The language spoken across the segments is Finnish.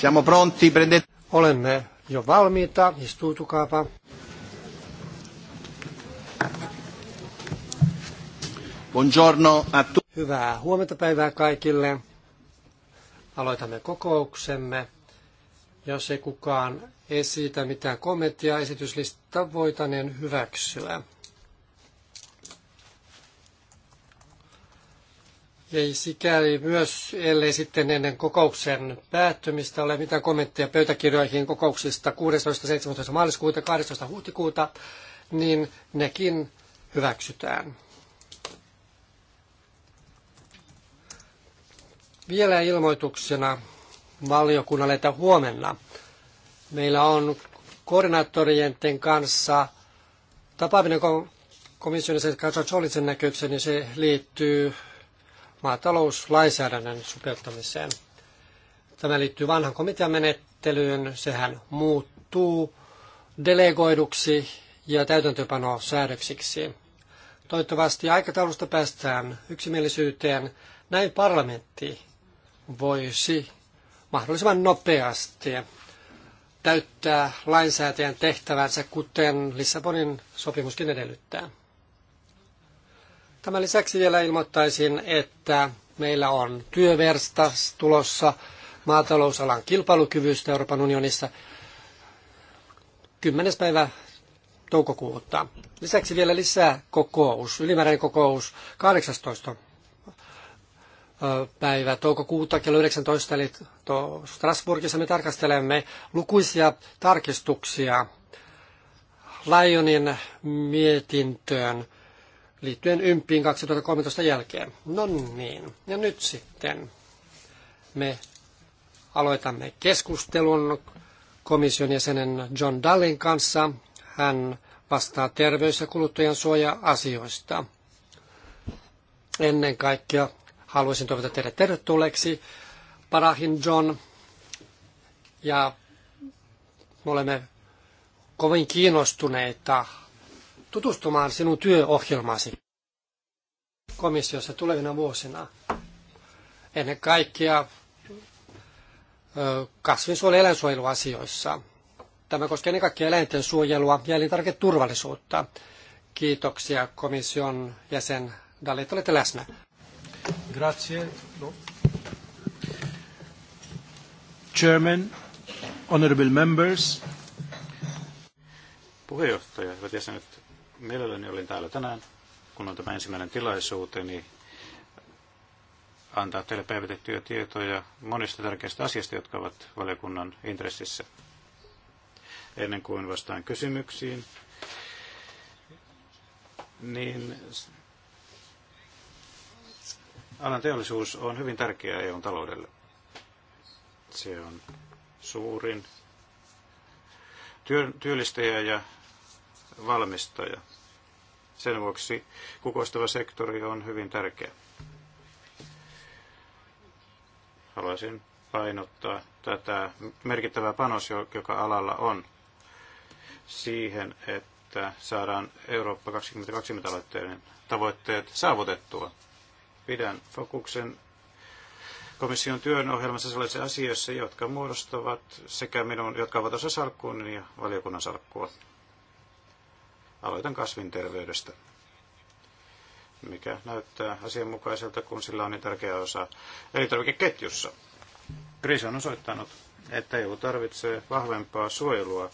Siamo pronti, prendete... Olemme jo valmiita, istuutukaapa. Buongiorno a tu- Hyvää huomenta päivää kaikille. Aloitamme kokouksemme. Jos ei kukaan esitä mitään kommenttia, esityslista voitaneen hyväksyä. Ei sikäli myös, ellei sitten ennen kokouksen päättymistä ole mitään kommentteja pöytäkirjoihin kokouksista 16. 17. maaliskuuta 12. huhtikuuta, niin nekin hyväksytään. Vielä ilmoituksena valiokunnalle, että huomenna meillä on koordinaattorienten kanssa tapaaminen komission kanssa Jolitsen näkökseen, niin se liittyy maatalouslainsäädännön sopeuttamiseen. Tämä liittyy vanhan komiteamenettelyyn, sehän muuttuu delegoiduksi ja täytäntöpanosäädöksiksi. Toivottavasti aikataulusta päästään yksimielisyyteen. Näin parlamentti voisi mahdollisimman nopeasti täyttää lainsäätäjän tehtävänsä, kuten Lissabonin sopimuskin edellyttää. Tämän lisäksi vielä ilmoittaisin, että meillä on työversta tulossa maatalousalan kilpailukyvystä Euroopan unionissa 10. päivä toukokuuta. Lisäksi vielä lisää kokous, ylimääräinen kokous 18 päivä toukokuuta kello 19, eli Strasbourgissa me tarkastelemme lukuisia tarkistuksia Lionin mietintöön liittyen ympiin 2013 jälkeen. No niin, ja nyt sitten me aloitamme keskustelun komission jäsenen John Dallin kanssa. Hän vastaa terveys- ja kuluttajan suoja-asioista. Ennen kaikkea haluaisin toivottaa teidät tervetulleeksi Parahin John. Ja me olemme kovin kiinnostuneita tutustumaan sinun työohjelmasi komissiossa tulevina vuosina. Ennen kaikkea kasvinsuojelu- ja eläinsuojeluasioissa. Tämä koskee ennen kaikkea eläinten suojelua ja elintarviketurvallisuutta. Kiitoksia komission jäsen Dali, että olette läsnä. Grazie. No. Chairman, honorable members. Puheenjohtaja, hyvät jäsenet, Mielelläni olin täällä tänään, kun on tämä ensimmäinen tilaisuuteni antaa teille päivitettyjä tietoja monista tärkeistä asiasta jotka ovat valiokunnan intressissä. Ennen kuin vastaan kysymyksiin, niin alan teollisuus on hyvin tärkeä EUn taloudelle. Se on suurin työllistäjä ja valmistaja. Sen vuoksi kukoistava sektori on hyvin tärkeä. Haluaisin painottaa tätä merkittävää panos, joka alalla on siihen, että saadaan Eurooppa 2020 aloitteiden tavoitteet saavutettua. Pidän fokuksen komission työn ohjelmassa sellaisissa asioissa, jotka muodostavat sekä minun, jotka ovat osa salkkuun ja niin valiokunnan salkkua. Aloitan kasvinterveydestä, mikä näyttää asianmukaiselta, kun sillä on niin tärkeä osa elintarvikeketjussa. Kriisi on osoittanut, että EU tarvitsee vahvempaa suojelua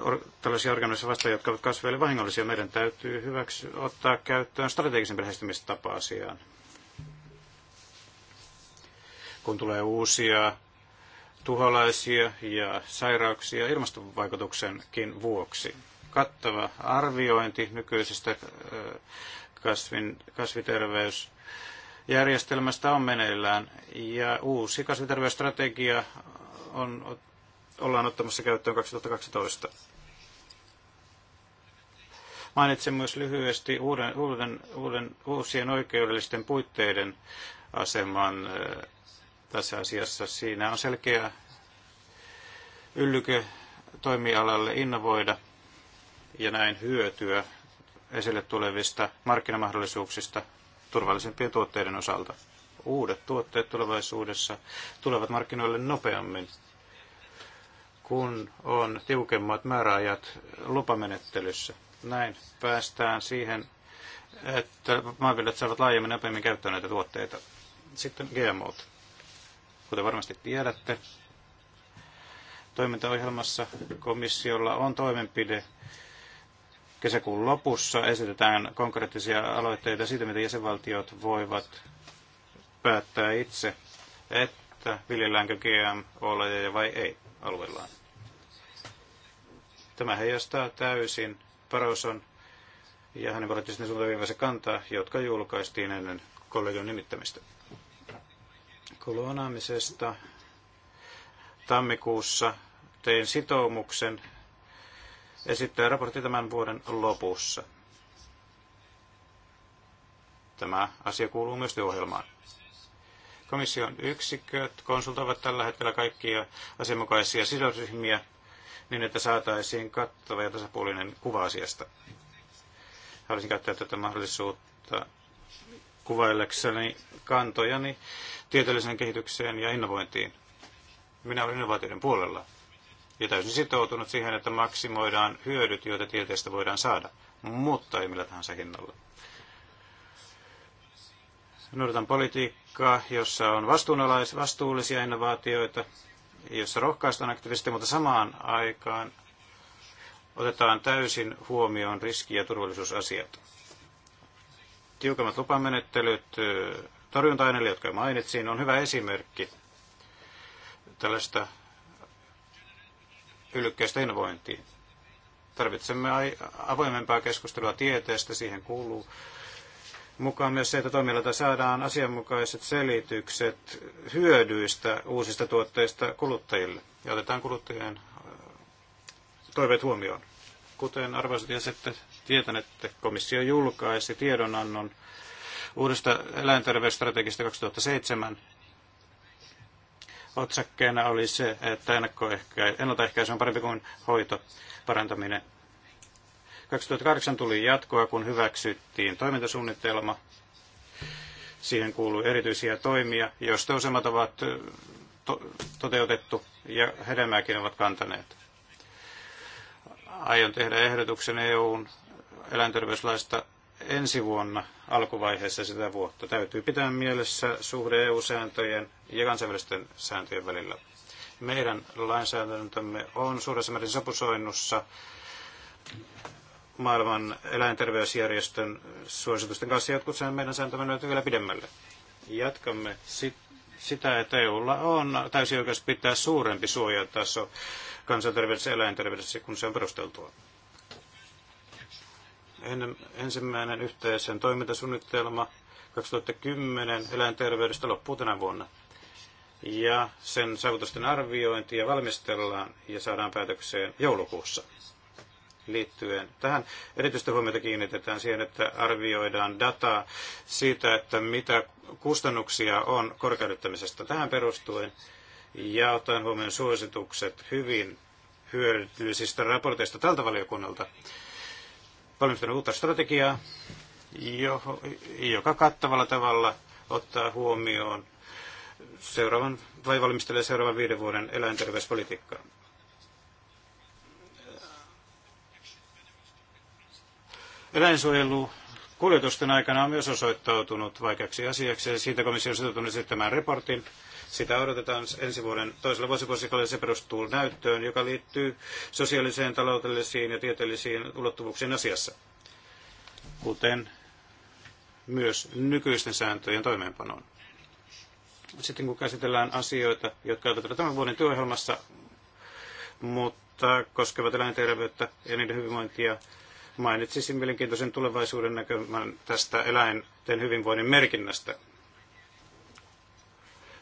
or, tällaisia organismeja vastaan, jotka ovat kasveille vahingollisia. Meidän täytyy hyväksy, ottaa käyttöön strategisen lähestymistapa asiaan. Kun tulee uusia tuholaisia ja sairauksia ilmastovaikutuksenkin vuoksi kattava arviointi nykyisestä kasvin, kasviterveysjärjestelmästä on meneillään ja uusi kasviterveysstrategia on, ollaan ottamassa käyttöön 2012. Mainitsen myös lyhyesti uuden, uuden, uuden, uusien oikeudellisten puitteiden aseman tässä asiassa. Siinä on selkeä yllykö toimialalle innovoida – ja näin hyötyä esille tulevista markkinamahdollisuuksista turvallisempien tuotteiden osalta. Uudet tuotteet tulevaisuudessa tulevat markkinoille nopeammin, kun on tiukemmat määräajat lupamenettelyssä. Näin päästään siihen, että maanviljelijät saavat laajemmin nopeammin käyttöön näitä tuotteita. Sitten GMOt. Kuten varmasti tiedätte, toimintaohjelmassa komissiolla on toimenpide, Kesäkuun lopussa esitetään konkreettisia aloitteita siitä, miten jäsenvaltiot voivat päättää itse, että viljelläänkö GM-oleja vai ei alueellaan. Tämä heijastaa täysin Paroson ja hänen poliittisen suuntaviivansa kantaa, jotka julkaistiin ennen kollegion nimittämistä. Kloonaamisesta tammikuussa tein sitoumuksen esittää raportti tämän vuoden lopussa. Tämä asia kuuluu myös ohjelmaan. Komission yksiköt konsultoivat tällä hetkellä kaikkia asianmukaisia sidosryhmiä niin, että saataisiin kattava ja tasapuolinen kuva asiasta. Haluaisin käyttää tätä mahdollisuutta kuvaillekseni kantojani tieteelliseen kehitykseen ja innovointiin. Minä olen innovaatioiden puolella ja täysin sitoutunut siihen, että maksimoidaan hyödyt, joita tieteestä voidaan saada, mutta ei millä tahansa hinnalla. Noudatan politiikkaa, jossa on vastuullisia innovaatioita, jossa rohkaistaan aktiivisesti, mutta samaan aikaan otetaan täysin huomioon riski- ja turvallisuusasiat. Tiukemmat lupamenettelyt torjunta-aineille, jotka mainitsin, on hyvä esimerkki tällaista ylykkäistä innovointiin. Tarvitsemme avoimempaa keskustelua tieteestä, siihen kuuluu mukaan myös se, että toimijoilta saadaan asianmukaiset selitykset hyödyistä uusista tuotteista kuluttajille ja otetaan kuluttajien äh, toiveet huomioon. Kuten arvoisat jäsenet tietän, että komissio julkaisi tiedonannon uudesta eläinterveysstrategista 2007 otsakkeena oli se, että ennaltaehkäisy on parempi kuin hoito parantaminen. 2008 tuli jatkoa, kun hyväksyttiin toimintasuunnitelma. Siihen kuuluu erityisiä toimia, joista useimmat ovat to- toteutettu ja hedelmääkin ovat kantaneet. Aion tehdä ehdotuksen EUn eläinterveyslaista ensi vuonna alkuvaiheessa sitä vuotta. Täytyy pitää mielessä suhde EU-sääntöjen ja kansainvälisten sääntöjen välillä. Meidän lainsäädäntömme on suuressa määrin sopusoinnussa maailman eläinterveysjärjestön suositusten kanssa. Jotkut sen meidän sääntömme löytyy vielä pidemmälle. Jatkamme sit, sitä, että EUlla on täysin oikeus pitää suurempi suojataso kansanterveydessä ja eläinterveydessä, kun se on perusteltua ensimmäinen yhteisen toimintasuunnitelma 2010 eläinterveydestä loppuu tänä vuonna. Ja sen saavutusten arviointia valmistellaan ja saadaan päätökseen joulukuussa liittyen tähän. Erityistä huomiota kiinnitetään siihen, että arvioidaan dataa siitä, että mitä kustannuksia on korkeudettamisesta tähän perustuen ja ottaen huomioon suositukset hyvin hyödyllisistä raporteista tältä valiokunnalta valmistanut uutta strategiaa, joka kattavalla tavalla ottaa huomioon seuraavan, vai valmistelee seuraavan viiden vuoden eläinterveyspolitiikkaa. Eläinsuojelu kuljetusten aikana on myös osoittautunut vaikeaksi asiaksi ja siitä komissio on sitoutunut esittämään raportin sitä odotetaan ensi vuoden toisella ja se perustuu näyttöön, joka liittyy sosiaaliseen, taloudellisiin ja tieteellisiin ulottuvuuksiin asiassa, kuten myös nykyisten sääntöjen toimeenpanoon. Sitten kun käsitellään asioita, jotka ovat tämän vuoden työohjelmassa, mutta koskevat eläinterveyttä ja niiden hyvinvointia, mainitsisin mielenkiintoisen tulevaisuuden näkymän tästä eläinten hyvinvoinnin merkinnästä.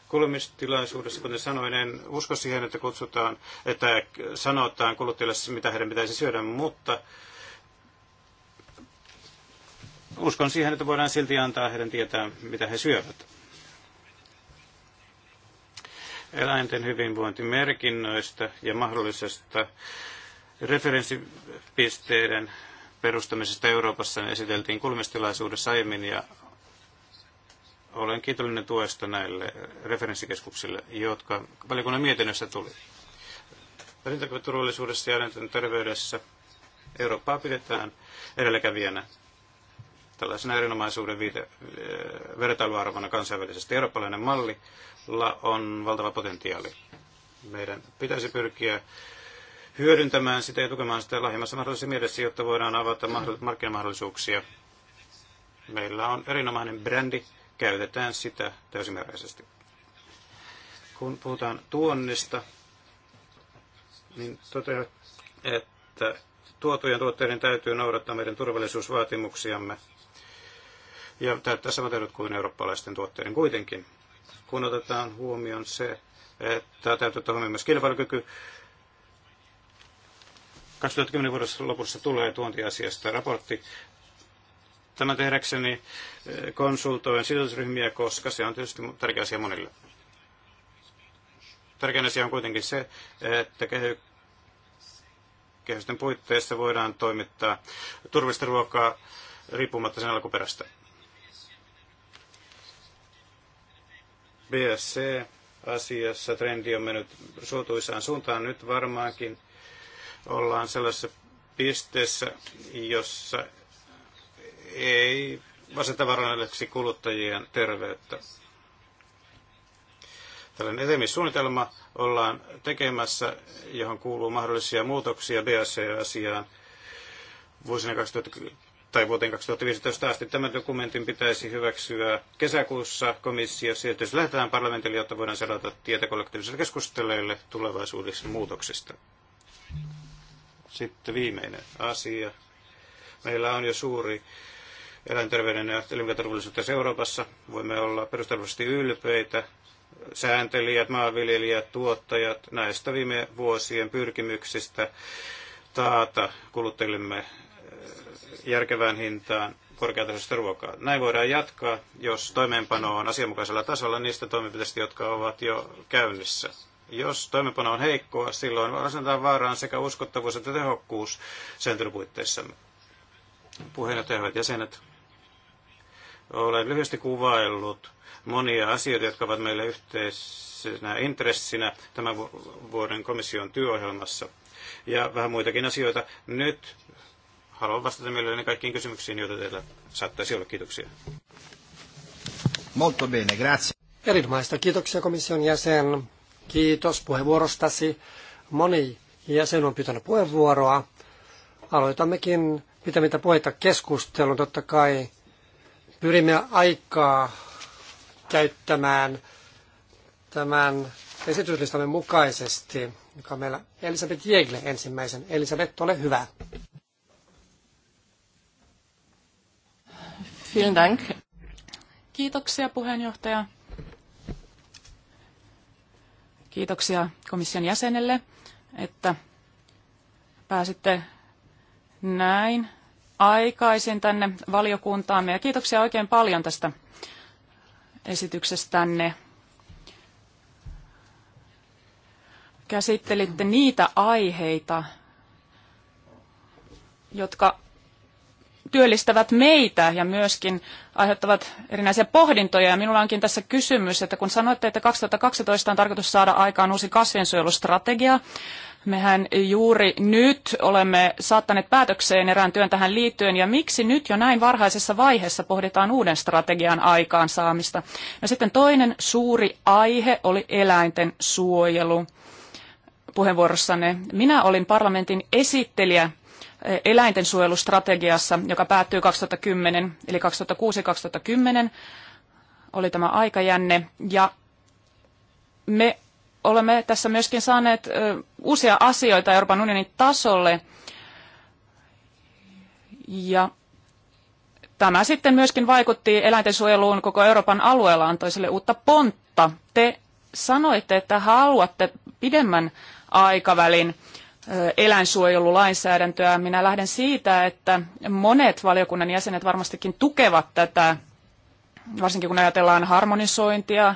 Kuulemistilaisuudessa, kuten sanoin, en usko siihen, että kutsutaan, että sanotaan kuluttajille, siis, mitä heidän pitäisi syödä, mutta uskon siihen, että voidaan silti antaa heidän tietää, mitä he syövät. Eläinten hyvinvointimerkinnöistä ja mahdollisesta referenssipisteiden perustamisesta Euroopassa esiteltiin kulmistilaisuudessa aiemmin ja olen kiitollinen tuesta näille referenssikeskuksille, jotka valiokunnan mietinnössä tuli. Elintarviketurvallisuudessa ja terveydessä Eurooppaa pidetään edelläkävijänä tällaisena erinomaisuuden viite, eh, vertailuarvona kansainvälisesti. Eurooppalainen malli on valtava potentiaali. Meidän pitäisi pyrkiä hyödyntämään sitä ja tukemaan sitä lahjimmassa mahdollisessa mielessä, jotta voidaan avata markkinamahdollisuuksia. Meillä on erinomainen brändi, käytetään sitä täysimääräisesti. Kun puhutaan tuonnista, niin totean, että tuotujen tuotteiden täytyy noudattaa meidän turvallisuusvaatimuksiamme ja täyttää samat edut kuin eurooppalaisten tuotteiden kuitenkin. Kun otetaan huomioon se, että täytyy ottaa huomioon myös kilpailukyky, 2010 vuodessa lopussa tulee tuontiasiasta raportti. Tämä tehdäkseni eh, konsultoin sidosryhmiä, koska se on tietysti tärkeä asia monille. Tärkeä asia on kuitenkin se, että kehy, kehysten puitteissa voidaan toimittaa turvallista ruokaa riippumatta sen alkuperästä. BSC-asiassa trendi on mennyt suotuisaan suuntaan. Nyt varmaankin ollaan sellaisessa pisteessä, jossa ei vasentavaranelleksi kuluttajien terveyttä. Tällainen etenemissuunnitelma ollaan tekemässä, johon kuuluu mahdollisia muutoksia BSC-asiaan vuosina 2010 tai vuoteen 2015 asti. Tämän dokumentin pitäisi hyväksyä kesäkuussa komissiossa, jos lähdetään parlamentille, jotta voidaan selata tietä kollektiivisille keskusteleille tulevaisuudessa muutoksista. Sitten viimeinen asia. Meillä on jo suuri eläinterveyden ja elintarviketurvallisuutta Euroopassa. Voimme olla perustellusti ylpeitä, sääntelijät, maanviljelijät, tuottajat näistä viime vuosien pyrkimyksistä taata kuluttajillemme eh, järkevään hintaan korkeatasoista ruokaa. Näin voidaan jatkaa, jos toimeenpano on asianmukaisella tasolla niistä toimenpiteistä, jotka ovat jo käynnissä. Jos toimeenpano on heikkoa, silloin asetetaan vaaraan sekä uskottavuus että tehokkuus sääntelypuitteissamme. puitteissamme. Puheenjohtajat jäsenet, olen lyhyesti kuvaillut monia asioita, jotka ovat meille yhteisenä intressinä tämän vuoden komission työohjelmassa ja vähän muitakin asioita. Nyt haluan vastata mielelläni kaikkiin kysymyksiin, joita teillä saattaisi olla. Kiitoksia. Molto bene, grazie. Erinomaista. Kiitoksia komission jäsen. Kiitos puheenvuorostasi. Moni jäsen on pitänyt puheenvuoroa. Aloitammekin pitämättä puheita keskustelun. Totta kai pyrimme aikaa käyttämään tämän esityslistamme mukaisesti, joka on meillä Elisabeth Jegle ensimmäisen. Elisabeth, ole hyvä. Vielen Dank. Kiitoksia puheenjohtaja. Kiitoksia komission jäsenelle, että pääsitte näin aikaisin tänne valiokuntaamme ja kiitoksia oikein paljon tästä esityksestänne. Käsittelitte niitä aiheita, jotka työllistävät meitä ja myöskin aiheuttavat erinäisiä pohdintoja. Ja minulla onkin tässä kysymys, että kun sanoitte, että 2012 on tarkoitus saada aikaan uusi kasvinsuojelustrategia, Mehän juuri nyt olemme saattaneet päätökseen erään työn tähän liittyen, ja miksi nyt jo näin varhaisessa vaiheessa pohditaan uuden strategian aikaansaamista? No sitten toinen suuri aihe oli eläinten suojelu puheenvuorossanne. Minä olin parlamentin esittelijä eh, eläintensuojelustrategiassa, joka päättyy 2010, eli 2006-2010 oli tämä aikajänne, ja me olemme tässä myöskin saaneet uusia asioita Euroopan unionin tasolle. Ja tämä sitten myöskin vaikutti eläintensuojeluun koko Euroopan alueella, antoi sille uutta pontta. Te sanoitte, että haluatte pidemmän aikavälin eläinsuojelulainsäädäntöä. Minä lähden siitä, että monet valiokunnan jäsenet varmastikin tukevat tätä, varsinkin kun ajatellaan harmonisointia,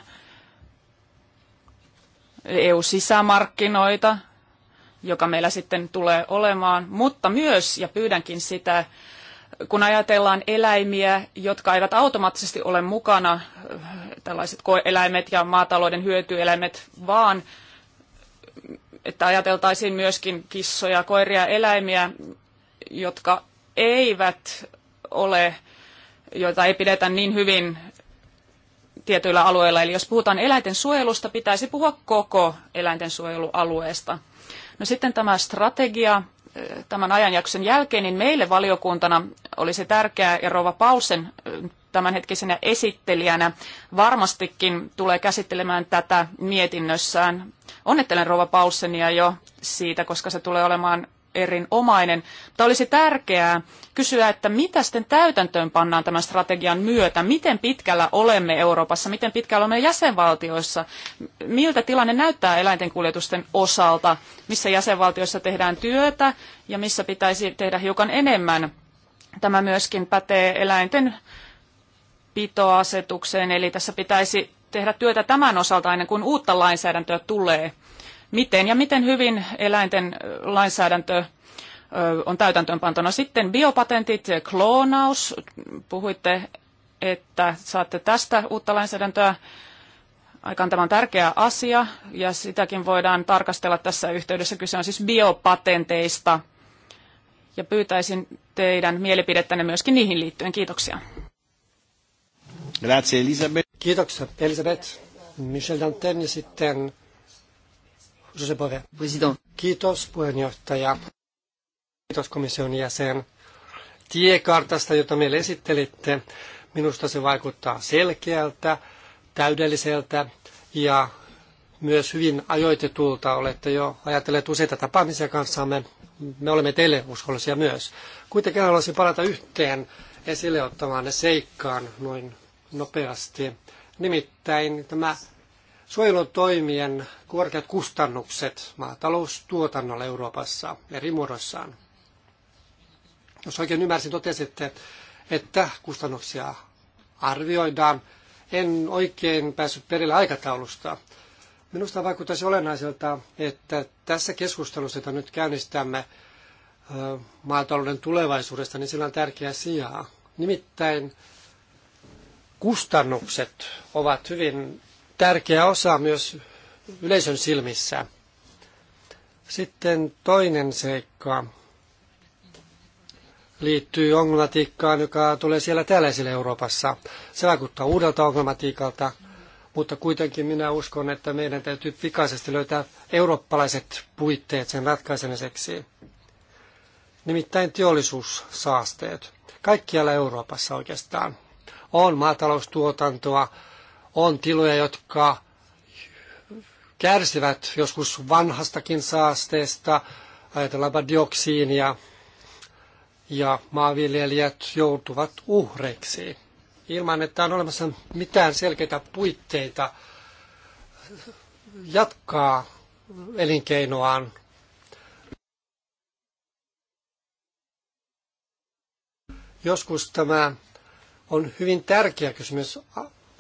EU-sisämarkkinoita, joka meillä sitten tulee olemaan, mutta myös, ja pyydänkin sitä, kun ajatellaan eläimiä, jotka eivät automaattisesti ole mukana, tällaiset koeeläimet ja maatalouden hyötyeläimet, vaan että ajateltaisiin myöskin kissoja, koiria, eläimiä, jotka eivät ole, joita ei pidetä niin hyvin tietyillä alueilla. Eli jos puhutaan eläinten suojelusta, pitäisi puhua koko eläinten suojelualueesta. No sitten tämä strategia eh, tämän ajanjakson jälkeen, niin meille valiokuntana olisi tärkeää, ja Rova Pausen eh, tämänhetkisenä esittelijänä varmastikin tulee käsittelemään tätä mietinnössään. Onnittelen Rova Paulsenia jo siitä, koska se tulee olemaan erinomainen. Mutta olisi tärkeää kysyä, että mitä sitten täytäntöön pannaan tämän strategian myötä, miten pitkällä olemme Euroopassa, miten pitkällä olemme jäsenvaltioissa, miltä tilanne näyttää eläinten kuljetusten osalta, missä jäsenvaltioissa tehdään työtä ja missä pitäisi tehdä hiukan enemmän. Tämä myöskin pätee eläinten pitoasetukseen, eli tässä pitäisi tehdä työtä tämän osalta ennen kuin uutta lainsäädäntöä tulee miten ja miten hyvin eläinten lainsäädäntö on täytäntöönpantona. Sitten biopatentit, kloonaus, puhuitte, että saatte tästä uutta lainsäädäntöä aikaan. Tämä on tärkeä asia ja sitäkin voidaan tarkastella tässä yhteydessä. Kyse on siis biopatenteista ja pyytäisin teidän mielipidettänne myöskin niihin liittyen. Kiitoksia. Grazie Elisabeth. Kiitoksia Elisabeth. Michel Danten ja sitten Jose Kiitos puheenjohtaja. Kiitos komission jäsen. Tiekartasta, jota meille esittelitte, minusta se vaikuttaa selkeältä, täydelliseltä ja myös hyvin ajoitetulta. Olette jo ajatelleet useita tapaamisia kanssamme. Me olemme teille uskollisia myös. Kuitenkin haluaisin palata yhteen esille ottamaan ne seikkaan noin nopeasti. Nimittäin tämä suojelutoimien korkeat kustannukset maataloustuotannolle Euroopassa eri muodoissaan. Jos oikein ymmärsin, totesitte, että kustannuksia arvioidaan. En oikein päässyt perille aikataulusta. Minusta vaikuttaisi olennaiselta, että tässä keskustelussa, jota nyt käynnistämme maatalouden tulevaisuudesta, niin sillä on tärkeä sijaa. Nimittäin kustannukset ovat hyvin tärkeä osa myös yleisön silmissä. Sitten toinen seikka liittyy ongelmatiikkaan, joka tulee siellä täällä esille Euroopassa. Se vaikuttaa uudelta ongelmatiikalta, mutta kuitenkin minä uskon, että meidän täytyy pikaisesti löytää eurooppalaiset puitteet sen ratkaisemiseksi. Nimittäin teollisuussaasteet. Kaikkialla Euroopassa oikeastaan on maataloustuotantoa, on tiloja, jotka kärsivät joskus vanhastakin saasteesta, ajatellaanpa dioksiinia, ja maanviljelijät joutuvat uhreiksi. Ilman, että on olemassa mitään selkeitä puitteita jatkaa elinkeinoaan. Joskus tämä on hyvin tärkeä kysymys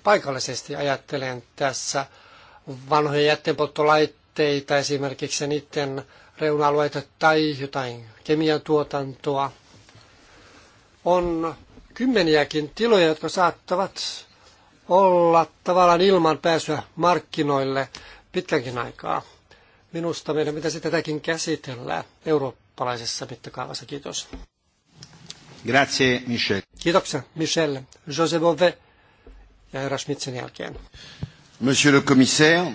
paikallisesti. Ajattelen tässä vanhoja jätteenpolttolaitteita esimerkiksi niiden reuna-alueita tai jotain kemian tuotantoa. On kymmeniäkin tiloja, jotka saattavat olla tavallaan ilman pääsyä markkinoille pitkänkin aikaa. Minusta meidän pitäisi tätäkin käsitellä eurooppalaisessa mittakaavassa. Kiitos. Grazie, Michel. Kiitoksia, Michel. Jose Bove ja herra Schmitzin jälkeen. Monsieur le commissaire.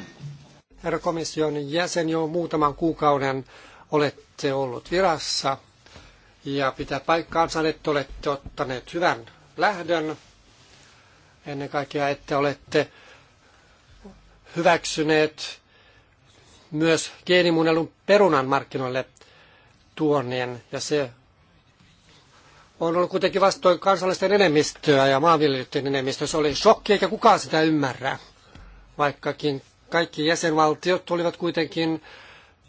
Herra komission jäsen, jo muutaman kuukauden olette ollut virassa ja pitää paikkaansa, että olette ottaneet hyvän lähdön. Ennen kaikkea, että olette hyväksyneet myös geenimuunnellun perunan markkinoille tuonnin, ja se on ollut kuitenkin vastoin kansallisten enemmistöä ja maanviljelijöiden enemmistöä. Se oli shokki, eikä kukaan sitä ymmärrä. Vaikkakin kaikki jäsenvaltiot olivat kuitenkin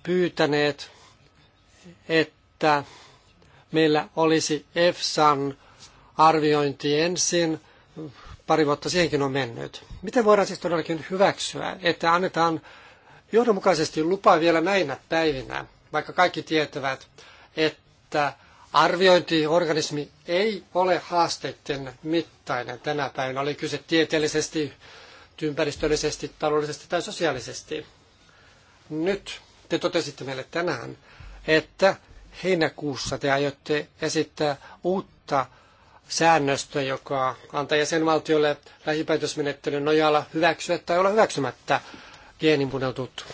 pyytäneet, että meillä olisi EFSAn arviointi ensin. Pari vuotta siihenkin on mennyt. Miten voidaan siis todellakin hyväksyä, että annetaan johdonmukaisesti lupa vielä näinä päivinä, vaikka kaikki tietävät, että Arviointiorganismi ei ole haasteiden mittainen tänä päivänä, oli kyse tieteellisesti, ympäristöllisesti, taloudellisesti tai sosiaalisesti. Nyt te totesitte meille tänään, että heinäkuussa te aiotte esittää uutta säännöstä, joka antaa jäsenvaltiolle lähipäätösmenettelyn nojalla hyväksyä tai olla hyväksymättä geenimuunneltut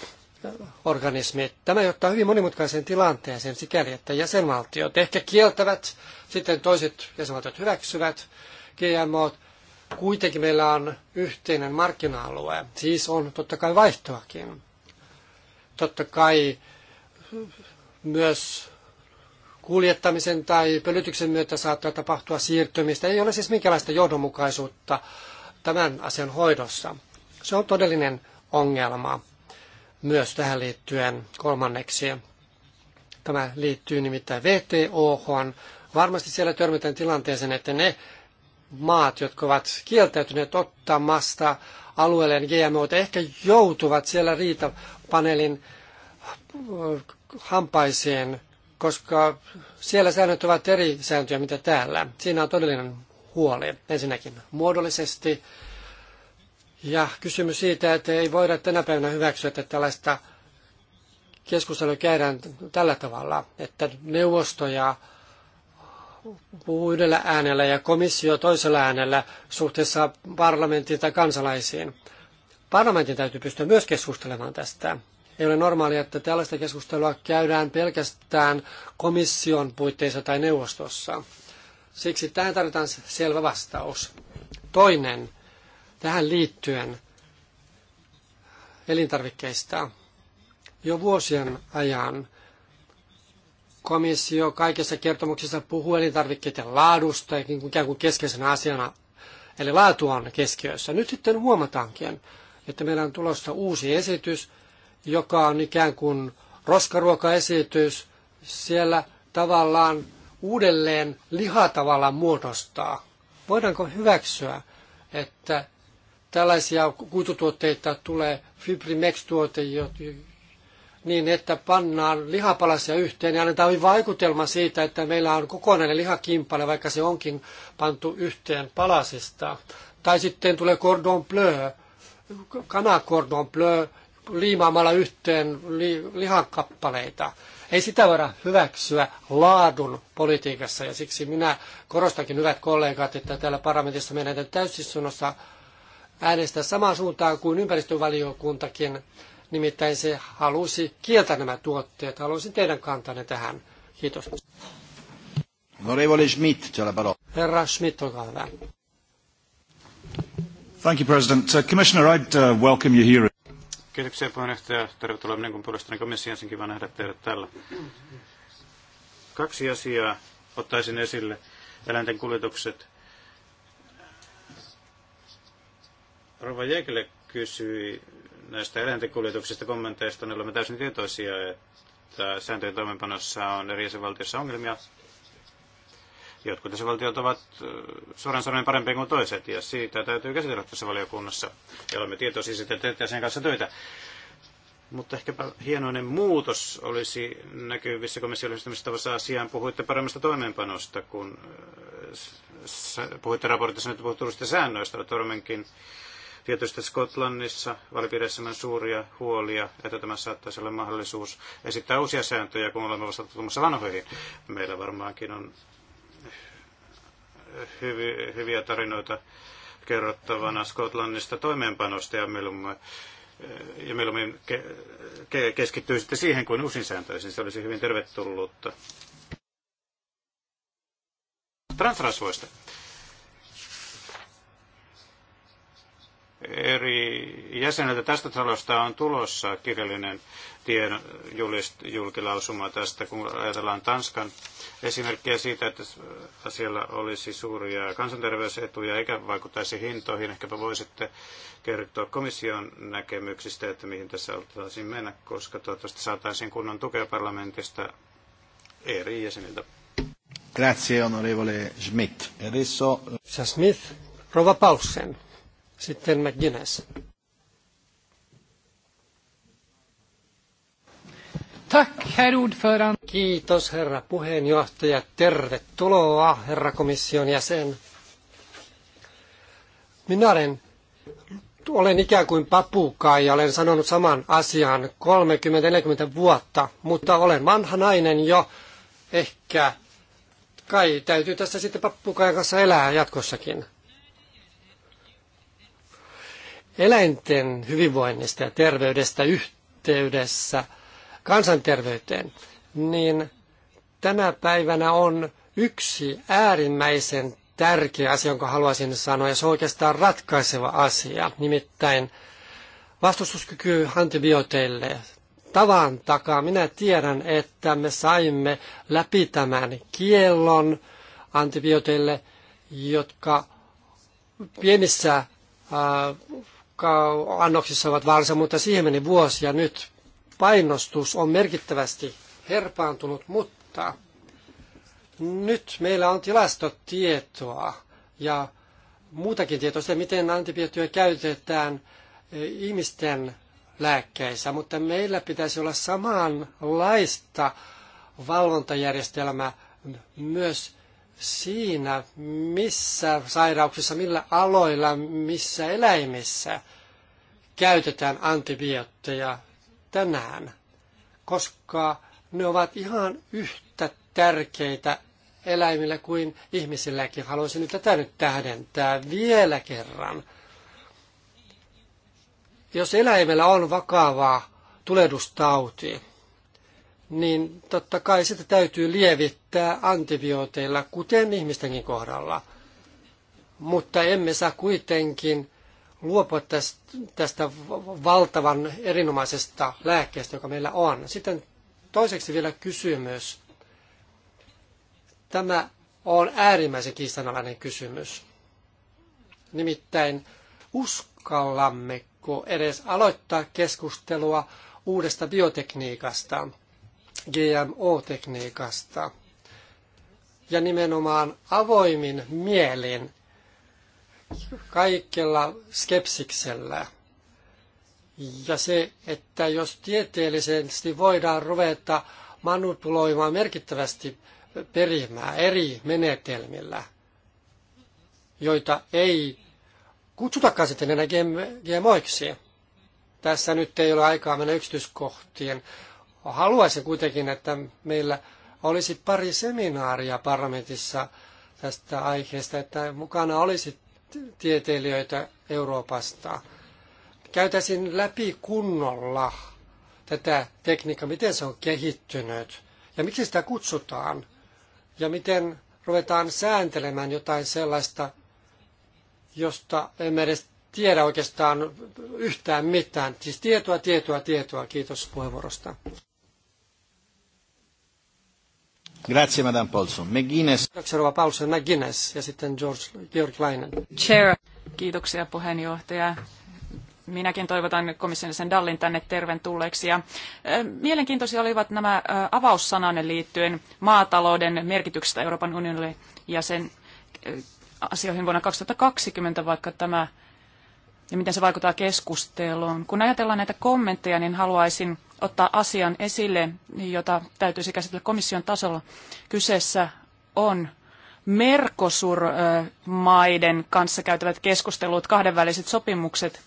organismi. Tämä johtaa hyvin monimutkaiseen tilanteeseen sikäli, että jäsenvaltiot ehkä kieltävät, sitten toiset jäsenvaltiot hyväksyvät GMOt. Kuitenkin meillä on yhteinen markkina-alue, siis on totta kai vaihtoakin. Totta kai myös kuljettamisen tai pölytyksen myötä saattaa tapahtua siirtymistä. Ei ole siis minkälaista johdonmukaisuutta tämän asian hoidossa. Se on todellinen ongelma myös tähän liittyen kolmanneksi. Tämä liittyy nimittäin VTOH. Varmasti siellä törmätään tilanteeseen, että ne maat, jotka ovat kieltäytyneet ottamasta alueelleen GMO, ehkä joutuvat siellä riitapaneelin hampaiseen, koska siellä säännöt ovat eri sääntöjä mitä täällä. Siinä on todellinen huoli. Ensinnäkin muodollisesti ja kysymys siitä, että ei voida tänä päivänä hyväksyä, että tällaista keskustelua käydään tällä tavalla, että neuvostoja puhuu yhdellä äänellä ja komissio toisella äänellä suhteessa parlamenttiin tai kansalaisiin. Parlamentin täytyy pystyä myös keskustelemaan tästä. Ei ole normaalia, että tällaista keskustelua käydään pelkästään komission puitteissa tai neuvostossa. Siksi tähän tarvitaan selvä vastaus. Toinen Tähän liittyen elintarvikkeista jo vuosien ajan komissio kaikissa kertomuksissa puhuu elintarvikkeiden laadusta ikään kuin keskeisenä asiana. Eli laatu on keskiössä. Nyt sitten huomataankin, että meillä on tulossa uusi esitys, joka on ikään kuin roskaruokaesitys. Siellä tavallaan uudelleen lihatavalla muodostaa. Voidaanko hyväksyä, että tällaisia kuitutuotteita tulee, Fibrimex-tuote, niin että pannaan lihapalasia yhteen ja annetaan vaikutelma siitä, että meillä on kokonainen lihakimpale, vaikka se onkin pantu yhteen palasista. Tai sitten tulee cordon bleu, kana cordon bleu, liimaamalla yhteen li, lihankappaleita. Ei sitä voida hyväksyä laadun politiikassa ja siksi minä korostankin hyvät kollegat, että täällä parlamentissa meidän täysistunnossa äänestää samaan suuntaan kuin ympäristövaliokuntakin. Nimittäin se halusi kieltää nämä tuotteet. Haluaisin teidän kantanne tähän. Kiitos. Schmidt, Herra Schmidt, olkaa hyvä. Thank you, President. Uh, Commissioner, I'd uh, welcome you here. Kiitoksia puheenjohtaja. Tervetuloa minun niin puolestani komissioon. ensin kiva nähdä teidät täällä. Kaksi asiaa ottaisin esille. Eläinten kuljetukset Rova Jäkele kysyi näistä eläintenkuljetuksista kommenteista, niin olemme täysin tietoisia, että sääntöjen toimeenpanossa on eri jäsenvaltioissa ongelmia. Jotkut jäsenvaltiot ovat suoraan sanoen parempia kuin toiset, ja siitä täytyy käsitellä tässä valiokunnassa. Ja olemme tietoisia siitä, että teette sen kanssa töitä. Mutta ehkäpä hienoinen muutos olisi näkyvissä tavassa asiaan. Puhuitte paremmasta toimeenpanosta, kun puhuitte raportissa nyt puhutuista säännöistä. Tormenkin Tietysti Skotlannissa vaalipiirissä on suuria huolia, että tämä saattaisi olla mahdollisuus esittää uusia sääntöjä, kun olemme vasta tutumassa vanhoihin. Meillä varmaankin on hyvi, hyviä tarinoita kerrottavana Skotlannista toimeenpanosta ja milloin ja mieluummin ke- ke- keskittyy sitten siihen kuin uusin sääntöihin. Se olisi hyvin tervetullutta. Transrasvoista. eri jäseniltä tästä talosta on tulossa kirjallinen tien julkilausuma tästä, kun ajatellaan Tanskan esimerkkiä siitä, että siellä olisi suuria kansanterveysetuja eikä vaikuttaisi hintoihin. Ehkäpä voisitte kertoa komission näkemyksistä, että mihin tässä oltaisiin mennä, koska toivottavasti saataisiin kunnon tukea parlamentista eri jäseniltä. Grazie onorevole Schmidt. E adesso... Smith, Rova Paulsen. Sitten McGuinness. Tack, herr ordförande. Kiitos, herra puheenjohtaja. Tervetuloa, herra komission jäsen. Minä olen, olen ikään kuin papukai ja olen sanonut saman asian 30-40 vuotta, mutta olen vanha nainen jo. Ehkä kai täytyy tässä sitten papukaan kanssa elää jatkossakin eläinten hyvinvoinnista ja terveydestä yhteydessä kansanterveyteen, niin tänä päivänä on yksi äärimmäisen tärkeä asia, jonka haluaisin sanoa, ja se on oikeastaan ratkaiseva asia, nimittäin vastustuskyky antibiooteille. Tavan takaa minä tiedän, että me saimme läpi tämän kiellon antibiooteille, jotka pienissä äh, annoksissa ovat vaarassa, mutta siihen meni vuosi ja nyt painostus on merkittävästi herpaantunut, mutta nyt meillä on tilastotietoa ja muutakin tietoa siitä, miten antibioottia käytetään e, ihmisten lääkkeissä, mutta meillä pitäisi olla samanlaista valvontajärjestelmää myös siinä, missä sairauksissa, millä aloilla, missä eläimissä käytetään antibiootteja tänään, koska ne ovat ihan yhtä tärkeitä eläimille kuin ihmisilläkin. Haluaisin nyt tätä nyt tähdentää vielä kerran. Jos eläimellä on vakava tulehdustauti, niin totta kai sitä täytyy lievittää antibiooteilla, kuten ihmistenkin kohdalla. Mutta emme saa kuitenkin luopua tästä, valtavan erinomaisesta lääkkeestä, joka meillä on. Sitten toiseksi vielä kysymys. Tämä on äärimmäisen kiistanalainen kysymys. Nimittäin uskallammeko edes aloittaa keskustelua uudesta biotekniikasta – GMO-tekniikasta. Ja nimenomaan avoimin mielin, kaikella skepsiksellä. Ja se, että jos tieteellisesti voidaan ruveta manipuloimaan merkittävästi perimää eri menetelmillä, joita ei kutsutakaan sitten enää GMOiksi. Tässä nyt ei ole aikaa mennä yksityiskohtien Haluaisin kuitenkin, että meillä olisi pari seminaaria parlamentissa tästä aiheesta, että mukana olisi tieteilijöitä Euroopasta. Käytäisin läpi kunnolla tätä tekniikkaa, miten se on kehittynyt ja miksi sitä kutsutaan ja miten ruvetaan sääntelemään jotain sellaista, josta emme edes tiedä oikeastaan yhtään mitään. Siis tietoa, tietoa, tietoa. Kiitos puheenvuorosta. Grazie, Madame Paulson. McGuinness. Kiitoksia, Rova Paulson. McGuinness ja sitten George, Georg Lainen. Chair. Kiitoksia, puheenjohtaja. Minäkin toivotan komission sen Dallin tänne tervetulleeksi. Ja, mielenkiintoisia olivat nämä avaussanan liittyen maatalouden merkityksestä Euroopan unionille ja sen asioihin vuonna 2020, vaikka tämä ja miten se vaikuttaa keskusteluun. Kun ajatellaan näitä kommentteja, niin haluaisin ottaa asian esille, jota täytyisi käsitellä komission tasolla. Kyseessä on Mercosur-maiden kanssa käytävät keskustelut, kahdenväliset sopimukset,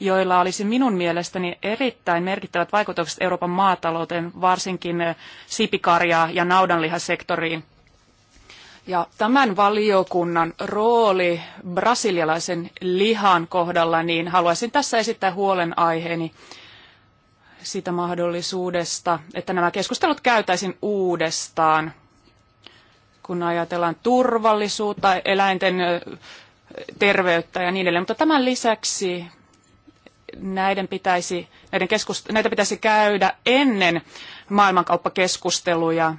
joilla olisi minun mielestäni erittäin merkittävät vaikutukset Euroopan maatalouteen, varsinkin sipikarja- ja naudanlihasektoriin. Ja tämän valiokunnan rooli brasilialaisen lihan kohdalla, niin haluaisin tässä esittää huolenaiheeni. aiheeni siitä mahdollisuudesta, että nämä keskustelut käytäisiin uudestaan, kun ajatellaan turvallisuutta, eläinten terveyttä ja niin edelleen. Mutta tämän lisäksi näiden pitäisi, näiden keskust- näitä pitäisi käydä ennen maailmankauppakeskusteluja.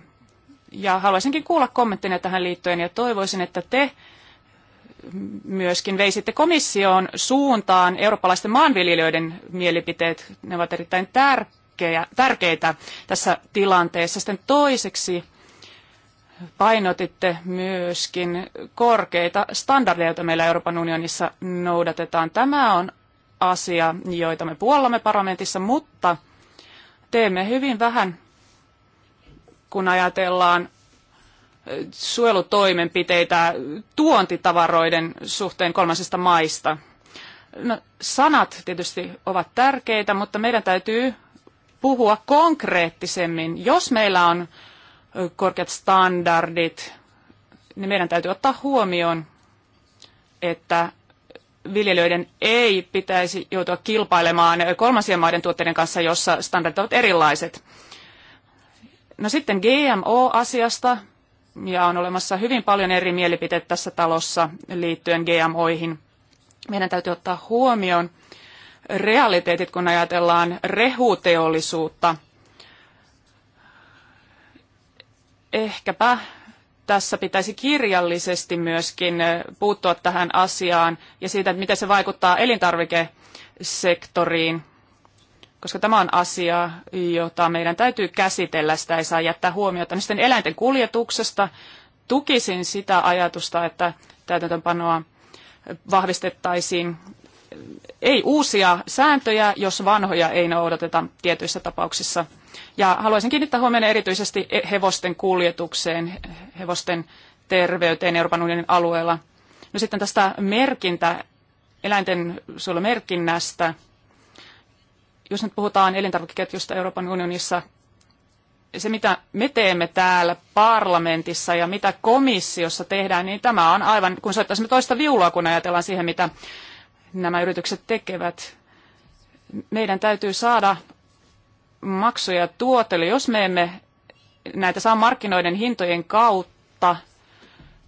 Ja haluaisinkin kuulla kommenttina tähän liittyen ja toivoisin, että te myöskin veisitte komission suuntaan eurooppalaisten maanviljelijöiden mielipiteet. Ne ovat erittäin tärkeä, tärkeitä tässä tilanteessa. Sitten toiseksi painotitte myöskin korkeita standardeja, joita meillä Euroopan unionissa noudatetaan. Tämä on asia, joita me puollamme parlamentissa, mutta teemme hyvin vähän, kun ajatellaan suojelutoimenpiteitä tuontitavaroiden suhteen kolmansista maista. No, sanat tietysti ovat tärkeitä, mutta meidän täytyy puhua konkreettisemmin. Jos meillä on korkeat standardit, niin meidän täytyy ottaa huomioon, että viljelijöiden ei pitäisi joutua kilpailemaan kolmansien maiden tuotteiden kanssa, jossa standardit ovat erilaiset. No sitten GMO-asiasta ja on olemassa hyvin paljon eri mielipiteitä tässä talossa liittyen GMOihin. Meidän täytyy ottaa huomioon realiteetit, kun ajatellaan rehuteollisuutta. Ehkäpä tässä pitäisi kirjallisesti myöskin puuttua tähän asiaan ja siitä, että miten se vaikuttaa elintarvikesektoriin koska tämä on asia, jota meidän täytyy käsitellä, sitä ei saa jättää huomiota. Niin sitten eläinten kuljetuksesta tukisin sitä ajatusta, että täytäntöönpanoa vahvistettaisiin ei uusia sääntöjä, jos vanhoja ei noudateta tietyissä tapauksissa. Ja haluaisin kiinnittää huomioon erityisesti hevosten kuljetukseen, hevosten terveyteen Euroopan unionin alueella. No sitten tästä merkintä, eläinten suojelumerkinnästä. merkinnästä jos nyt puhutaan elintarvikeketjusta Euroopan unionissa, se mitä me teemme täällä parlamentissa ja mitä komissiossa tehdään, niin tämä on aivan, kun soittaisimme toista viulua, kun ajatellaan siihen, mitä nämä yritykset tekevät. Meidän täytyy saada maksuja tuotteille. Jos me emme näitä saa markkinoiden hintojen kautta,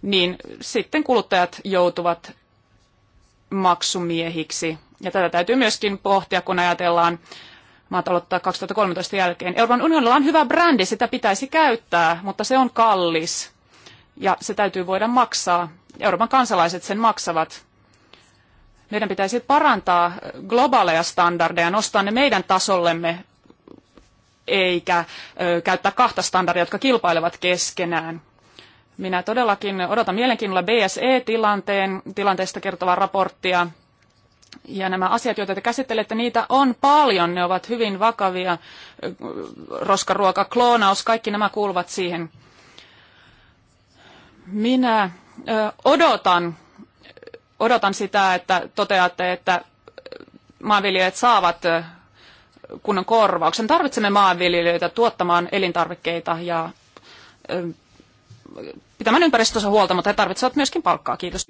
niin sitten kuluttajat joutuvat maksumiehiksi – ja tätä täytyy myöskin pohtia, kun ajatellaan maataloutta 2013 jälkeen. Euroopan unionilla on hyvä brändi, sitä pitäisi käyttää, mutta se on kallis ja se täytyy voida maksaa. Euroopan kansalaiset sen maksavat. Meidän pitäisi parantaa globaaleja standardeja, nostaa ne meidän tasollemme, eikä ö, käyttää kahta standardia, jotka kilpailevat keskenään. Minä todellakin odotan mielenkiinnolla BSE-tilanteen tilanteesta kertovaa raporttia ja nämä asiat, joita te käsittelette, niitä on paljon. Ne ovat hyvin vakavia. Roskaruoka, kloonaus, kaikki nämä kuuluvat siihen. Minä odotan, odotan sitä, että toteatte, että maanviljelijät saavat kunnon korvauksen. Tarvitsemme maanviljelijöitä tuottamaan elintarvikkeita ja pitämään ympäristössä huolta, mutta he tarvitsevat myöskin palkkaa. Kiitos.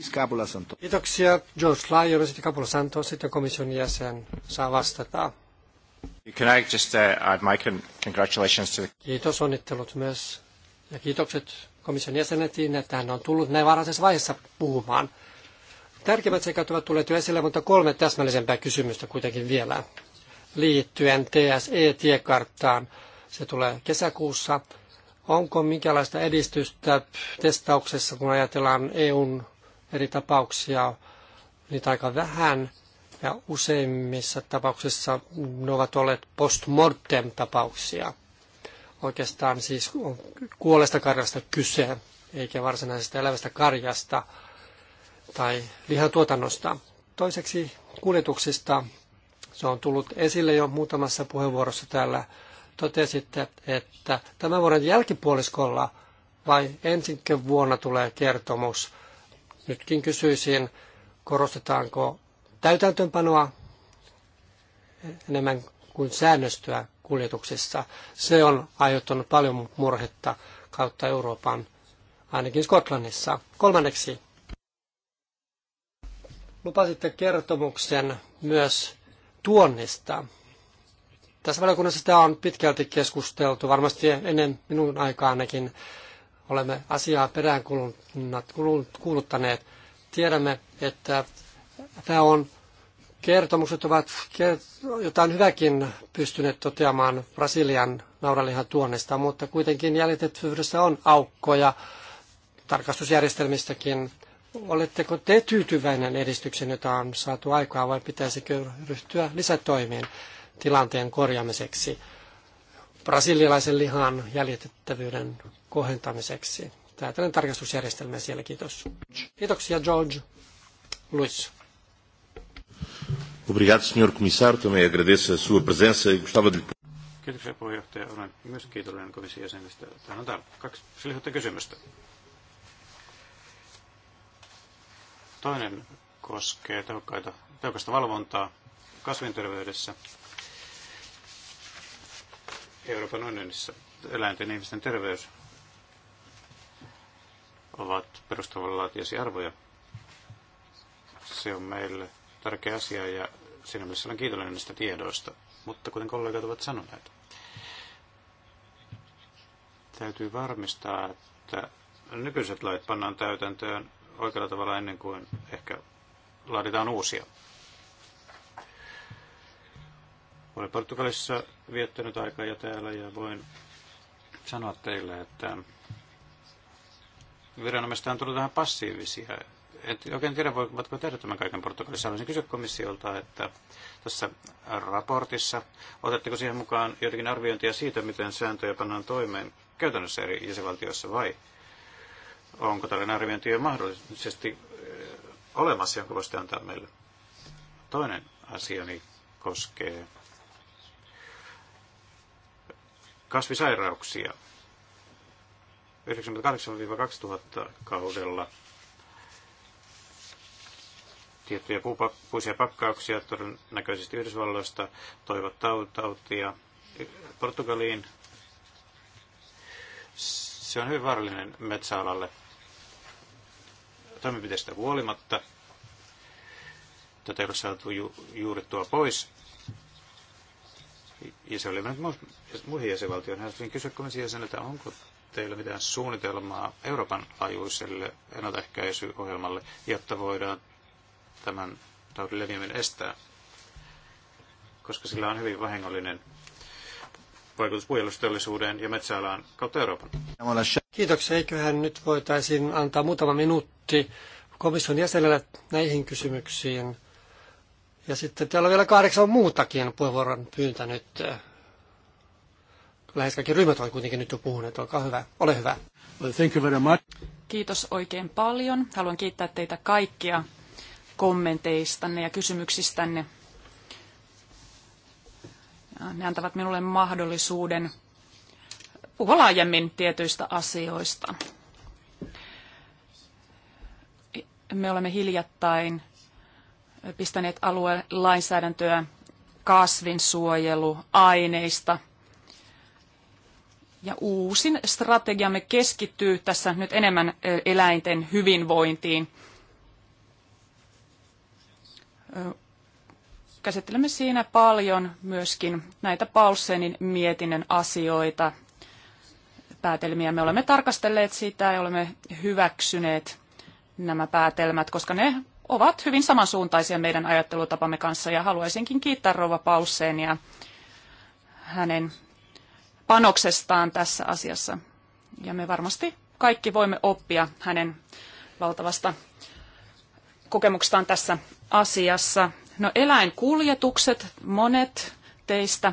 Kiitoksia George Lyon ja sitten Capula Santos, sitten komission jäsen saa vastata. Can I just uh, add my congratulations to the... Kiitos, onnittelut myös. Ja kiitokset komission jäsenetiin, että hän on tullut näin varhaisessa vaiheessa puhumaan. Tärkeimmät sekä ovat tulleet jo esille, mutta kolme täsmällisempää kysymystä kuitenkin vielä liittyen TSE-tiekarttaan. Se tulee kesäkuussa Onko minkälaista edistystä testauksessa, kun ajatellaan EUn eri tapauksia, niitä aika vähän ja useimmissa tapauksissa ne ovat olleet postmortem-tapauksia. Oikeastaan siis on kuolesta karjasta kyse, eikä varsinaisesta elävästä karjasta tai lihatuotannosta. Toiseksi kuljetuksista. Se on tullut esille jo muutamassa puheenvuorossa täällä totesitte, että tämän vuoden jälkipuoliskolla vai ensikin vuonna tulee kertomus. Nytkin kysyisin, korostetaanko täytäntöönpanoa enemmän kuin säännöstöä kuljetuksissa. Se on aiheuttanut paljon murhetta kautta Euroopan, ainakin Skotlannissa. Kolmanneksi, lupasitte kertomuksen myös tuonnista. Tässä valiokunnassa sitä on pitkälti keskusteltu, varmasti ennen minun aikaanakin olemme asiaa peräänkuuluttaneet. Tiedämme, että tämä on kertomukset ovat jotain hyväkin pystyneet toteamaan Brasilian nauralihan tuonnesta, mutta kuitenkin jäljitettävyydessä on aukkoja tarkastusjärjestelmistäkin. Oletteko te tyytyväinen edistyksen, jota on saatu aikaa, vai pitäisikö ryhtyä lisätoimiin? tilanteen korjaamiseksi, brasilialaisen lihan jäljitettävyyden kohentamiseksi. Tällainen tarkastusjärjestelmä siellä, kiitos. Kiitoksia George. Luis. Obrigado, senhor comissário. Também agradeço a sua presença e gostava de lhe... Kiitoksia puheenjohtaja. Olen myös kiitollinen komission jäsenistä. Tähän on täällä kaksi lyhyttä kysymystä. Toinen koskee tehokkaita, tehokasta valvontaa kasvinterveydessä. Euroopan unionissa eläinten ihmisten terveys ovat perustavanlaatuisia arvoja. Se on meille tärkeä asia ja siinä mielessä olen kiitollinen näistä tiedoista. Mutta kuten kollegat ovat sanoneet, täytyy varmistaa, että nykyiset lait pannaan täytäntöön oikealla tavalla ennen kuin ehkä laaditaan uusia. Olen Portugalissa viettänyt aikaa ja täällä ja voin sanoa teille, että viranomaiset on tullut vähän passiivisia. Et oikein tiedä, voivatko tehdä tämän kaiken Portugalissa. Haluaisin kysyä komissiolta, että tässä raportissa, otetteko siihen mukaan jotakin arviointia siitä, miten sääntöjä pannaan toimeen käytännössä eri jäsenvaltioissa vai onko tällainen arviointi jo mahdollisesti eh, olemassa, jonka voisi antaa meille? Toinen asiani koskee kasvisairauksia. 98-2000 kaudella tiettyjä puupuisia pakkauksia todennäköisesti Yhdysvalloista toivat tautia Portugaliin. Se on hyvin vaarallinen metsäalalle toimenpiteistä huolimatta. Tätä ei ole saatu ju- juurittua pois ja se oli mennyt muihin jäsenvaltioihin. Haluaisin kysyä komission jäseneltä, onko teillä mitään suunnitelmaa Euroopan laajuiselle ennaltaehkäisyohjelmalle, jotta voidaan tämän taudin leviäminen estää, koska sillä on hyvin vahingollinen vaikutus puolustusteollisuuteen ja metsäalaan kautta Euroopan. Kiitoksia. Eiköhän nyt voitaisiin antaa muutama minuutti komission jäsenelle näihin kysymyksiin. Ja sitten täällä on vielä kahdeksan muutakin puheenvuoron pyyntänyt. Lähes kaikki ryhmät ovat kuitenkin nyt jo puhuneet. Olkaa hyvä. Ole hyvä. Thank you very much. Kiitos oikein paljon. Haluan kiittää teitä kaikkia kommenteistanne ja kysymyksistänne. Ne antavat minulle mahdollisuuden puhua laajemmin tietyistä asioista. Me olemme hiljattain pistäneet alueen lainsäädäntöä kasvinsuojelu, aineista. Ja uusin strategiamme keskittyy tässä nyt enemmän eläinten hyvinvointiin. Käsittelemme siinä paljon myöskin näitä Paulsenin mietinnön asioita, päätelmiä. Me olemme tarkastelleet sitä ja olemme hyväksyneet nämä päätelmät, koska ne ovat hyvin samansuuntaisia meidän ajattelutapamme kanssa ja haluaisinkin kiittää Rova ja hänen panoksestaan tässä asiassa. Ja me varmasti kaikki voimme oppia hänen valtavasta kokemuksestaan tässä asiassa. No eläinkuljetukset, monet teistä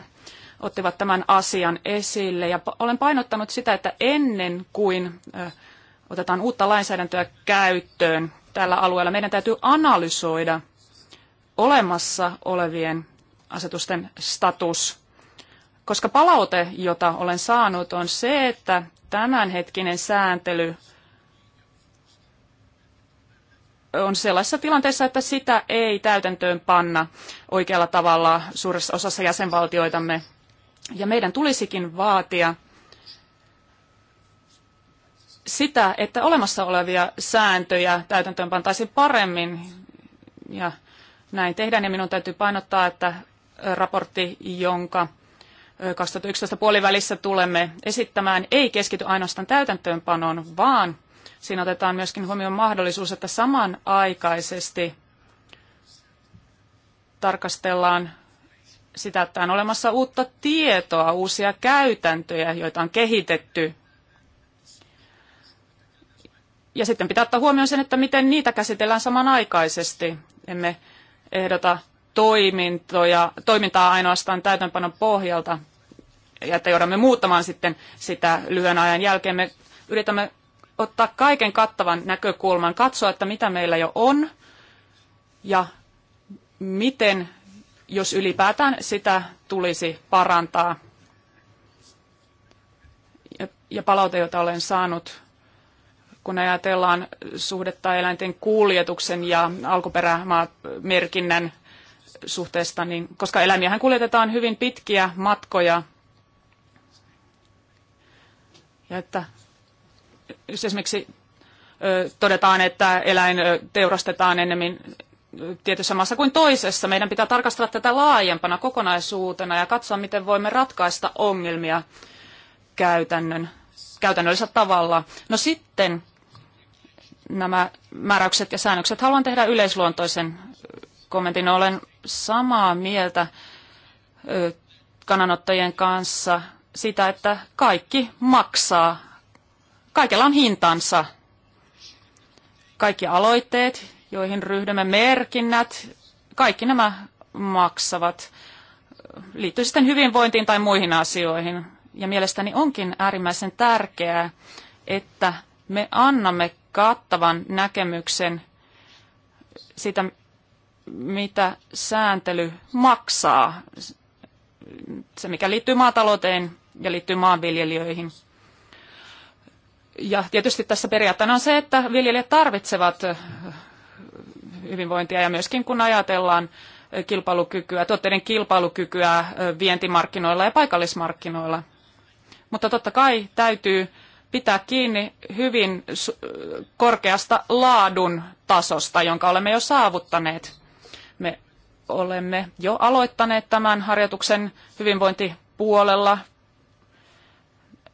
ottivat tämän asian esille ja olen painottanut sitä, että ennen kuin otetaan uutta lainsäädäntöä käyttöön, tällä alueella. Meidän täytyy analysoida olemassa olevien asetusten status, koska palaute, jota olen saanut, on se, että tämänhetkinen sääntely on sellaisessa tilanteessa, että sitä ei täytäntöön panna oikealla tavalla suuressa osassa jäsenvaltioitamme. Ja meidän tulisikin vaatia – sitä, että olemassa olevia sääntöjä täytäntöönpantaisiin paremmin ja näin tehdään. Ja minun täytyy painottaa, että raportti, jonka 2011 puolivälissä tulemme esittämään, ei keskity ainoastaan täytäntöönpanoon, vaan siinä otetaan myöskin huomioon mahdollisuus, että samanaikaisesti tarkastellaan sitä, että on olemassa uutta tietoa, uusia käytäntöjä, joita on kehitetty ja sitten pitää ottaa huomioon sen, että miten niitä käsitellään samanaikaisesti. Emme ehdota toimintoja, toimintaa ainoastaan täytäntöpanon pohjalta, ja että joudumme muuttamaan sitten sitä lyhyen ajan jälkeen. Me yritämme ottaa kaiken kattavan näkökulman, katsoa, että mitä meillä jo on, ja miten, jos ylipäätään sitä tulisi parantaa. Ja palaute, jota olen saanut kun ajatellaan suhdetta eläinten kuljetuksen ja alkuperämaamerkinnän suhteesta, niin, koska eläimiähän kuljetetaan hyvin pitkiä matkoja, ja että jos esimerkiksi ö, todetaan, että eläin ö, teurastetaan enemmän tietyssä maassa kuin toisessa, meidän pitää tarkastella tätä laajempana kokonaisuutena ja katsoa, miten voimme ratkaista ongelmia käytännön, käytännöllisellä tavalla. No sitten nämä määräykset ja säännökset. Haluan tehdä yleisluontoisen kommentin. Olen samaa mieltä kannanottajien kanssa sitä, että kaikki maksaa. Kaikella on hintansa. Kaikki aloitteet, joihin ryhdymme merkinnät, kaikki nämä maksavat. Liittyy sitten hyvinvointiin tai muihin asioihin. Ja mielestäni onkin äärimmäisen tärkeää, että me annamme kattavan näkemyksen sitä, mitä sääntely maksaa, se mikä liittyy maatalouteen ja liittyy maanviljelijöihin. Ja tietysti tässä periaatteena on se, että viljelijät tarvitsevat hyvinvointia ja myöskin kun ajatellaan kilpailukykyä, tuotteiden kilpailukykyä vientimarkkinoilla ja paikallismarkkinoilla. Mutta totta kai täytyy pitää kiinni hyvin korkeasta laadun tasosta, jonka olemme jo saavuttaneet. Me olemme jo aloittaneet tämän harjoituksen hyvinvointipuolella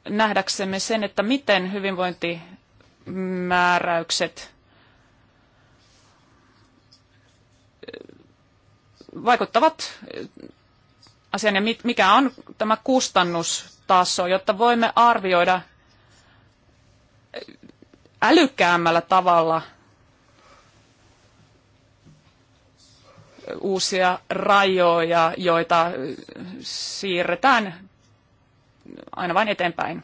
nähdäksemme sen, että miten hyvinvointimääräykset vaikuttavat asiaan ja mikä on tämä kustannustaso, jotta voimme arvioida älykkäämmällä tavalla uusia rajoja, joita siirretään aina vain eteenpäin.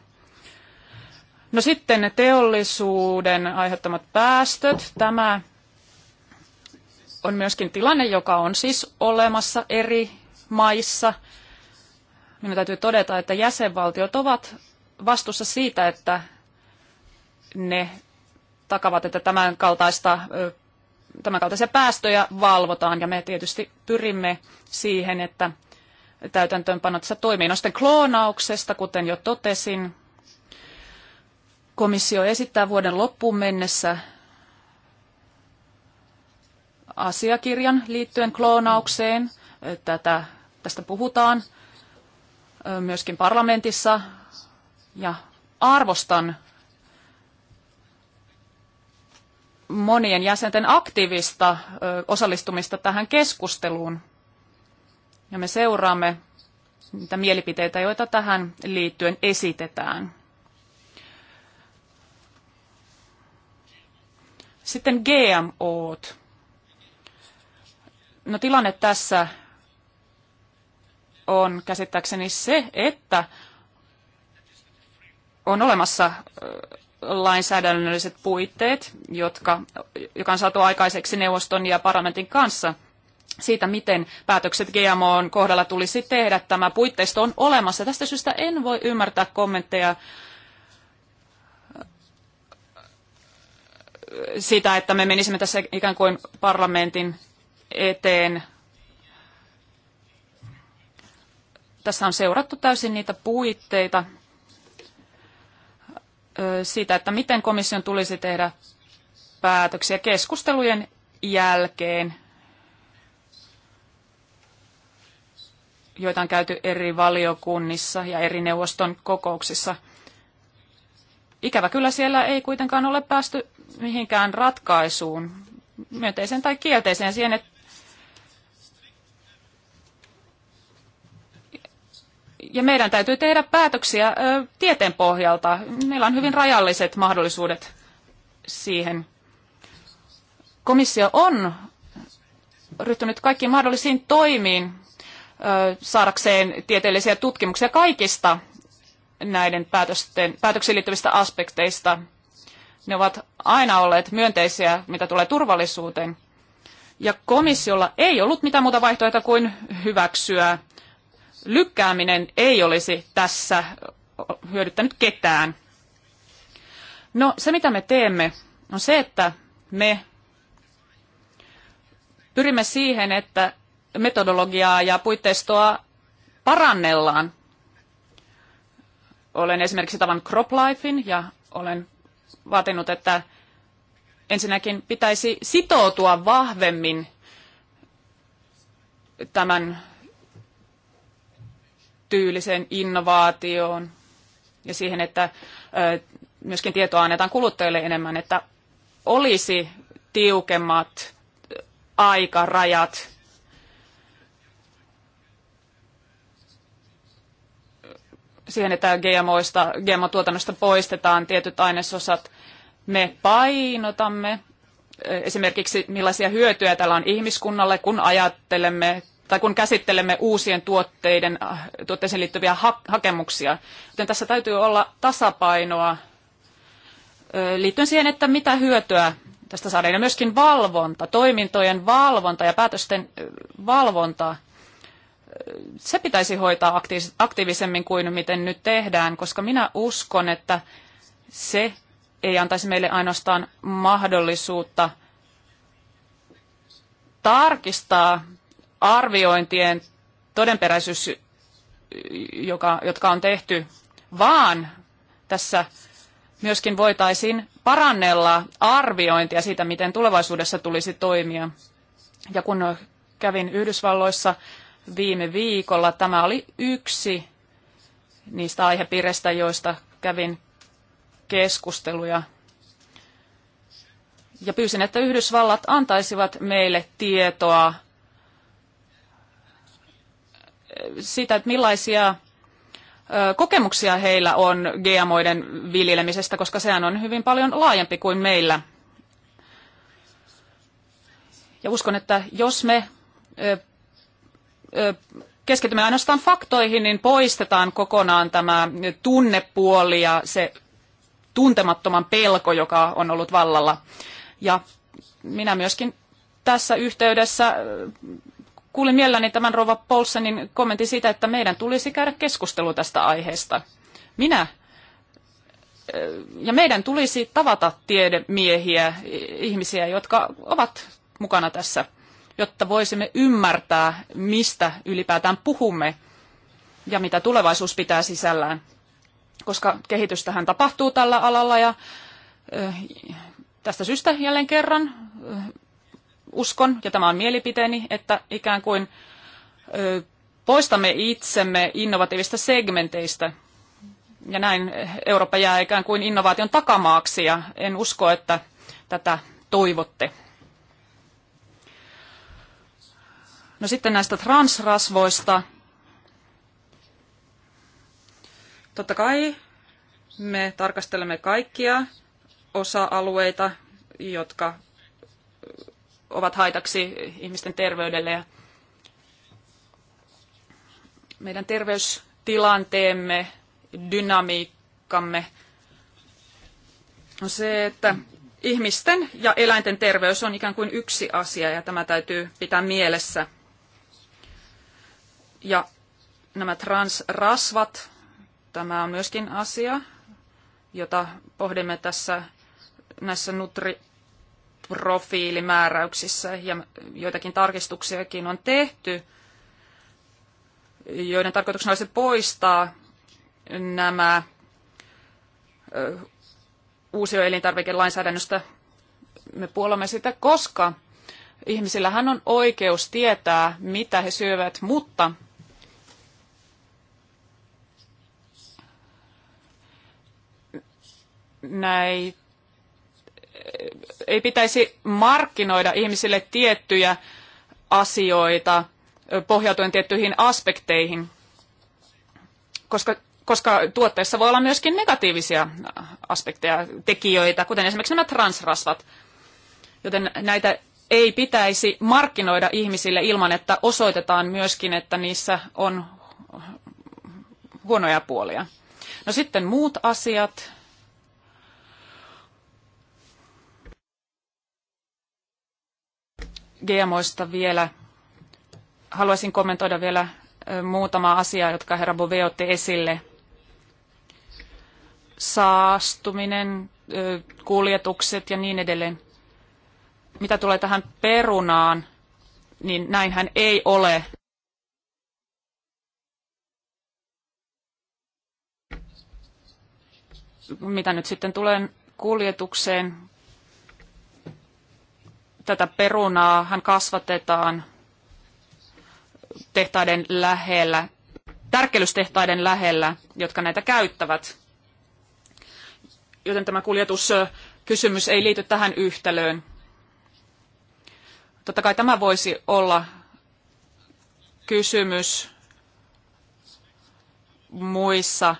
No sitten teollisuuden aiheuttamat päästöt. Tämä on myöskin tilanne, joka on siis olemassa eri maissa. Minun niin täytyy todeta, että jäsenvaltiot ovat vastuussa siitä, että ne takavat, että tämän, kaltaista, tämän kaltaisia päästöjä valvotaan. Ja me tietysti pyrimme siihen, että täytäntöönpano tässä toimii. No sitten kloonauksesta, kuten jo totesin, komissio esittää vuoden loppuun mennessä asiakirjan liittyen kloonaukseen. Tätä, tästä puhutaan myöskin parlamentissa ja arvostan monien jäsenten aktiivista osallistumista tähän keskusteluun. Ja me seuraamme niitä mielipiteitä, joita tähän liittyen esitetään. Sitten GAO-t. No tilanne tässä on käsittääkseni se, että on olemassa lainsäädännölliset puitteet, jotka, joka on saatu aikaiseksi neuvoston ja parlamentin kanssa siitä, miten päätökset GMOn kohdalla tulisi tehdä. Tämä puitteisto on olemassa. Tästä syystä en voi ymmärtää kommentteja sitä, että me menisimme tässä ikään kuin parlamentin eteen. Tässä on seurattu täysin niitä puitteita, sitä, että miten komission tulisi tehdä päätöksiä keskustelujen jälkeen, joita on käyty eri valiokunnissa ja eri neuvoston kokouksissa. Ikävä kyllä siellä ei kuitenkaan ole päästy mihinkään ratkaisuun, myönteiseen tai kielteiseen siihen, että ja meidän täytyy tehdä päätöksiä tieteen pohjalta. Meillä on hyvin rajalliset mahdollisuudet siihen. Komissio on ryhtynyt kaikkiin mahdollisiin toimiin saadakseen tieteellisiä tutkimuksia kaikista näiden päätösten, päätöksiin liittyvistä aspekteista. Ne ovat aina olleet myönteisiä, mitä tulee turvallisuuteen. Ja komissiolla ei ollut mitään muuta vaihtoehtoa kuin hyväksyä lykkääminen ei olisi tässä hyödyttänyt ketään. No se, mitä me teemme, on se, että me pyrimme siihen, että metodologiaa ja puitteistoa parannellaan. Olen esimerkiksi tavan CropLifein ja olen vaatinut, että ensinnäkin pitäisi sitoutua vahvemmin tämän tyyliseen innovaatioon ja siihen, että myöskin tietoa annetaan kuluttajille enemmän, että olisi tiukemmat aikarajat siihen, että GMOista, GMO-tuotannosta poistetaan tietyt ainesosat. Me painotamme esimerkiksi millaisia hyötyjä tällä on ihmiskunnalle, kun ajattelemme tai kun käsittelemme uusien tuotteiden, äh, tuotteisiin liittyviä ha- hakemuksia. Joten tässä täytyy olla tasapainoa liittyen siihen, että mitä hyötyä tästä saadaan. Ja myöskin valvonta, toimintojen valvonta ja päätösten valvonta, se pitäisi hoitaa aktiivisemmin kuin miten nyt tehdään, koska minä uskon, että se ei antaisi meille ainoastaan mahdollisuutta tarkistaa arviointien todenperäisyys, joka, jotka on tehty, vaan tässä myöskin voitaisiin parannella arviointia siitä, miten tulevaisuudessa tulisi toimia. Ja kun kävin Yhdysvalloissa viime viikolla, tämä oli yksi niistä aihepiireistä, joista kävin keskusteluja. Ja pyysin, että Yhdysvallat antaisivat meille tietoa sitä, että millaisia kokemuksia heillä on GMOiden viljelemisestä, koska sehän on hyvin paljon laajempi kuin meillä. Ja uskon, että jos me keskitymme ainoastaan faktoihin, niin poistetaan kokonaan tämä tunnepuoli ja se tuntemattoman pelko, joka on ollut vallalla. Ja minä myöskin tässä yhteydessä kuulin mielelläni tämän Rova Paulsenin kommentin siitä, että meidän tulisi käydä keskustelu tästä aiheesta. Minä eh, ja meidän tulisi tavata tiedemiehiä, ihmisiä, jotka ovat mukana tässä, jotta voisimme ymmärtää, mistä ylipäätään puhumme ja mitä tulevaisuus pitää sisällään. Koska kehitystähän tapahtuu tällä alalla ja eh, tästä syystä jälleen kerran eh, uskon, ja tämä on mielipiteeni, että ikään kuin poistamme itsemme innovatiivista segmenteistä, ja näin Eurooppa jää ikään kuin innovaation takamaaksi, ja en usko, että tätä toivotte. No sitten näistä transrasvoista. Totta kai me tarkastelemme kaikkia osa-alueita, jotka ovat haitaksi ihmisten terveydelle. Ja meidän terveystilanteemme, dynamiikkamme on se, että ihmisten ja eläinten terveys on ikään kuin yksi asia ja tämä täytyy pitää mielessä. Ja nämä transrasvat, tämä on myöskin asia, jota pohdimme tässä näissä nutri profiilimääräyksissä ja joitakin tarkistuksiakin on tehty, joiden tarkoituksena olisi poistaa nämä lainsäädännöstä Me puolamme sitä, koska ihmisillähän on oikeus tietää, mitä he syövät, mutta näitä ei pitäisi markkinoida ihmisille tiettyjä asioita pohjautuen tiettyihin aspekteihin, koska, koska tuotteessa voi olla myöskin negatiivisia aspekteja, tekijöitä, kuten esimerkiksi nämä transrasvat. Joten näitä ei pitäisi markkinoida ihmisille ilman, että osoitetaan myöskin, että niissä on huonoja puolia. No sitten muut asiat, GMOista vielä. Haluaisin kommentoida vielä muutama asia, jotka herra Bove otti esille. Saastuminen, kuljetukset ja niin edelleen. Mitä tulee tähän perunaan, niin näinhän ei ole. Mitä nyt sitten tulee kuljetukseen, tätä perunaa hän kasvatetaan tehtaiden lähellä, tärkkelystehtaiden lähellä, jotka näitä käyttävät. Joten tämä kuljetuskysymys ei liity tähän yhtälöön. Totta kai tämä voisi olla kysymys muissa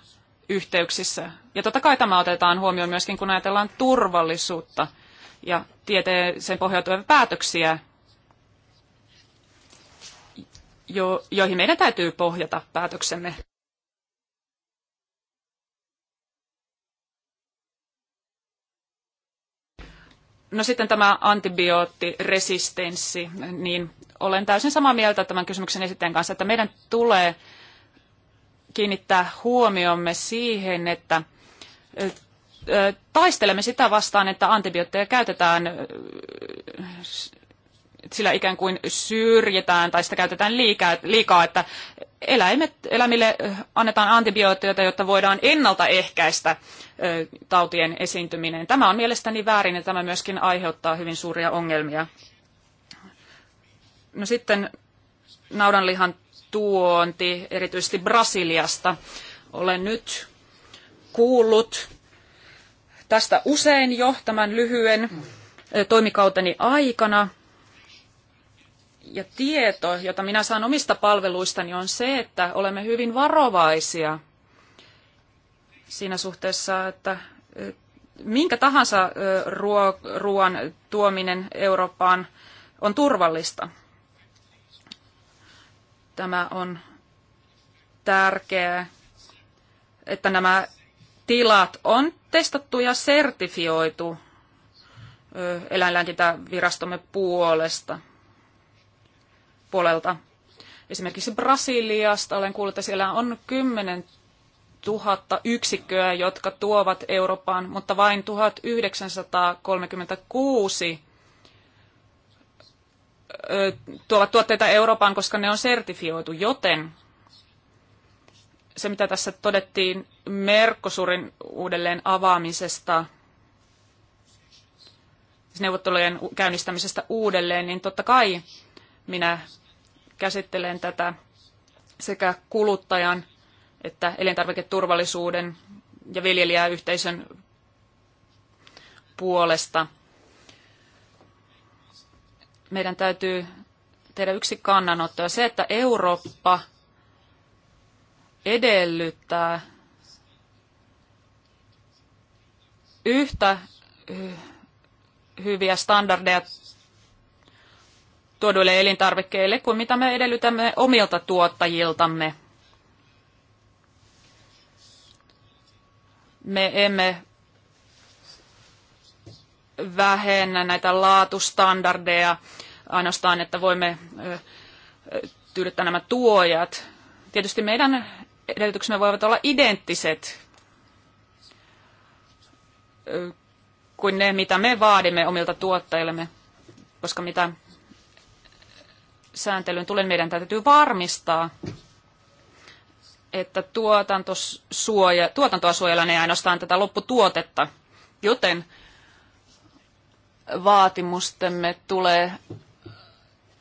yhteyksissä. Ja totta kai tämä otetaan huomioon myöskin, kun ajatellaan turvallisuutta – ja tieteeseen pohjautuvia päätöksiä, jo, joihin meidän täytyy pohjata päätöksemme. No sitten tämä antibioottiresistenssi, niin olen täysin samaa mieltä tämän kysymyksen esittäjän kanssa, että meidän tulee kiinnittää huomiomme siihen, että taistelemme sitä vastaan, että antibiootteja käytetään, sillä ikään kuin syrjitään tai sitä käytetään liikaa, liikaa että eläimet, eläimille annetaan antibiootteja, jotta voidaan ennaltaehkäistä tautien esiintyminen. Tämä on mielestäni väärin ja tämä myöskin aiheuttaa hyvin suuria ongelmia. No sitten naudanlihan tuonti, erityisesti Brasiliasta. Olen nyt kuullut tästä usein jo tämän lyhyen toimikauteni aikana. Ja tieto, jota minä saan omista palveluistani, on se, että olemme hyvin varovaisia siinä suhteessa, että minkä tahansa ruoan tuominen Eurooppaan on turvallista. Tämä on tärkeää, että nämä tilat on testattu ja sertifioitu eläinlääkintävirastomme puolesta, puolelta. Esimerkiksi Brasiliasta olen kuullut, että siellä on 10 000 yksikköä, jotka tuovat Eurooppaan, mutta vain 1936 tuovat tuotteita Eurooppaan, koska ne on sertifioitu, joten se mitä tässä todettiin Merkosurin uudelleen avaamisesta, siis neuvottelujen käynnistämisestä uudelleen, niin totta kai minä käsittelen tätä sekä kuluttajan että elintarviketurvallisuuden ja viljelijäyhteisön puolesta. Meidän täytyy tehdä yksi kannanotto ja se, että Eurooppa edellyttää yhtä hyviä standardeja tuoduille elintarvikkeille kuin mitä me edellytämme omilta tuottajiltamme. Me emme vähennä näitä laatustandardeja ainoastaan, että voimme tyydyttää nämä tuojat. Tietysti meidän edellytyksemme voivat olla identtiset kuin ne, mitä me vaadimme omilta tuottajillemme, koska mitä sääntelyyn tulee, meidän täytyy varmistaa, että tuotantosuoja, tuotantoa suojellaan ei ainoastaan tätä lopputuotetta, joten vaatimustemme tulee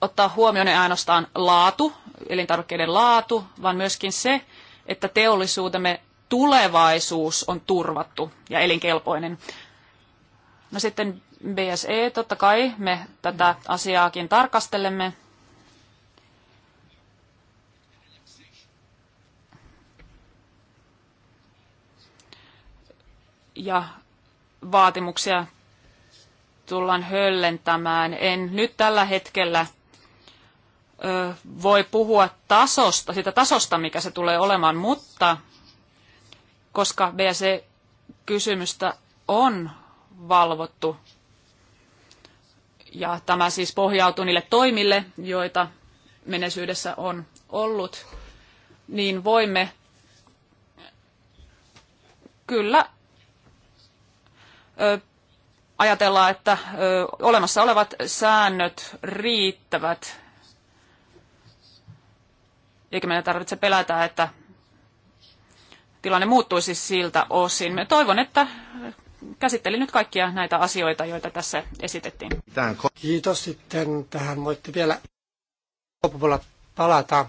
ottaa huomioon ei ainoastaan laatu, elintarvikkeiden laatu, vaan myöskin se, että teollisuutemme tulevaisuus on turvattu ja elinkelpoinen. No sitten BSE, totta kai me tätä asiaakin tarkastelemme. Ja vaatimuksia tullaan höllentämään. En nyt tällä hetkellä voi puhua tasosta, sitä tasosta, mikä se tulee olemaan, mutta koska BSE-kysymystä on valvottu. Ja tämä siis pohjautuu niille toimille, joita menesyydessä on ollut, niin voimme kyllä ö, ajatella, että ö, olemassa olevat säännöt riittävät. Eikä meidän tarvitse pelätä, että tilanne muuttuisi siltä osin. Me toivon, että käsitteli nyt kaikkia näitä asioita, joita tässä esitettiin. Kiitos sitten. Tähän voitte vielä loppupuolella palata.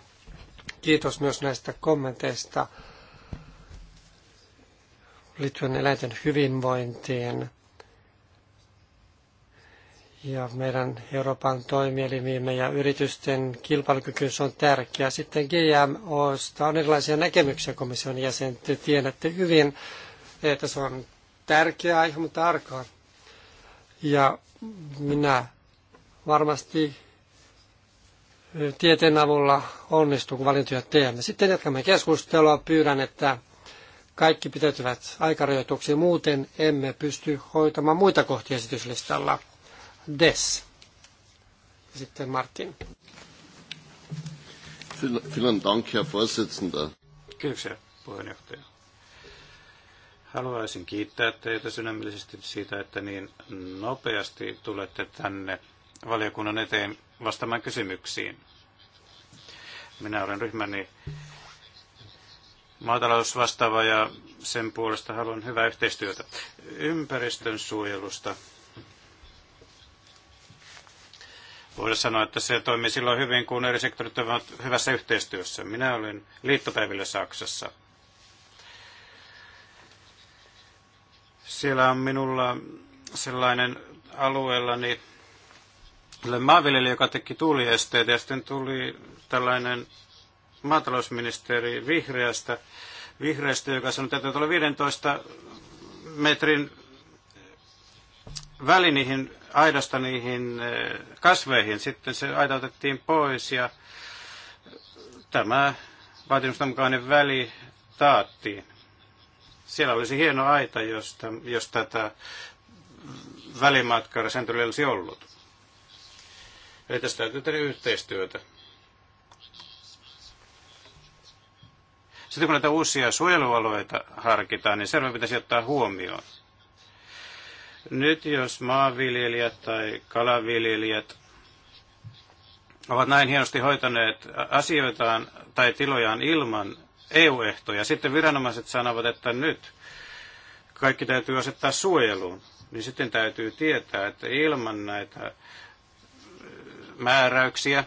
Kiitos myös näistä kommenteista liittyen eläinten hyvinvointiin ja meidän Euroopan toimielimiimme ja yritysten kilpailukyky on tärkeä. Sitten GMOsta on erilaisia näkemyksiä komission jäsen. Te tiedätte hyvin, että se on tärkeä aihe, mutta arkaa. Ja minä varmasti tieteen avulla onnistuu, kun valintoja teemme. Sitten jatkamme keskustelua. Pyydän, että kaikki pitäytyvät aikarajoituksiin. Muuten emme pysty hoitamaan muita kohtia esityslistalla. Des. Sitten Martin. Vielen Dank, Herr Vorsitzender. Kiitoksia, puheenjohtaja. Haluaisin kiittää teitä sydämellisesti siitä, että niin nopeasti tulette tänne valiokunnan eteen vastaamaan kysymyksiin. Minä olen ryhmäni maatalousvastaava ja sen puolesta haluan hyvää yhteistyötä. Ympäristön suojelusta Voisi sanoa, että se toimii silloin hyvin, kun eri sektorit ovat hyvässä yhteistyössä. Minä olin liittopäivillä Saksassa. Siellä on minulla sellainen alueellani maanviljelijä, joka teki tuuliesteet ja sitten tuli tällainen maatalousministeri vihreästä, vihreästä joka sanoi, että tuolla 15 metrin väli niihin aidasta niihin eh, kasveihin. Sitten se aita otettiin pois ja tämä vaatimusten mukainen väli taattiin. Siellä olisi hieno aita, jos, täm, jos tätä välimatkaa sääntelyllä olisi ollut. Eli tästä täytyy tehdä yhteistyötä. Sitten kun näitä uusia suojelualueita harkitaan, niin selvä pitäisi ottaa huomioon. Nyt jos maanviljelijät tai kalaviljelijät ovat näin hienosti hoitaneet asioitaan tai tilojaan ilman EU-ehtoja, sitten viranomaiset sanovat, että nyt kaikki täytyy asettaa suojeluun, niin sitten täytyy tietää, että ilman näitä määräyksiä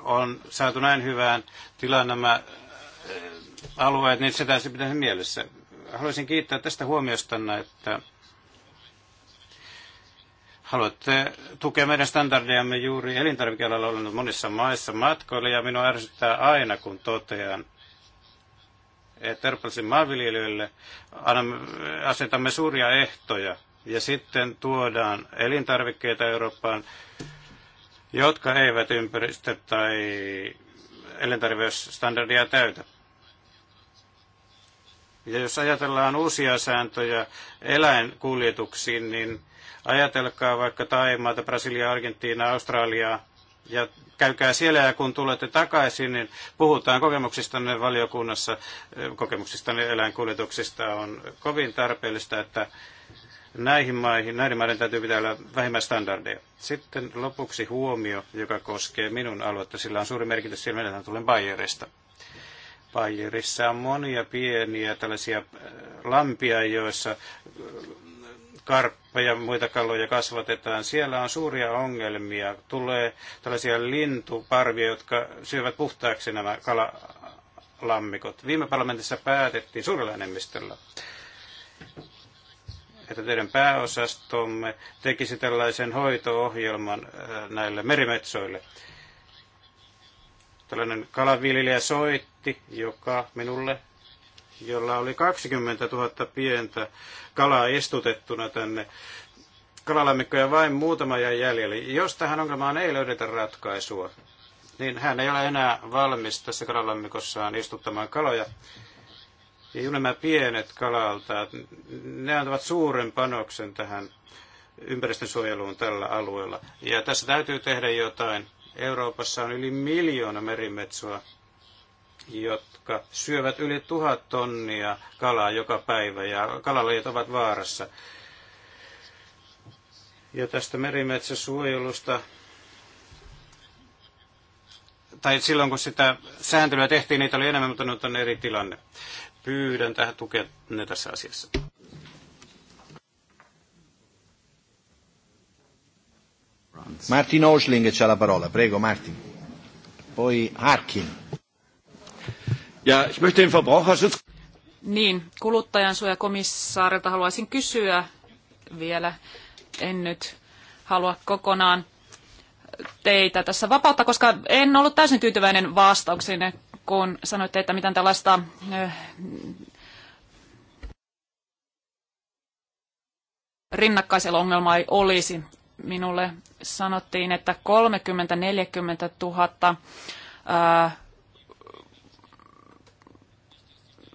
on saatu näin hyvään tilaan nämä eh, alueet, niin se täytyy pitää mielessä. Haluaisin kiittää tästä huomiosta, että Haluatte tukea meidän standardejamme juuri elintarvikealalla ollut monissa maissa matkoilla, ja minua ärsyttää aina, kun totean, että eurooppalaisille maanviljelijöille asetamme suuria ehtoja, ja sitten tuodaan elintarvikkeita Eurooppaan, jotka eivät ympäristö- tai elintarvikestandardia täytä. Ja jos ajatellaan uusia sääntöjä eläinkuljetuksiin, niin Ajatelkaa vaikka Taimaata, Brasiliaa, Argentiinaa, Australiaa ja käykää siellä ja kun tulette takaisin, niin puhutaan kokemuksistanne valiokunnassa, kokemuksistanne eläinkuljetuksista. On kovin tarpeellista, että näihin maihin, näiden maiden täytyy pitää olla standardeja. Sitten lopuksi huomio, joka koskee minun aluetta. Sillä on suuri merkitys sillä, että tulen Bayerista. Bayerissa on monia pieniä tällaisia äh, lampia, joissa äh, karppi ja muita kaloja kasvatetaan. Siellä on suuria ongelmia. Tulee tällaisia lintuparvia, jotka syövät puhtaaksi nämä kalalammikot. Viime parlamentissa päätettiin suurella enemmistöllä, että teidän pääosastomme tekisi tällaisen hoito-ohjelman äh, näille merimetsoille. Tällainen kalanviljelijä soitti, joka minulle jolla oli 20 000 pientä kalaa istutettuna tänne. Kalalämmikkoja vain muutama jäi jäljelle. Jos tähän ongelmaan ei löydetä ratkaisua, niin hän ei ole enää valmis tässä kalalämmikossaan istuttamaan kaloja. Ja juuri nämä pienet kalalta ne antavat suuren panoksen tähän ympäristön suojeluun tällä alueella. Ja tässä täytyy tehdä jotain. Euroopassa on yli miljoona merimetsua, jotka syövät yli tuhat tonnia kalaa joka päivä ja kalalajit ovat vaarassa. Ja tästä merimetsäsuojelusta, tai silloin kun sitä sääntelyä tehtiin, niitä oli enemmän, mutta nyt on eri tilanne. Pyydän tähän tukea ne tässä asiassa. Martin Osling c'è la parola, prego Martin. Poi Harkin. Ja ich möchte den Verbraucherschutz... Niin, kuluttajansuojakomissaarilta haluaisin kysyä vielä. En nyt halua kokonaan teitä tässä vapautta, koska en ollut täysin tyytyväinen vastauksinne, kun sanoitte, että mitään tällaista eh, rinnakkaiselongelmaa ei olisi. Minulle sanottiin, että 30-40 000 ää,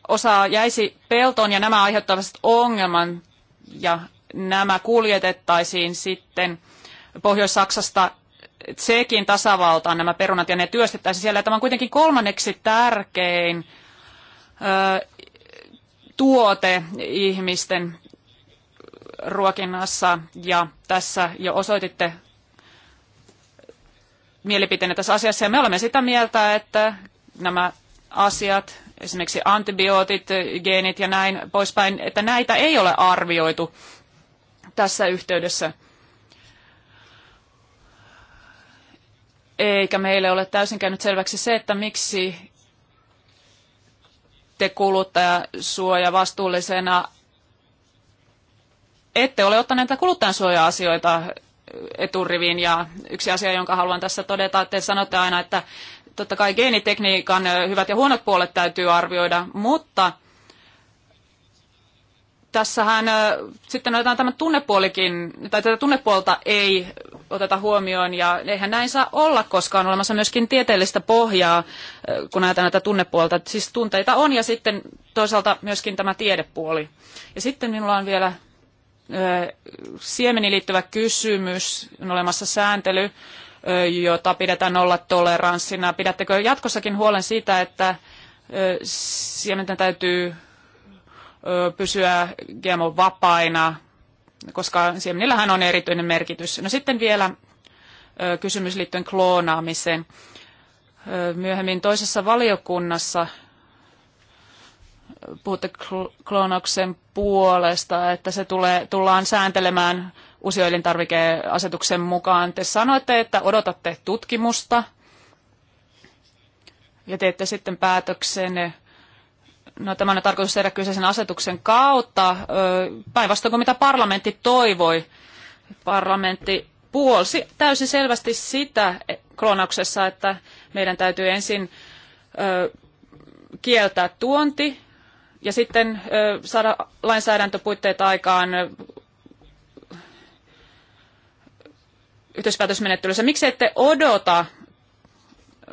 osa jäisi peltoon ja nämä aiheuttavat ongelman ja nämä kuljetettaisiin sitten Pohjois-Saksasta Tsekin tasavaltaan nämä perunat ja ne työstettäisiin siellä. tämä on kuitenkin kolmanneksi tärkein ö, tuote ihmisten ruokinnassa ja tässä jo osoititte mielipiteenä tässä asiassa ja me olemme sitä mieltä, että nämä asiat esimerkiksi antibiootit, geenit ja näin poispäin, että näitä ei ole arvioitu tässä yhteydessä. Eikä meille ole täysin käynyt selväksi se, että miksi te kuluttajasuoja vastuullisena ette ole ottaneet näitä kuluttajansuoja-asioita eturiviin. Ja yksi asia, jonka haluan tässä todeta, että te sanotte aina, että totta kai geenitekniikan hyvät ja huonot puolet täytyy arvioida, mutta tässähän sitten otetaan tämä tunnepuolikin, tai tätä tunnepuolta ei oteta huomioon, ja eihän näin saa olla, koska on olemassa myöskin tieteellistä pohjaa, kun ajatellaan tätä tunnepuolta. Siis tunteita on, ja sitten toisaalta myöskin tämä tiedepuoli. Ja sitten minulla on vielä siemeniin liittyvä kysymys, on olemassa sääntely, jota pidetään olla toleranssina. Pidättekö jatkossakin huolen siitä, että siementen täytyy pysyä GMO-vapaina, koska siemenillähän on erityinen merkitys. No sitten vielä kysymys liittyen kloonaamiseen. Myöhemmin toisessa valiokunnassa puhutte kloonauksen puolesta, että se tulee, tullaan sääntelemään uusioelintarvikeasetuksen mukaan. Te sanoitte, että odotatte tutkimusta ja teette sitten päätöksen. No, tämä on tarkoitus tehdä kyseisen asetuksen kautta. Päinvastoin kuin mitä parlamentti toivoi. Parlamentti puolsi täysin selvästi sitä kloonauksessa, että meidän täytyy ensin kieltää tuonti ja sitten saada lainsäädäntöpuitteet aikaan yhteispäätösmenettelyssä. Miksi ette odota,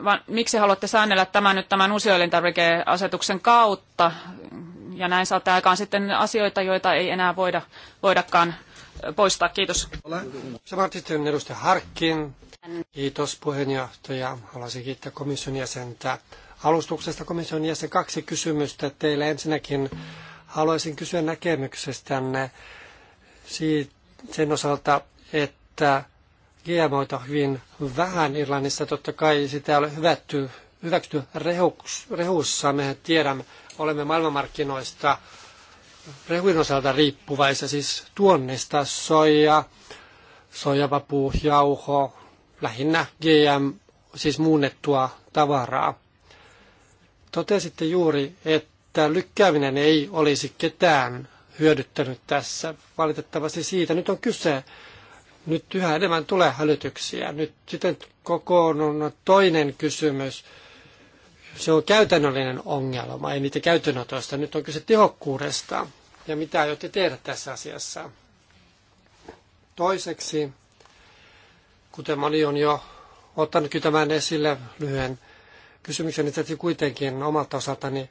vaan miksi haluatte säännellä tämän nyt tämän uusioelintarvikeasetuksen kautta? Ja näin saatte aikaan sitten asioita, joita ei enää voida, voidakaan poistaa. Kiitos. Samartin edustaja Harkkin. Kiitos puheenjohtaja. Haluaisin kiittää komission jäsentä alustuksesta. Komission jäsen kaksi kysymystä teille. Ensinnäkin haluaisin kysyä näkemyksestänne sen osalta, että GMOita hyvin vähän Irlannissa. Totta kai sitä ei ole hyvätty, hyväksytty rehuks, rehussa. Me tiedämme, olemme maailmanmarkkinoista rehuin osalta riippuvaisia, siis tuonnista soja, soijavapuu, jauho, lähinnä GM, siis muunnettua tavaraa. Totesitte juuri, että lykkääminen ei olisi ketään hyödyttänyt tässä. Valitettavasti siitä nyt on kyse nyt yhä enemmän tulee hälytyksiä. Nyt sitten kokoon on toinen kysymys. Se on käytännöllinen ongelma, ei niitä käytännötoista. Nyt on kyse tehokkuudesta ja mitä aiotte tehdä tässä asiassa. Toiseksi, kuten moni on jo ottanut tämän esille lyhyen kysymyksen, niin kuitenkin omalta osaltani,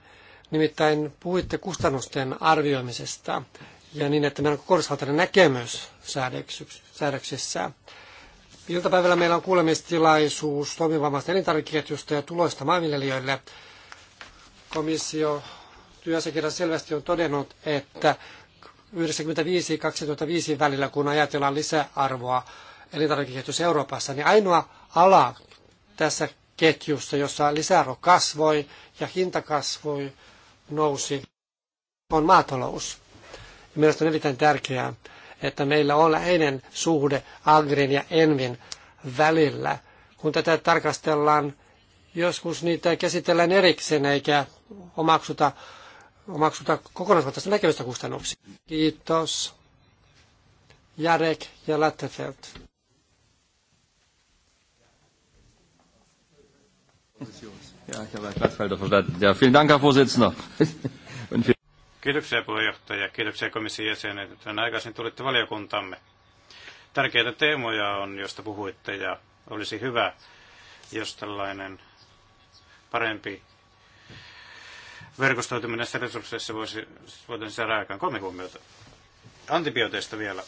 nimittäin puhuitte kustannusten arvioimisesta ja niin, että meillä on kokonaisvaltainen näkemys säädöksissä. Iltapäivällä meillä on kuulemistilaisuus toimivammasta elintarvikeketjusta ja tuloista maanviljelijöille. Komissio työasiakirjan selvästi on todennut, että 1995-2005 välillä, kun ajatellaan lisäarvoa elintarvikeketjussa Euroopassa, niin ainoa ala tässä ketjussa, jossa lisäarvo kasvoi ja hinta kasvoi, nousi, on maatalous. Mielestäni on erittäin tärkeää, että meillä on läheinen suhde Agrin ja Envin välillä. Kun tätä tarkastellaan, joskus niitä käsitellään erikseen eikä omaksuta, omaksuta kokonaisvaltaista näkemystä kustannuksia. Kiitos. Jarek ja Lattefeld. Ja, ich habe Herr Gladfelder verstanden. Ja, vielen Dank, Herr Vorsitzender. Kiitoksia puheenjohtaja, kiitoksia komission jäsenet, että aikaisin tulitte valiokuntamme. Tärkeitä teemoja on, joista puhuitte, ja olisi hyvä, jos tällainen parempi verkostoituminen näissä resursseissa voisi, voitaisiin saada aikaan kolme huomiota. Antibiooteista vielä.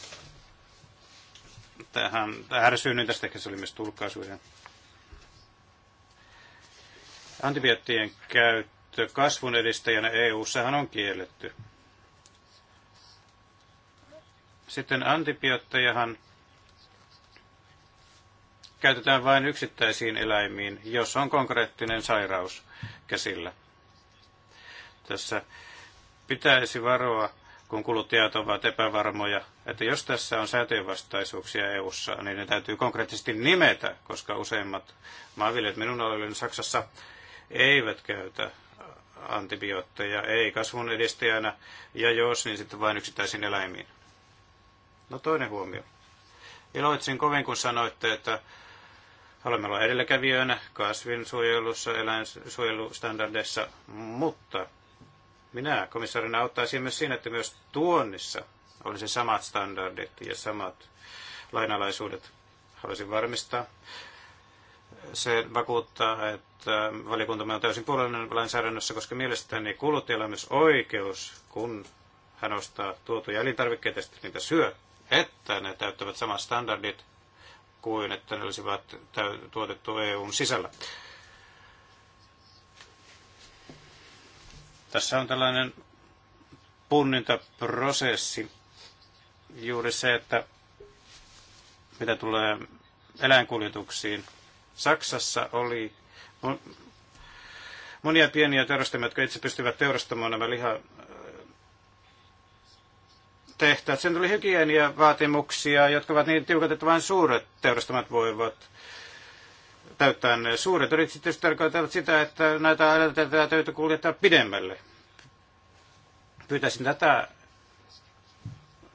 Tähän, ärsyyn niin tästä ehkä se oli myös tulkkaisuihin. Antibioottien käyttö käyttö kasvun edistäjänä EU-ssahan on kielletty. Sitten antibioottejahan käytetään vain yksittäisiin eläimiin, jos on konkreettinen sairaus käsillä. Tässä pitäisi varoa, kun kuluttajat ovat epävarmoja, että jos tässä on säätöjenvastaisuuksia EU-ssa, niin ne täytyy konkreettisesti nimetä, koska useimmat maanviljelijät minun alueellani Saksassa eivät käytä antibiootteja, ei kasvun edistäjänä, ja jos, niin sitten vain yksittäisiin eläimiin. No toinen huomio. Iloitsin kovin, kun sanoitte, että olemme olla edelläkävijöinä kasvinsuojelussa, eläinsuojelustandardeissa, mutta minä komissaarina auttaisin myös siinä, että myös tuonnissa olisi samat standardit ja samat lainalaisuudet. Haluaisin varmistaa, se vakuuttaa, että valiokuntamme on täysin puolellinen lainsäädännössä, koska mielestäni kuluttajalla on myös oikeus, kun hän ostaa tuotuja elintarvikkeita ja niitä syö, että ne täyttävät samat standardit kuin että ne olisivat tuotettu EUn sisällä. Tässä on tällainen punnintaprosessi, juuri se, että mitä tulee eläinkuljetuksiin, Saksassa oli monia pieniä teurastamia, jotka itse pystyvät teurastamaan nämä liha tehtävät. Sen tuli vaatimuksia, jotka ovat niin tiukat, että vain suuret teurastamat voivat täyttää ne. Suuret yritykset tarkoittavat sitä, että näitä eläintä täytyy kuljettaa pidemmälle. Pyytäisin tätä,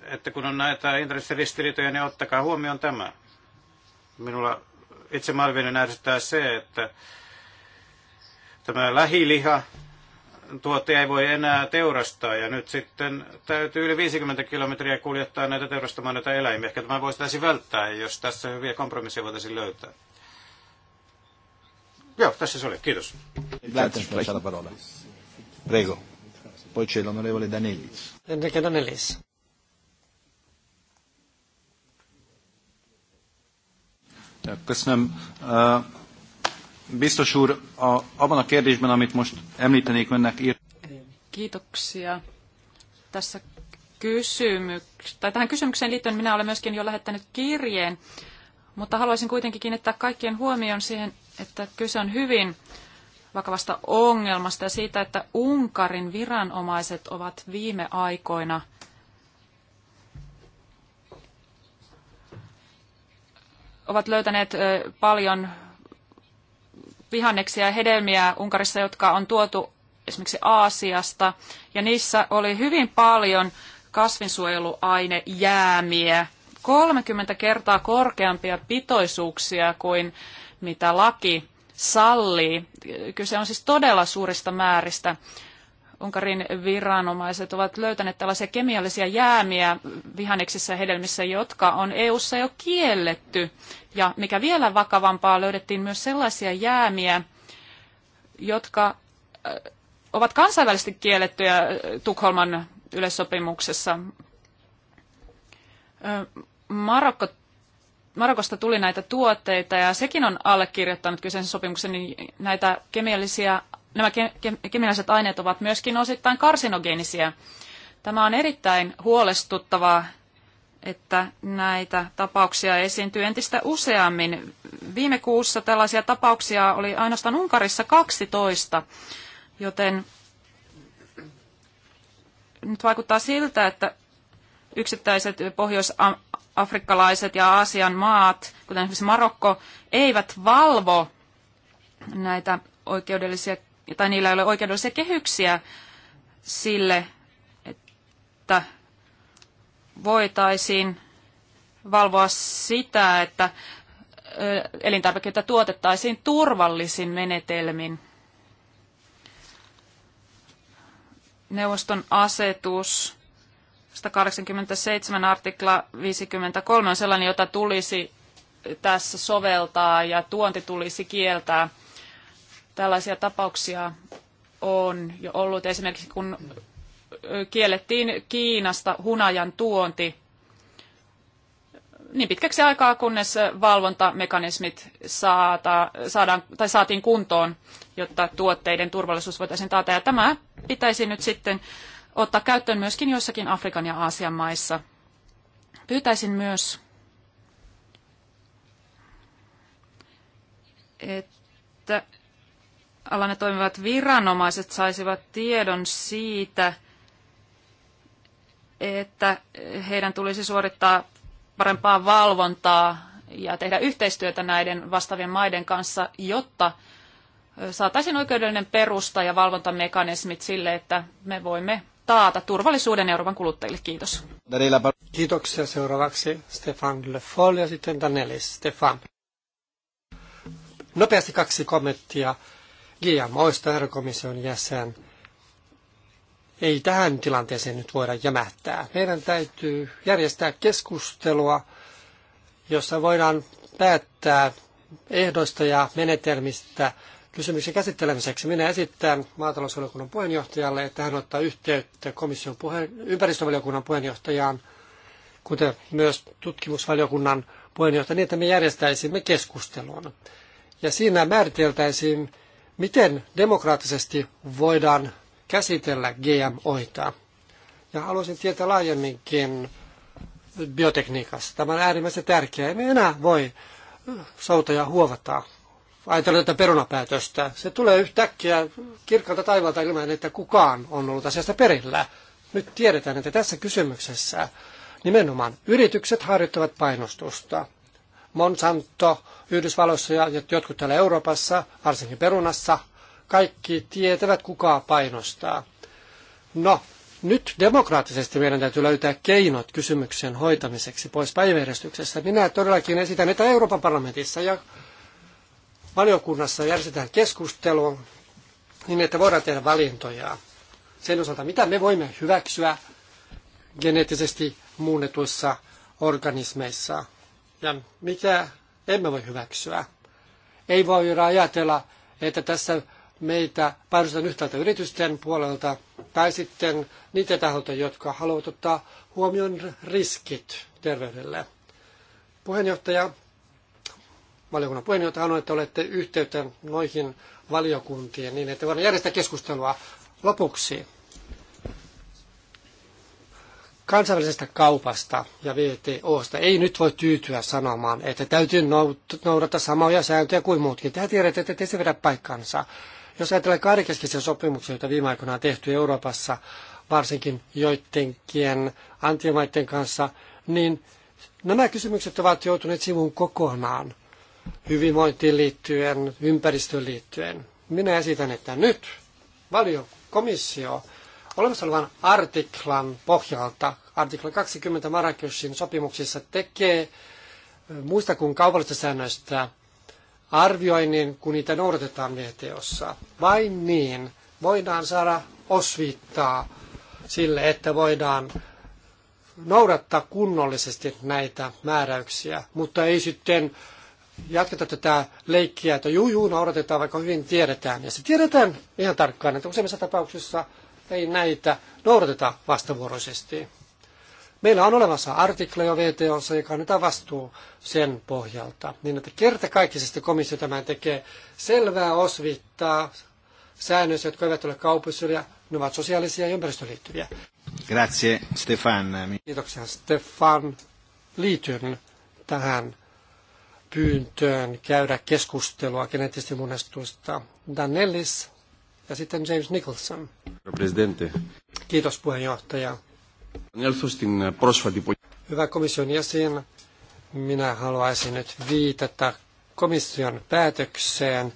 että kun on näitä intressiristiriitoja, niin ottakaa huomioon tämä. Minulla itse Malvinen ärsyttää se, että tämä lähiliha tuottaja ei voi enää teurastaa ja nyt sitten täytyy yli 50 kilometriä kuljettaa näitä teurastamaan näitä eläimiä. Ehkä tämä voisi välttää, jos tässä hyviä kompromisseja voitaisiin löytää. Joo, tässä se oli. Kiitos. Prego. Poi c'è l'onorevole Danellis. Enrique Danellis. Köszönöm. Biztos úr, a, abban a kérdésben, amit most említenék önnek... Kiitoksia. Tässä kysymyks... tai tähän kysymykseen liittyen minä olen myöskin jo lähettänyt kirjeen, mutta haluaisin kuitenkin kiinnittää kaikkien huomioon siihen, että kyse on hyvin vakavasta ongelmasta ja siitä, että Unkarin viranomaiset ovat viime aikoina – ovat löytäneet paljon vihanneksia ja hedelmiä Unkarissa, jotka on tuotu esimerkiksi Aasiasta, ja niissä oli hyvin paljon kasvinsuojeluainejäämiä, 30 kertaa korkeampia pitoisuuksia kuin mitä laki sallii. Kyse on siis todella suurista määristä. Unkarin viranomaiset ovat löytäneet tällaisia kemiallisia jäämiä vihanneksissa ja hedelmissä, jotka on EU:ssa jo kielletty. Ja mikä vielä vakavampaa, löydettiin myös sellaisia jäämiä, jotka äh, ovat kansainvälisesti kiellettyjä äh, Tukholman yleissopimuksessa. Äh, Marokko Marokosta tuli näitä tuotteita ja sekin on allekirjoittanut kyseisen sopimuksen, niin näitä kemiallisia nämä kemialliset aineet ovat myöskin osittain karsinogeenisia. Tämä on erittäin huolestuttavaa, että näitä tapauksia esiintyy entistä useammin. Viime kuussa tällaisia tapauksia oli ainoastaan Unkarissa 12, joten nyt vaikuttaa siltä, että yksittäiset pohjois pohjois-afrikkalaiset ja Aasian maat, kuten esimerkiksi Marokko, eivät valvo näitä oikeudellisia tai niillä ei ole oikeudellisia kehyksiä sille, että voitaisiin valvoa sitä, että elintarvikkeita tuotettaisiin turvallisin menetelmin. Neuvoston asetus 187 artikla 53 on sellainen, jota tulisi tässä soveltaa ja tuonti tulisi kieltää – Tällaisia tapauksia on jo ollut esimerkiksi, kun kiellettiin Kiinasta hunajan tuonti niin pitkäksi aikaa, kunnes valvontamekanismit saata, saadaan, tai saatiin kuntoon, jotta tuotteiden turvallisuus voitaisiin taata. Ja tämä pitäisi nyt sitten ottaa käyttöön myöskin joissakin Afrikan ja Aasian maissa. Pyytäisin myös, että alana toimivat viranomaiset saisivat tiedon siitä, että heidän tulisi suorittaa parempaa valvontaa ja tehdä yhteistyötä näiden vastaavien maiden kanssa, jotta saataisiin oikeudellinen perusta ja valvontamekanismit sille, että me voimme taata turvallisuuden Euroopan kuluttajille. Kiitos. Kiitoksia. Seuraavaksi Stefan Le Foll ja sitten Danelis. Stefan. Nopeasti kaksi kommenttia GMOista, herra komission jäsen. Ei tähän tilanteeseen nyt voida jämähtää. Meidän täytyy järjestää keskustelua, jossa voidaan päättää ehdoista ja menetelmistä kysymyksen käsittelemiseksi. Minä esittän maatalousvaliokunnan puheenjohtajalle, että hän ottaa yhteyttä komission puhe- ympäristövaliokunnan puheenjohtajaan, kuten myös tutkimusvaliokunnan puheenjohtajan, niin että me järjestäisimme keskustelun. Ja siinä määriteltäisiin Miten demokraattisesti voidaan käsitellä GM-oitaa? Ja haluaisin tietää laajemminkin biotekniikasta. Tämä on äärimmäisen tärkeää. Emme enää voi soutoja huovata. Ajatellaan tätä perunapäätöstä. Se tulee yhtäkkiä kirkalta taivaalta ilman, että kukaan on ollut asiasta perillä. Nyt tiedetään, että tässä kysymyksessä nimenomaan yritykset harjoittavat painostusta. Monsanto Yhdysvalloissa ja jotkut täällä Euroopassa, varsinkin perunassa, kaikki tietävät, kuka painostaa. No, nyt demokraattisesti meidän täytyy löytää keinot kysymyksen hoitamiseksi pois päiväjärjestyksestä. Minä todellakin esitän, että Euroopan parlamentissa ja valiokunnassa järjestetään keskustelu niin, että voidaan tehdä valintoja sen osalta, mitä me voimme hyväksyä geneettisesti muunnetuissa organismeissa ja mitä emme voi hyväksyä. Ei voi ajatella, että tässä meitä painostetaan yhtäältä yritysten puolelta tai sitten niitä taholta, jotka haluavat ottaa huomioon riskit terveydelle. Puheenjohtaja, valiokunnan puheenjohtaja, haluan, että olette yhteyttä noihin valiokuntiin niin, että voidaan järjestää keskustelua lopuksi kansainvälisestä kaupasta ja VTOsta ei nyt voi tyytyä sanomaan, että täytyy noudata samoja sääntöjä kuin muutkin. Tähän tiedät, että ei se vedä paikkansa. Jos ajatellaan kahdenkeskisiä sopimuksia, joita viime aikoina on tehty Euroopassa, varsinkin joidenkin antiomaiden kanssa, niin nämä kysymykset ovat joutuneet sivun kokonaan hyvinvointiin liittyen, ympäristöön liittyen. Minä esitän, että nyt valio, komissio, Olemassa olevan artiklan pohjalta, artikla 20 Marrakeshin sopimuksissa tekee muista kuin kaupallisista säännöistä arvioinnin, kun niitä noudatetaan VTOssa. Vain niin voidaan saada osviittaa sille, että voidaan noudattaa kunnollisesti näitä määräyksiä, mutta ei sitten jatketa tätä leikkiä, että juu, juu, noudatetaan, vaikka hyvin tiedetään. Ja se tiedetään ihan tarkkaan, että useimmissa tapauksissa ei näitä noudateta vastavuoroisesti. Meillä on olemassa artikla jo VTOssa, joka annetaan vastuu sen pohjalta, niin että kertakaikkisesti komissio tämän tekee selvää osvittaa säännöissä, jotka eivät ole kaupallisia, ne ovat sosiaalisia ja ympäristöön liittyviä. Grazie, Stefan. Kiitoksia, Stefan. Liityn tähän pyyntöön käydä keskustelua geneettisesti munestuista. Danellis ja sitten James Nicholson. Presidente. Kiitos puheenjohtaja. Hyvä komission jäsen, minä haluaisin nyt viitata komission päätökseen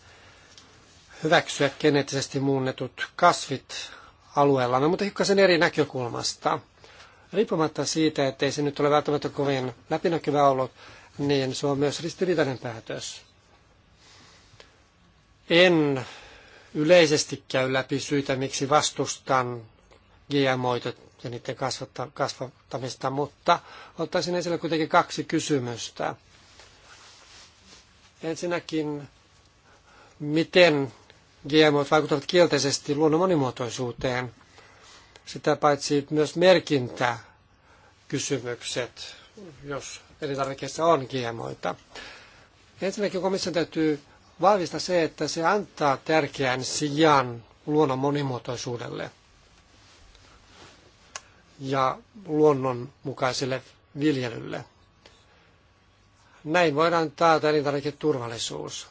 hyväksyä geneettisesti muunnetut kasvit alueellamme, mutta hiukkasen eri näkökulmasta. Riippumatta siitä, ettei se nyt ole välttämättä kovin läpinäkyvä ollut, niin se on myös ristiriitainen päätös. En yleisesti käy läpi syitä, miksi vastustan GMOita ja niiden kasvattamista, mutta ottaisin esille kuitenkin kaksi kysymystä. Ensinnäkin, miten GMO vaikuttavat kielteisesti luonnon monimuotoisuuteen, sitä paitsi myös merkintäkysymykset, jos elintarvikkeissa on GMOita. Ensinnäkin komission täytyy vahvista se, että se antaa tärkeän sijan luonnon monimuotoisuudelle ja luonnonmukaiselle viljelylle. Näin voidaan taata elintarviketurvallisuus.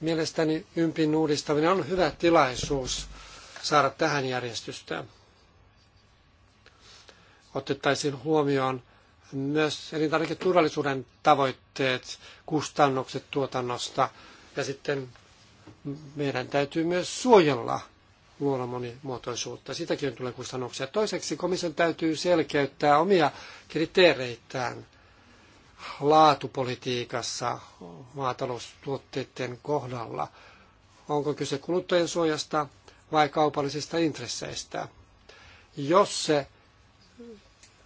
Mielestäni ympin uudistaminen on hyvä tilaisuus saada tähän järjestystä. Otettaisiin huomioon myös elintarviketurvallisuuden tavoitteet, kustannukset tuotannosta ja sitten meidän täytyy myös suojella luonnon monimuotoisuutta. Sitäkin tulee kustannuksia. Toiseksi komission täytyy selkeyttää omia kriteereitään laatupolitiikassa maataloustuotteiden kohdalla. Onko kyse kuluttajien suojasta vai kaupallisista intresseistä? Jos se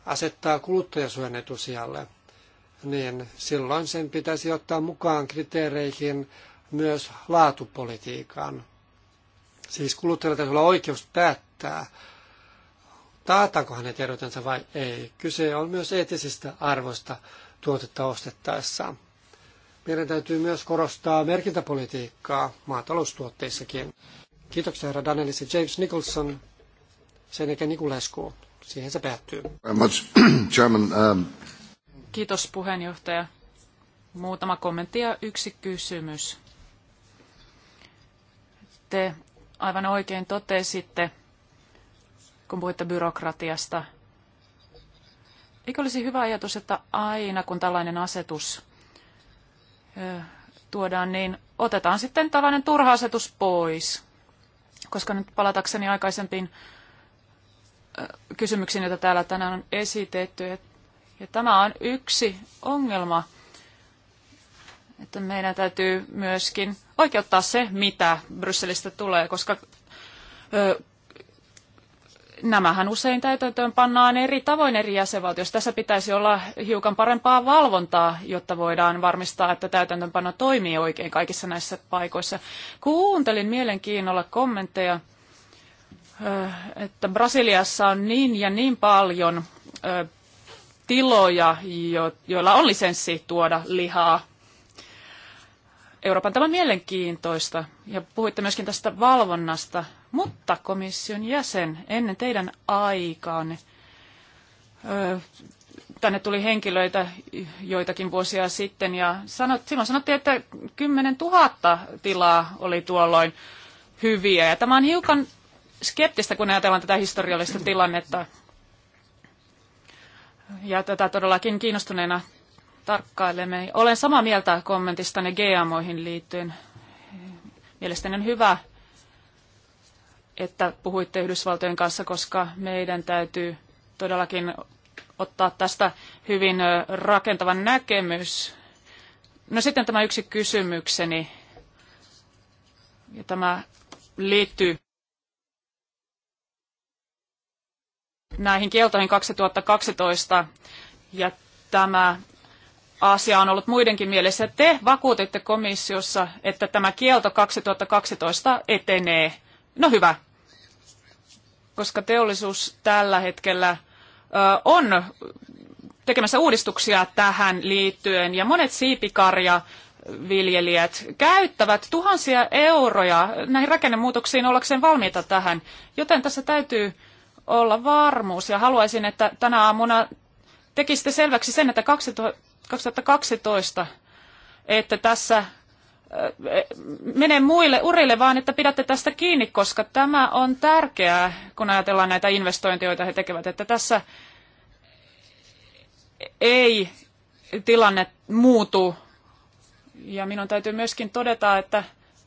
asettaa kuluttajasuojan etusijalle, niin silloin sen pitäisi ottaa mukaan kriteereihin myös laatupolitiikan. Siis kuluttajalla täytyy olla oikeus päättää, taataanko hänen terveytensä vai ei. Kyse on myös eettisistä arvoista tuotetta ostettaessa. Meidän täytyy myös korostaa merkintäpolitiikkaa maataloustuotteissakin. Kiitoksia herra Danielis ja James Nicholson, sen jälkeen Nikulesku. Siihen se päättyy. Um, Kiitos puheenjohtaja. Muutama kommentti ja yksi kysymys te aivan oikein totesitte, kun puhuitte byrokratiasta. Eikö olisi hyvä ajatus, että aina kun tällainen asetus tuodaan, niin otetaan sitten tällainen turha asetus pois. Koska nyt palatakseni aikaisempiin kysymyksiin, joita täällä tänään on esitetty. Ja tämä on yksi ongelma että meidän täytyy myöskin oikeuttaa se, mitä Brysselistä tulee, koska ö, nämähän usein täytäntöön pannaan eri tavoin eri jäsenvaltioissa. Tässä pitäisi olla hiukan parempaa valvontaa, jotta voidaan varmistaa, että täytäntöönpano toimii oikein kaikissa näissä paikoissa. Kuuntelin mielenkiinnolla kommentteja, että Brasiliassa on niin ja niin paljon tiloja, joilla on lisenssi tuoda lihaa Euroopan tämä mielenkiintoista ja puhuitte myöskin tästä valvonnasta, mutta komission jäsen ennen teidän aikaanne tänne tuli henkilöitä joitakin vuosia sitten ja sanot, silloin sanottiin, että 10 000 tilaa oli tuolloin hyviä. Ja tämä on hiukan skeptistä, kun ajatellaan tätä historiallista tilannetta. Ja tätä todellakin kiinnostuneena tarkkailemme. Olen samaa mieltä kommentistanne GMOihin liittyen. Mielestäni on hyvä, että puhuitte Yhdysvaltojen kanssa, koska meidän täytyy todellakin ottaa tästä hyvin rakentavan näkemys. No sitten tämä yksi kysymykseni, ja tämä liittyy näihin kieltoihin 2012, ja tämä asia on ollut muidenkin mielessä. Te vakuutitte komissiossa, että tämä kielto 2012 etenee. No hyvä, koska teollisuus tällä hetkellä on tekemässä uudistuksia tähän liittyen ja monet siipikarja viljelijät käyttävät tuhansia euroja näihin rakennemuutoksiin ollakseen valmiita tähän, joten tässä täytyy olla varmuus ja haluaisin, että tänä aamuna tekisitte selväksi sen, että 2012, että tässä eh, mene muille urille, vaan että pidätte tästä kiinni, koska tämä on tärkeää, kun ajatellaan näitä investointeja, joita he tekevät, että tässä ei tilanne muutu. Ja minun täytyy myöskin todeta, että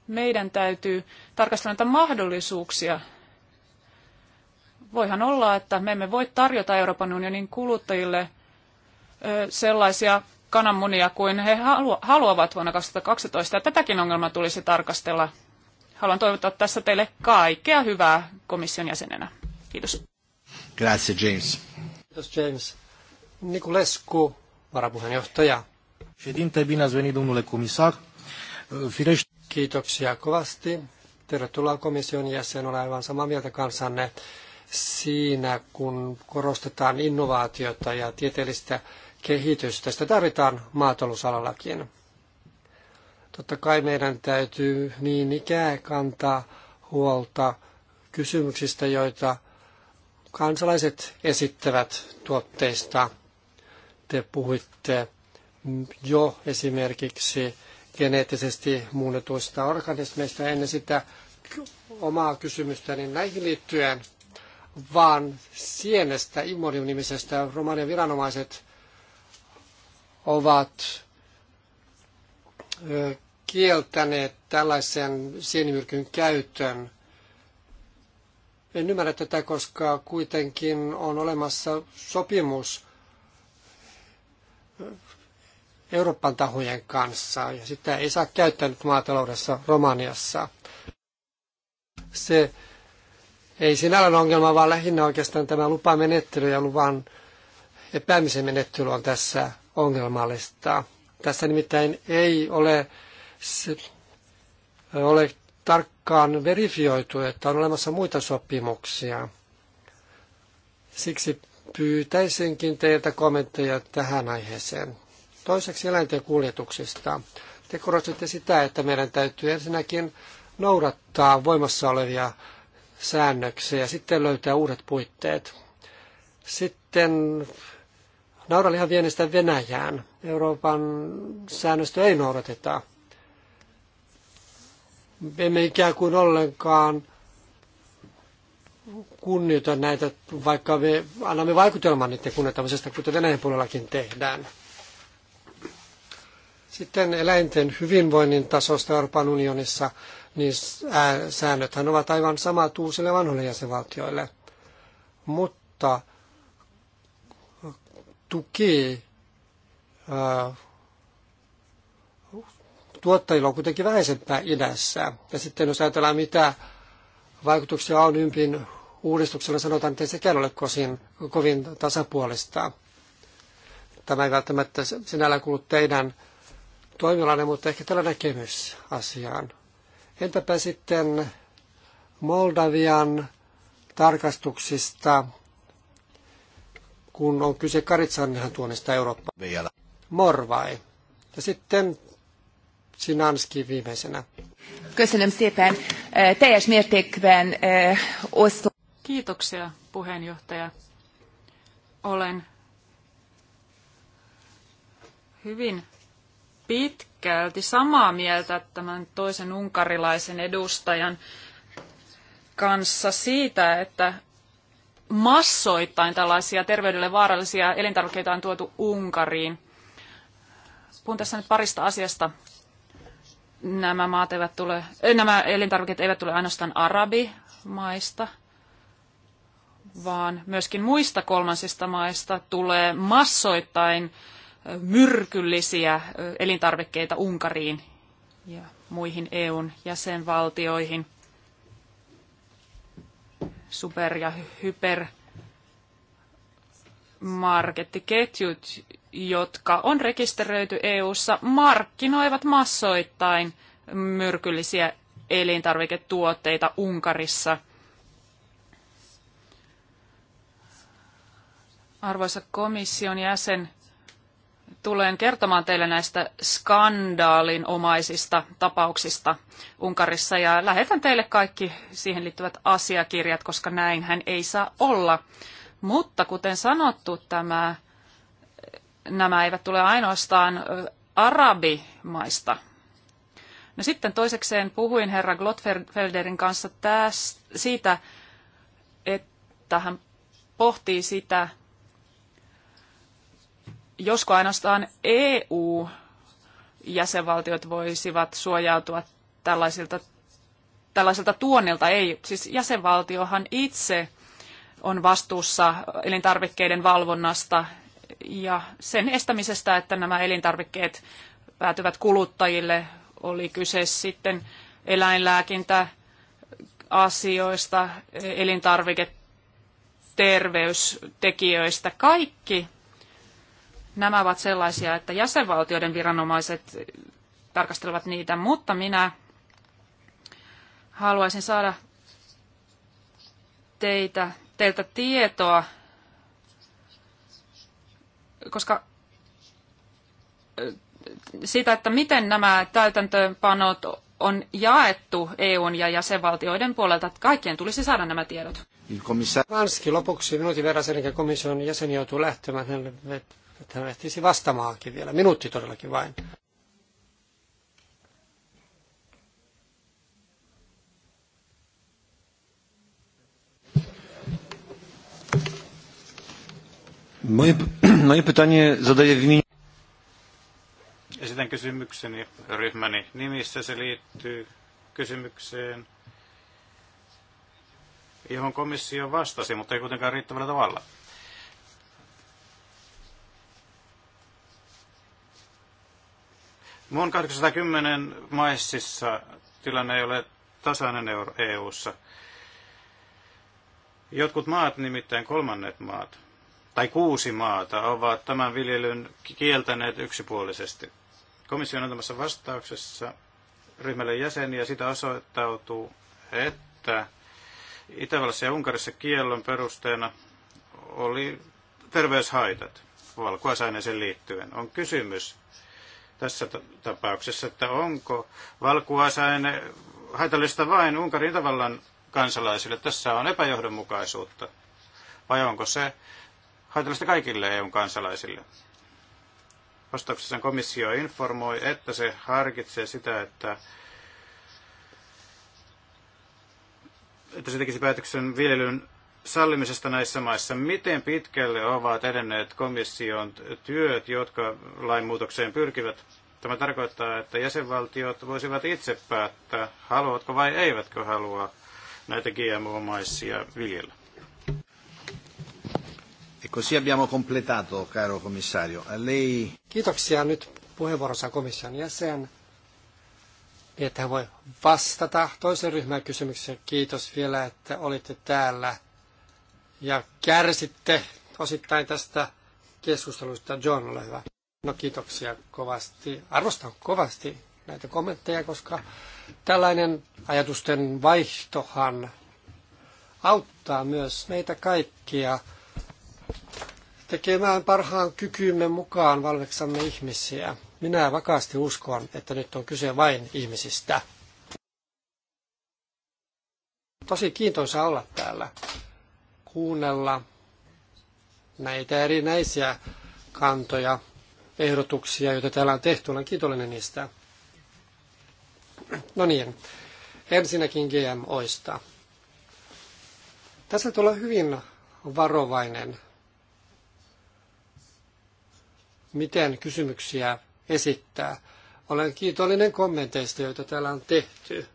meidän täytyy tarkastella näitä mahdollisuuksia. Voihan olla, että me emme voi tarjota Euroopan unionin kuluttajille – sellaisia kananmunia kuin he haluavat vuonna 2012. Ja tätäkin ongelmaa tulisi tarkastella. Haluan toivottaa tässä teille kaikkea hyvää komission jäsenenä. Kiitos. Grazie, James. Kiitos, James. Niculescu, varapuheenjohtaja. Ședinte, bine ați venit, domnule comisar. Firește... Kiitoksia kovasti. Tervetuloa komission jäsen. Olen aivan samaa mieltä kansanne siinä, kun korostetaan innovaatiota ja tieteellistä kehitystä. Sitä tarvitaan maatalousalallakin. Totta kai meidän täytyy niin ikään kantaa huolta kysymyksistä, joita kansalaiset esittävät tuotteista. Te puhuitte jo esimerkiksi geneettisesti muunnetuista organismeista ennen sitä omaa kysymystäni niin näihin liittyen, vaan sienestä, imodium-nimisestä romanian viranomaiset ovat kieltäneet tällaisen sienimyrkyn käytön. En ymmärrä tätä, koska kuitenkin on olemassa sopimus Euroopan tahojen kanssa, ja sitä ei saa käyttää nyt maataloudessa Romaniassa. Se ei sinällään ongelma, vaan lähinnä oikeastaan tämä lupamenettely ja luvan epäämisen menettely on tässä ongelmallista. Tässä nimittäin ei ole, se, ole tarkkaan verifioitu, että on olemassa muita sopimuksia. Siksi pyytäisinkin teiltä kommentteja tähän aiheeseen. Toiseksi eläinten kuljetuksista. Te korostitte sitä, että meidän täytyy ensinnäkin noudattaa voimassa olevia säännöksiä ja sitten löytää uudet puitteet. Sitten Nauralihan viennistä Venäjään. Euroopan säännöstö ei noudateta. Emme ikään kuin ollenkaan kunnioita näitä, vaikka me annamme vaikutelman niiden kunnioittamisesta, kuten Venäjän puolellakin tehdään. Sitten eläinten hyvinvoinnin tasosta Euroopan unionissa, niin säännöthän ovat aivan samat uusille vanhoille jäsenvaltioille. Mutta tukee ää, tuottajilla on kuitenkin vähäisempää idässä. Ja sitten jos ajatellaan, mitä vaikutuksia on ympin uudistuksella, sanotaan, että ei sekään ole kosin, kovin tasapuolista. Tämä ei välttämättä sinällä kuulu teidän toimialanne, mutta ehkä tällä näkemys asiaan. Entäpä sitten Moldavian tarkastuksista kun on kyse karitsanhan tuonnista Eurooppaan. Vielä. Morvai. Ja sitten Sinanski viimeisenä. Köszönöm szépen. E, teljes mértékben e, osztom. Kiitoksia puheenjohtaja. Olen hyvin pitkälti samaa mieltä tämän toisen unkarilaisen edustajan kanssa siitä, että massoittain tällaisia terveydelle vaarallisia elintarvikkeita on tuotu Unkariin. Puhun tässä nyt parista asiasta. Nämä, maat eivät tule, eh, nämä elintarvikkeet eivät tule ainoastaan arabimaista, vaan myöskin muista kolmansista maista tulee massoittain eh, myrkyllisiä eh, elintarvikkeita Unkariin ja muihin EUn jäsenvaltioihin – super- ja hypermarkettiketjut, jotka on rekisteröity EU:ssa, markkinoivat massoittain myrkyllisiä elintarviketuotteita Unkarissa. Arvoisa komission jäsen, tulen kertomaan teille näistä skandaalinomaisista tapauksista Unkarissa ja lähetän teille kaikki siihen liittyvät asiakirjat, koska näin hän ei saa olla. Mutta kuten sanottu, tämä, nämä eivät tule ainoastaan arabimaista. No sitten toisekseen puhuin herra Glotfelderin kanssa tästä, siitä, että hän pohtii sitä, josko ainoastaan EU-jäsenvaltiot voisivat suojautua tällaisilta, tällaiselta tuonnilta. Ei, siis jäsenvaltiohan itse on vastuussa elintarvikkeiden valvonnasta ja sen estämisestä, että nämä elintarvikkeet päätyvät kuluttajille, oli kyse sitten eläinlääkintä, asioista, elintarviketerveystekijöistä. Kaikki nämä ovat sellaisia, että jäsenvaltioiden viranomaiset tarkastelevat niitä, mutta minä haluaisin saada teitä, teiltä tietoa, koska sitä, että miten nämä täytäntöönpanot on jaettu EUn ja jäsenvaltioiden puolelta, että kaikkien tulisi saada nämä tiedot. Vanski lopuksi minuutin verran sen, komission jäsen joutuu lähtemään, että hän ehtisi vastamaankin vielä. Minuutti todellakin vain. Moje, moje pytanie zadaje w imieniu... Esitän kysymykseni ryhmäni nimissä. Se liittyy kysymykseen, johon komissio vastasi, mutta ei kuitenkaan riittävällä tavalla. Mun 810 maississa tilanne ei ole tasainen EU-ssa. E Jotkut maat, nimittäin kolmannet maat, tai kuusi maata, ovat tämän viljelyn kieltäneet yksipuolisesti. Komission antamassa vastauksessa ryhmälle jäseniä sitä osoittautuu, että Itävallassa ja Unkarissa kiellon perusteena oli terveyshaitat valkuaisaineeseen liittyen. On kysymys tässä tapauksessa, että onko valkuaisaine haitallista vain Unkarin tavallan kansalaisille. Tässä on epäjohdonmukaisuutta. Vai onko se haitallista kaikille EUn kansalaisille? Vastauksessa komissio informoi, että se harkitsee sitä, että, että se tekisi päätöksen viljelyn sallimisesta näissä maissa. Miten pitkälle ovat edenneet komission työt, jotka lainmuutokseen pyrkivät? Tämä tarkoittaa, että jäsenvaltiot voisivat itse päättää, haluatko vai eivätkö halua näitä GMO-maisia viljellä. E così abbiamo completato, caro commissario. Lei... Kiitoksia nyt puheenvuorossa komission jäsen, että hän voi vastata toisen ryhmän kysymykseen. Kiitos vielä, että olitte täällä ja kärsitte osittain tästä keskustelusta. John, ole hyvä. No kiitoksia kovasti. Arvostan kovasti näitä kommentteja, koska tällainen ajatusten vaihtohan auttaa myös meitä kaikkia tekemään parhaan kykymme mukaan valveksamme ihmisiä. Minä vakaasti uskon, että nyt on kyse vain ihmisistä. Tosi kiintoisa olla täällä kuunnella näitä erinäisiä kantoja, ehdotuksia, joita täällä on tehty. Olen kiitollinen niistä. No niin, ensinnäkin GMOista. Tässä tulee hyvin varovainen, miten kysymyksiä esittää. Olen kiitollinen kommenteista, joita täällä on tehty.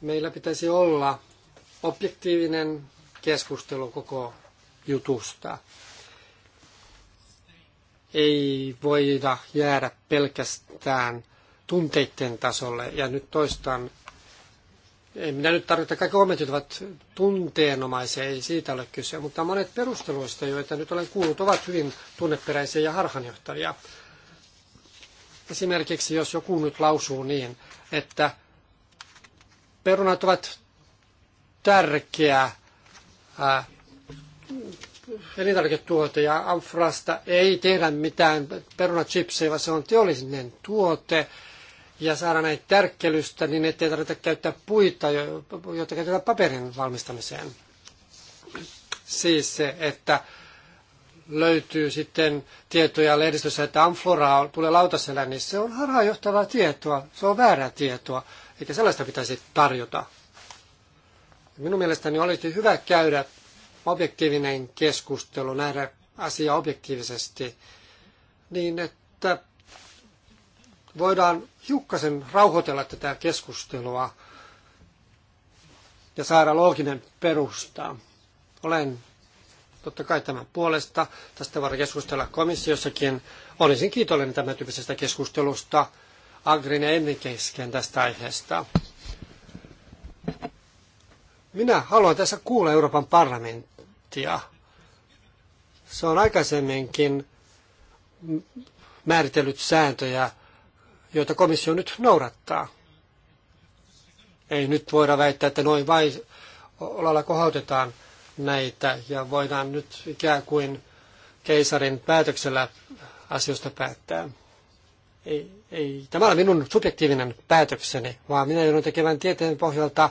Meillä pitäisi olla objektiivinen keskustelu koko jutusta. Ei voida jäädä pelkästään tunteiden tasolle. Ja nyt toistan, en minä nyt tarkoita, kaikki kommentit ovat tunteenomaisia, ei siitä ole kyse, mutta monet perusteluista, joita nyt olen kuullut, ovat hyvin tunneperäisiä ja harhanjohtavia. Esimerkiksi jos joku nyt lausuu niin, että perunat ovat tärkeä Äh, elintarviketuote ja amfrasta ei tehdä mitään perunachipsejä, vaan se on teollinen tuote ja saada näitä tärkkelystä, niin ettei tarvitse käyttää puita, joita käytetään paperin valmistamiseen. Siis se, että löytyy sitten tietoja lehdistössä, että amfloraa tulee lautasella, niin se on harhaanjohtavaa tietoa, se on väärää tietoa, eikä sellaista pitäisi tarjota. Minun mielestäni olisi hyvä käydä objektiivinen keskustelu, nähdä asia objektiivisesti, niin että voidaan hiukkasen rauhoitella tätä keskustelua ja saada looginen perusta. Olen totta kai tämän puolesta. Tästä voidaan keskustella komissiossakin. Olisin kiitollinen tämän tyyppisestä keskustelusta Agrin ja Ennin kesken tästä aiheesta. Minä haluan tässä kuulla Euroopan parlamenttia. Se on aikaisemminkin määritellyt sääntöjä, joita komissio nyt noudattaa. Ei nyt voida väittää, että noin vain olalla kohautetaan näitä ja voidaan nyt ikään kuin keisarin päätöksellä asioista päättää. Ei, ei, tämä on minun subjektiivinen päätökseni, vaan minä joudun tekemään tieteen pohjalta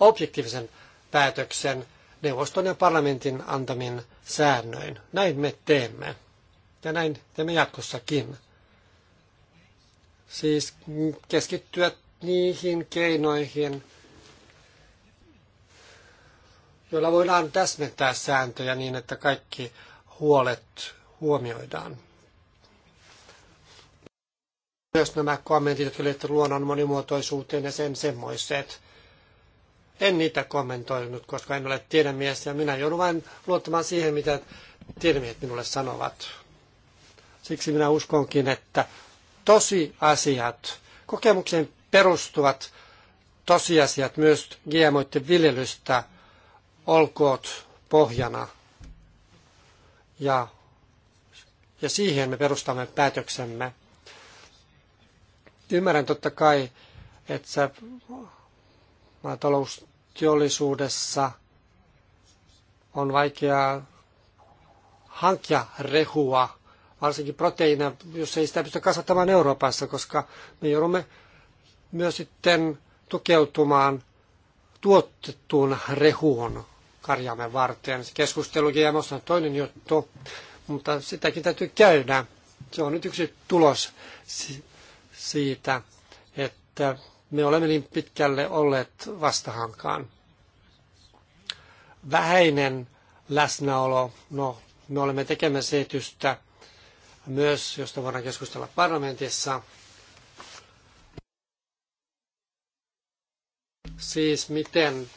objektiivisen päätöksen neuvoston ja parlamentin antamin säännöin. Näin me teemme. Ja näin teemme jatkossakin. Siis keskittyä niihin keinoihin, joilla voidaan täsmentää sääntöjä niin, että kaikki huolet huomioidaan. Myös nämä kommentit, jotka liittyvät luonnon monimuotoisuuteen ja sen semmoiset. En niitä kommentoinut, koska en ole tiedemies ja minä joudun vain luottamaan siihen, mitä tiedemiehet minulle sanovat. Siksi minä uskonkin, että tosiasiat, kokemukseen perustuvat tosiasiat myös GMOiden viljelystä olkoot pohjana. Ja, ja siihen me perustamme päätöksemme. Ymmärrän totta kai, että maatalousteollisuudessa on vaikeaa hankkia rehua, varsinkin proteiineja, jos ei sitä pysty kasvattamaan Euroopassa, koska me joudumme myös sitten tukeutumaan tuotettuun rehuun karjamme varten. Se keskustelu on toinen juttu, mutta sitäkin täytyy käydä. Se on nyt yksi tulos siitä, että me olemme niin pitkälle olleet vastahankaan. Vähäinen läsnäolo, no me olemme tekemässä esitystä myös, josta voidaan keskustella parlamentissa. Siis miten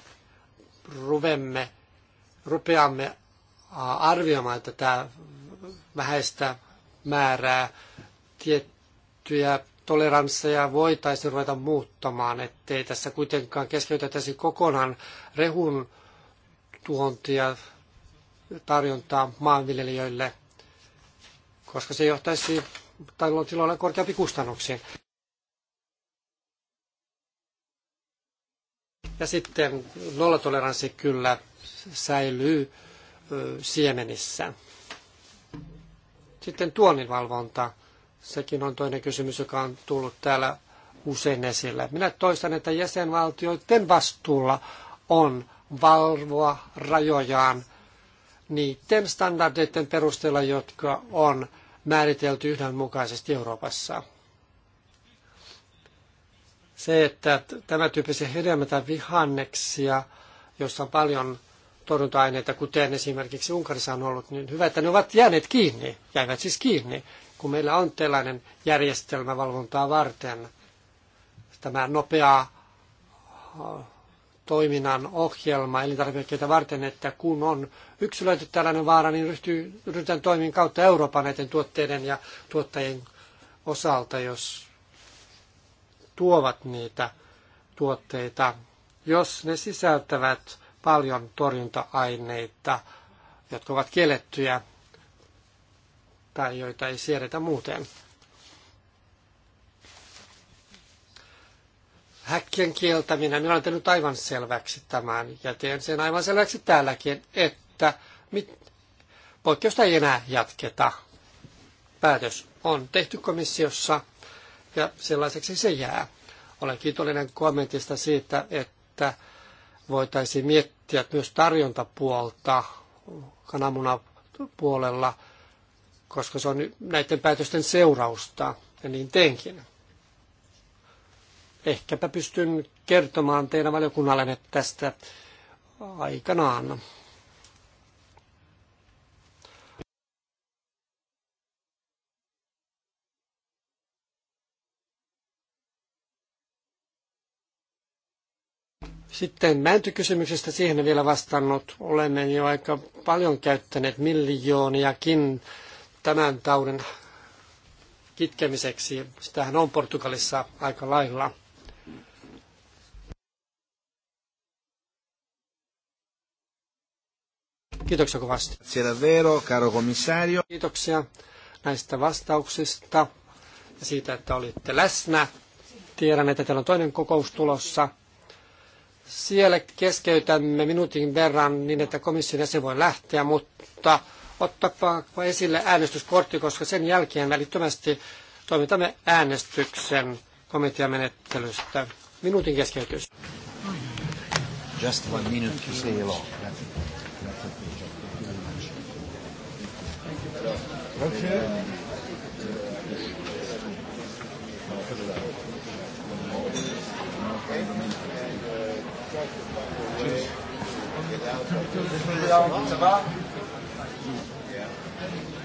ruvemme, rupeamme arvioimaan tätä vähäistä määrää tiettyjä toleransseja voitaisiin ruveta muuttamaan, ettei tässä kuitenkaan keskeytettäisi kokonaan rehun tuontia tarjontaa maanviljelijöille, koska se johtaisi tiloille korkeampiin kustannuksiin. Ja sitten nollatoleranssi kyllä säilyy siemenissä. Sitten tuonnin valvonta Sekin on toinen kysymys, joka on tullut täällä usein esille. Minä toistan, että jäsenvaltioiden vastuulla on valvoa rajojaan niiden standardeiden perusteella, jotka on määritelty yhdenmukaisesti Euroopassa. Se, että tämä tyyppisiä hedelmätä vihanneksia, joissa on paljon torjunta-aineita, kuten esimerkiksi Unkarissa on ollut, niin hyvä, että ne ovat jääneet kiinni, jäivät siis kiinni kun meillä on tällainen järjestelmä valvontaa varten, tämä nopea äh, toiminnan ohjelma elintarvikkeita varten, että kun on yksilöity tällainen vaara, niin ryhtyy, ryhdytään toimin kautta Euroopan näiden tuotteiden ja tuottajien osalta, jos tuovat niitä tuotteita, jos ne sisältävät paljon torjunta-aineita, jotka ovat kiellettyjä tai joita ei siedetä muuten. häkkien kieltäminen, minä olen tehnyt aivan selväksi tämän ja teen sen aivan selväksi täälläkin, että mit, poikkeusta ei enää jatketa. Päätös on tehty komissiossa ja sellaiseksi se jää. Olen kiitollinen kommentista siitä, että voitaisiin miettiä myös tarjontapuolta kananmunapuolella koska se on näiden päätösten seurausta, ja niin teenkin. Ehkäpä pystyn kertomaan teidän valiokunnalle tästä aikanaan. Sitten mäntykysymyksestä siihen vielä vastannut. Olemme jo aika paljon käyttäneet miljooniakin tämän tauden kitkemiseksi. Sitähän on Portugalissa aika lailla. Kiitoksia kovasti. Vero, caro komissario. Kiitoksia näistä vastauksista ja siitä, että olitte läsnä. Tiedän, että teillä on toinen kokous tulossa. Siellä keskeytämme minuutin verran niin, että komission jäsen voi lähteä, mutta Ottakaa esille äänestyskortti, koska sen jälkeen välittömästi toimitamme äänestyksen komiteamenettelystä. Minuutin keskeytys. Just one minute to say hello.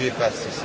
Lui passe ici.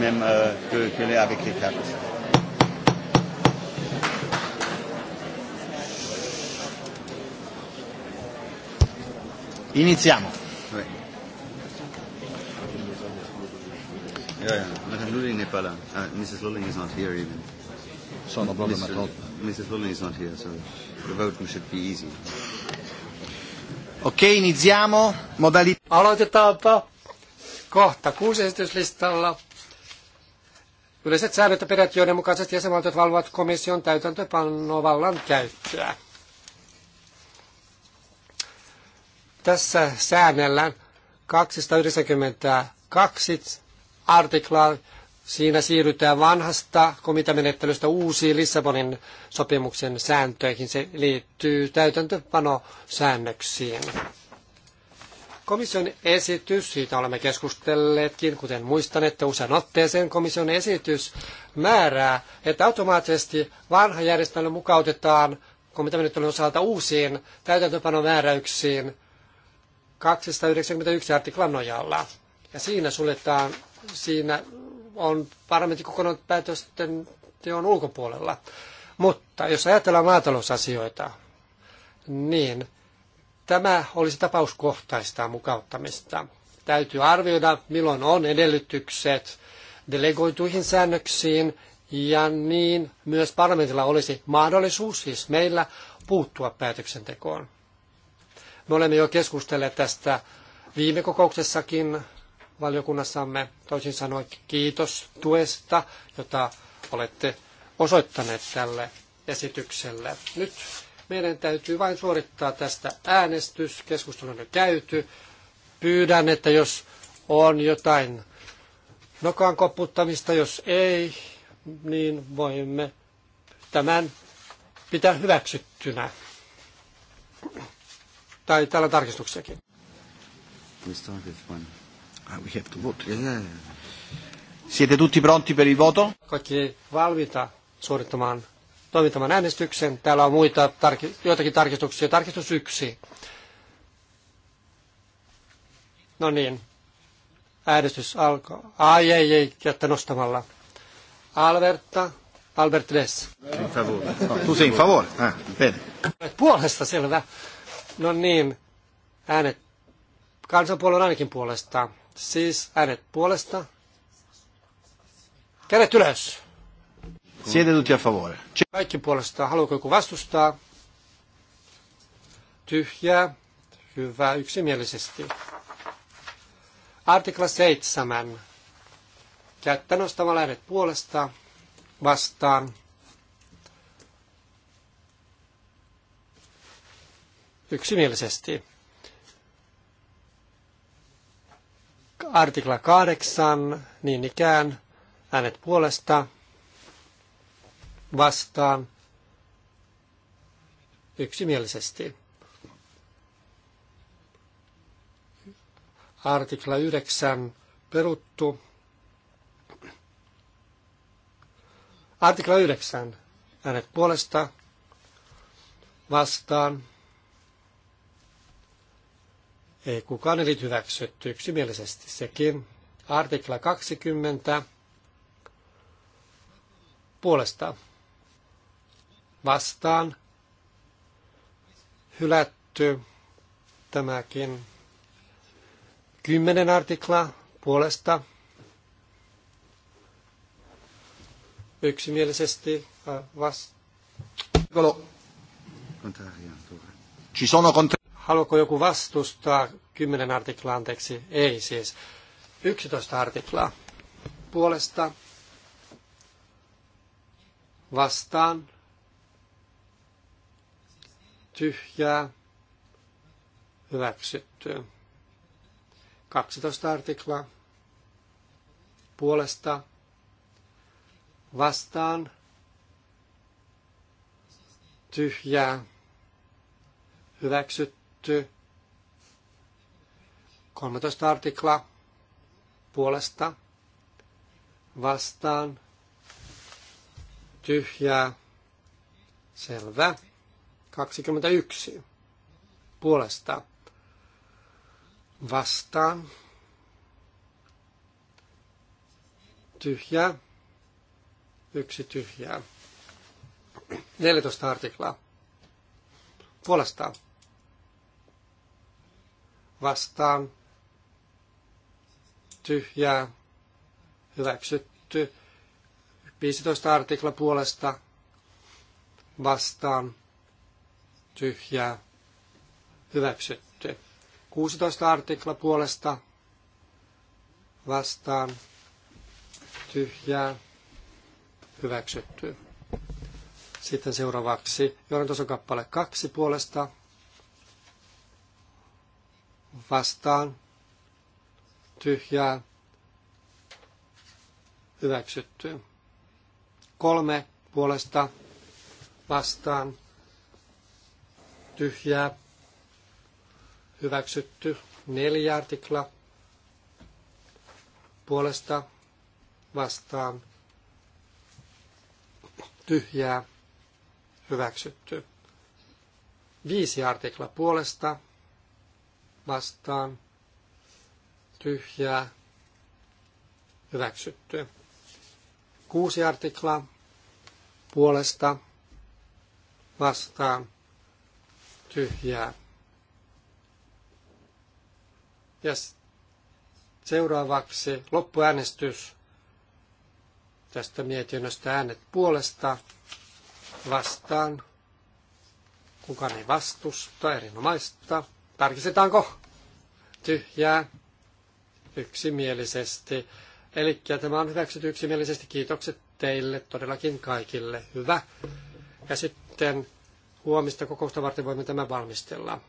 même euh, que, que les, avec les cartes. Iniziamo. Oui. Yeah, yeah. Lulling n'est ah, Mrs. Lulling is not here even. So no problem Mr. at all. Mrs. Lulling is not here, so the vote should be easy. okay, iniziamo. Modalità. Aloitetaanpa kohta kuusi esityslistalla Yleiset säännöt ja periaat, joiden mukaisesti jäsenvaltiot valvovat komission täytäntöpanovallan käyttöä. Tässä säännellään 292 artiklaa. Siinä siirrytään vanhasta komitamenettelystä uusiin Lissabonin sopimuksen sääntöihin. Se liittyy täytäntöpanosäännöksiin. säännöksiin. Komission esitys, siitä olemme keskustelleetkin, kuten muistanette usein otteeseen, komission esitys määrää, että automaattisesti vanha järjestelmä mukautetaan komiteamenettelyn osalta uusiin täytäntöpanomääräyksiin 291 artiklan nojalla. Ja siinä suljetaan, siinä on parlamentti kokonaan päätösten teon ulkopuolella. Mutta jos ajatellaan maatalousasioita, niin Tämä olisi tapauskohtaista mukauttamista. Täytyy arvioida, milloin on edellytykset delegoituihin säännöksiin, ja niin myös parlamentilla olisi mahdollisuus, siis meillä, puuttua päätöksentekoon. Me olemme jo keskustelleet tästä viime kokouksessakin valiokunnassamme, toisin sanoen kiitos tuesta, jota olette osoittaneet tälle esitykselle. Nyt meidän täytyy vain suorittaa tästä äänestys. Keskustelu on jo käyty. Pyydän, että jos on jotain nokan koputtamista, jos ei, niin voimme tämän pitää hyväksyttynä. Tai täällä tarkistuksiakin. Ah, Siete tutti pronti per il voto? Kaikki valmiita suorittamaan toimittamaan äänestyksen. Täällä on muita, tarki, joitakin tarkistuksia. Tarkistus yksi. No niin, äänestys alkoi. Ai ei, ei, jättä nostamalla. Alberta, Albert Les. In favore. No, tu sei in Ah, bene. Puolesta, selvä. No niin, äänet kansanpuolueen ainakin puolesta. Siis äänet puolesta. Kädet ylös. Mm. tutti a favore. Kaikki puolesta. Haluaako joku vastustaa? Tyhjää. Hyvä. Yksimielisesti. Artikla 7. Kättä nostamalla äänet puolesta vastaan. Yksimielisesti. Artikla 8. Niin ikään. Äänet puolesta vastaan yksimielisesti. Artikla 9 peruttu. Artikla 9. Äänet puolesta vastaan. Ei kukaan eli hyväksytty yksimielisesti sekin. Artikla 20 puolesta vastaan hylätty tämäkin. Kymmenen artikla puolesta yksimielisesti äh, vastaan. Haluatko joku vastustaa kymmenen artiklaa, anteeksi? Ei siis. 11 artiklaa puolesta vastaan tyhjää hyväksyttyä. 12 artikla puolesta vastaan tyhjää hyväksytty. 13 artikla puolesta vastaan tyhjää selvä 21 puolesta vastaan. Tyhjää. Yksi tyhjää. 14 artiklaa. Puolestaan. Vastaan. Tyhjää. Hyväksytty. 15 artikla puolesta. Vastaan tyhjää, hyväksytty. 16 artikla puolesta vastaan, tyhjää, hyväksytty. Sitten seuraavaksi Jorantoson kappale kaksi puolesta vastaan, tyhjää, hyväksytty. Kolme puolesta vastaan, tyhjää, hyväksytty. Neljä artikla puolesta vastaan tyhjää, hyväksytty. Viisi artikla puolesta vastaan tyhjää, hyväksytty. Kuusi artikla puolesta vastaan tyhjää. Ja seuraavaksi loppuäänestys tästä mietinnöstä äänet puolesta vastaan. Kukaan ei vastusta, erinomaista. Tarkistetaanko? Tyhjää yksimielisesti. Eli tämä on hyväksytty yksimielisesti. Kiitokset teille todellakin kaikille. Hyvä. Ja sitten huomista kokousta varten voimme tämän valmistella.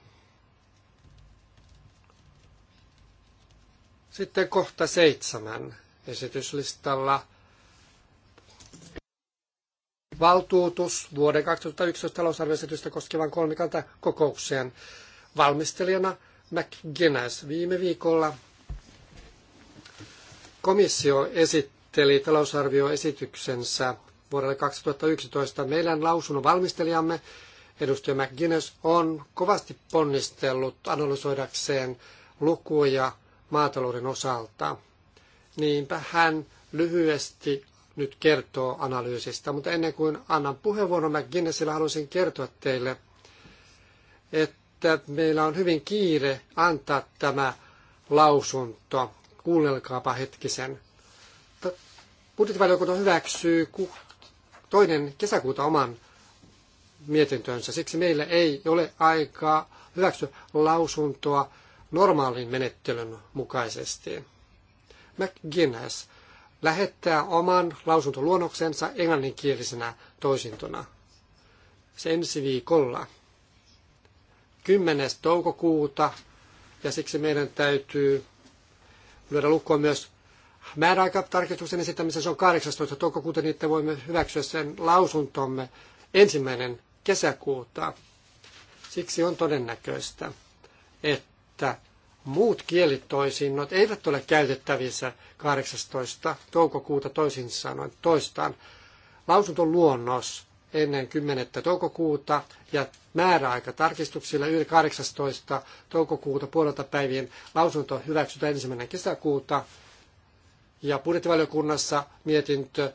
Sitten kohta seitsemän esityslistalla. Valtuutus vuoden 2011 talousarvioesitystä koskevan kolmikanta kokoukseen valmistelijana McGuinness viime viikolla. Komissio esitteli talousarvioesityksensä vuodelle 2011. Meidän lausunnon valmistelijamme Edustaja McGuinness on kovasti ponnistellut analysoidakseen lukuja maatalouden osalta. Niinpä hän lyhyesti nyt kertoo analyysistä, mutta ennen kuin annan puheenvuoron McGuinnessille, haluaisin kertoa teille, että meillä on hyvin kiire antaa tämä lausunto. Kuunnelkaapa hetkisen. Budjettivaliokunta hyväksyy toinen kesäkuuta oman mietintönsä. Siksi meillä ei ole aikaa hyväksyä lausuntoa normaalin menettelyn mukaisesti. McGuinness lähettää oman lausuntoluonnoksensa englanninkielisenä toisintona. Se ensi viikolla. 10. toukokuuta ja siksi meidän täytyy lyödä lukkoon myös määräaikatarkistuksen esittämisen. Se on 18. toukokuuta, niin että voimme hyväksyä sen lausuntomme ensimmäinen kesäkuuta. Siksi on todennäköistä, että muut kielitoisinnot eivät ole käytettävissä 18. toukokuuta toisin sanoen toistaan. Lausuntoluonnos ennen 10. toukokuuta ja määräaika tarkistuksilla yli 18. toukokuuta puolelta päivien lausunto hyväksytään ensimmäinen kesäkuuta. Ja budjettivaliokunnassa mietintö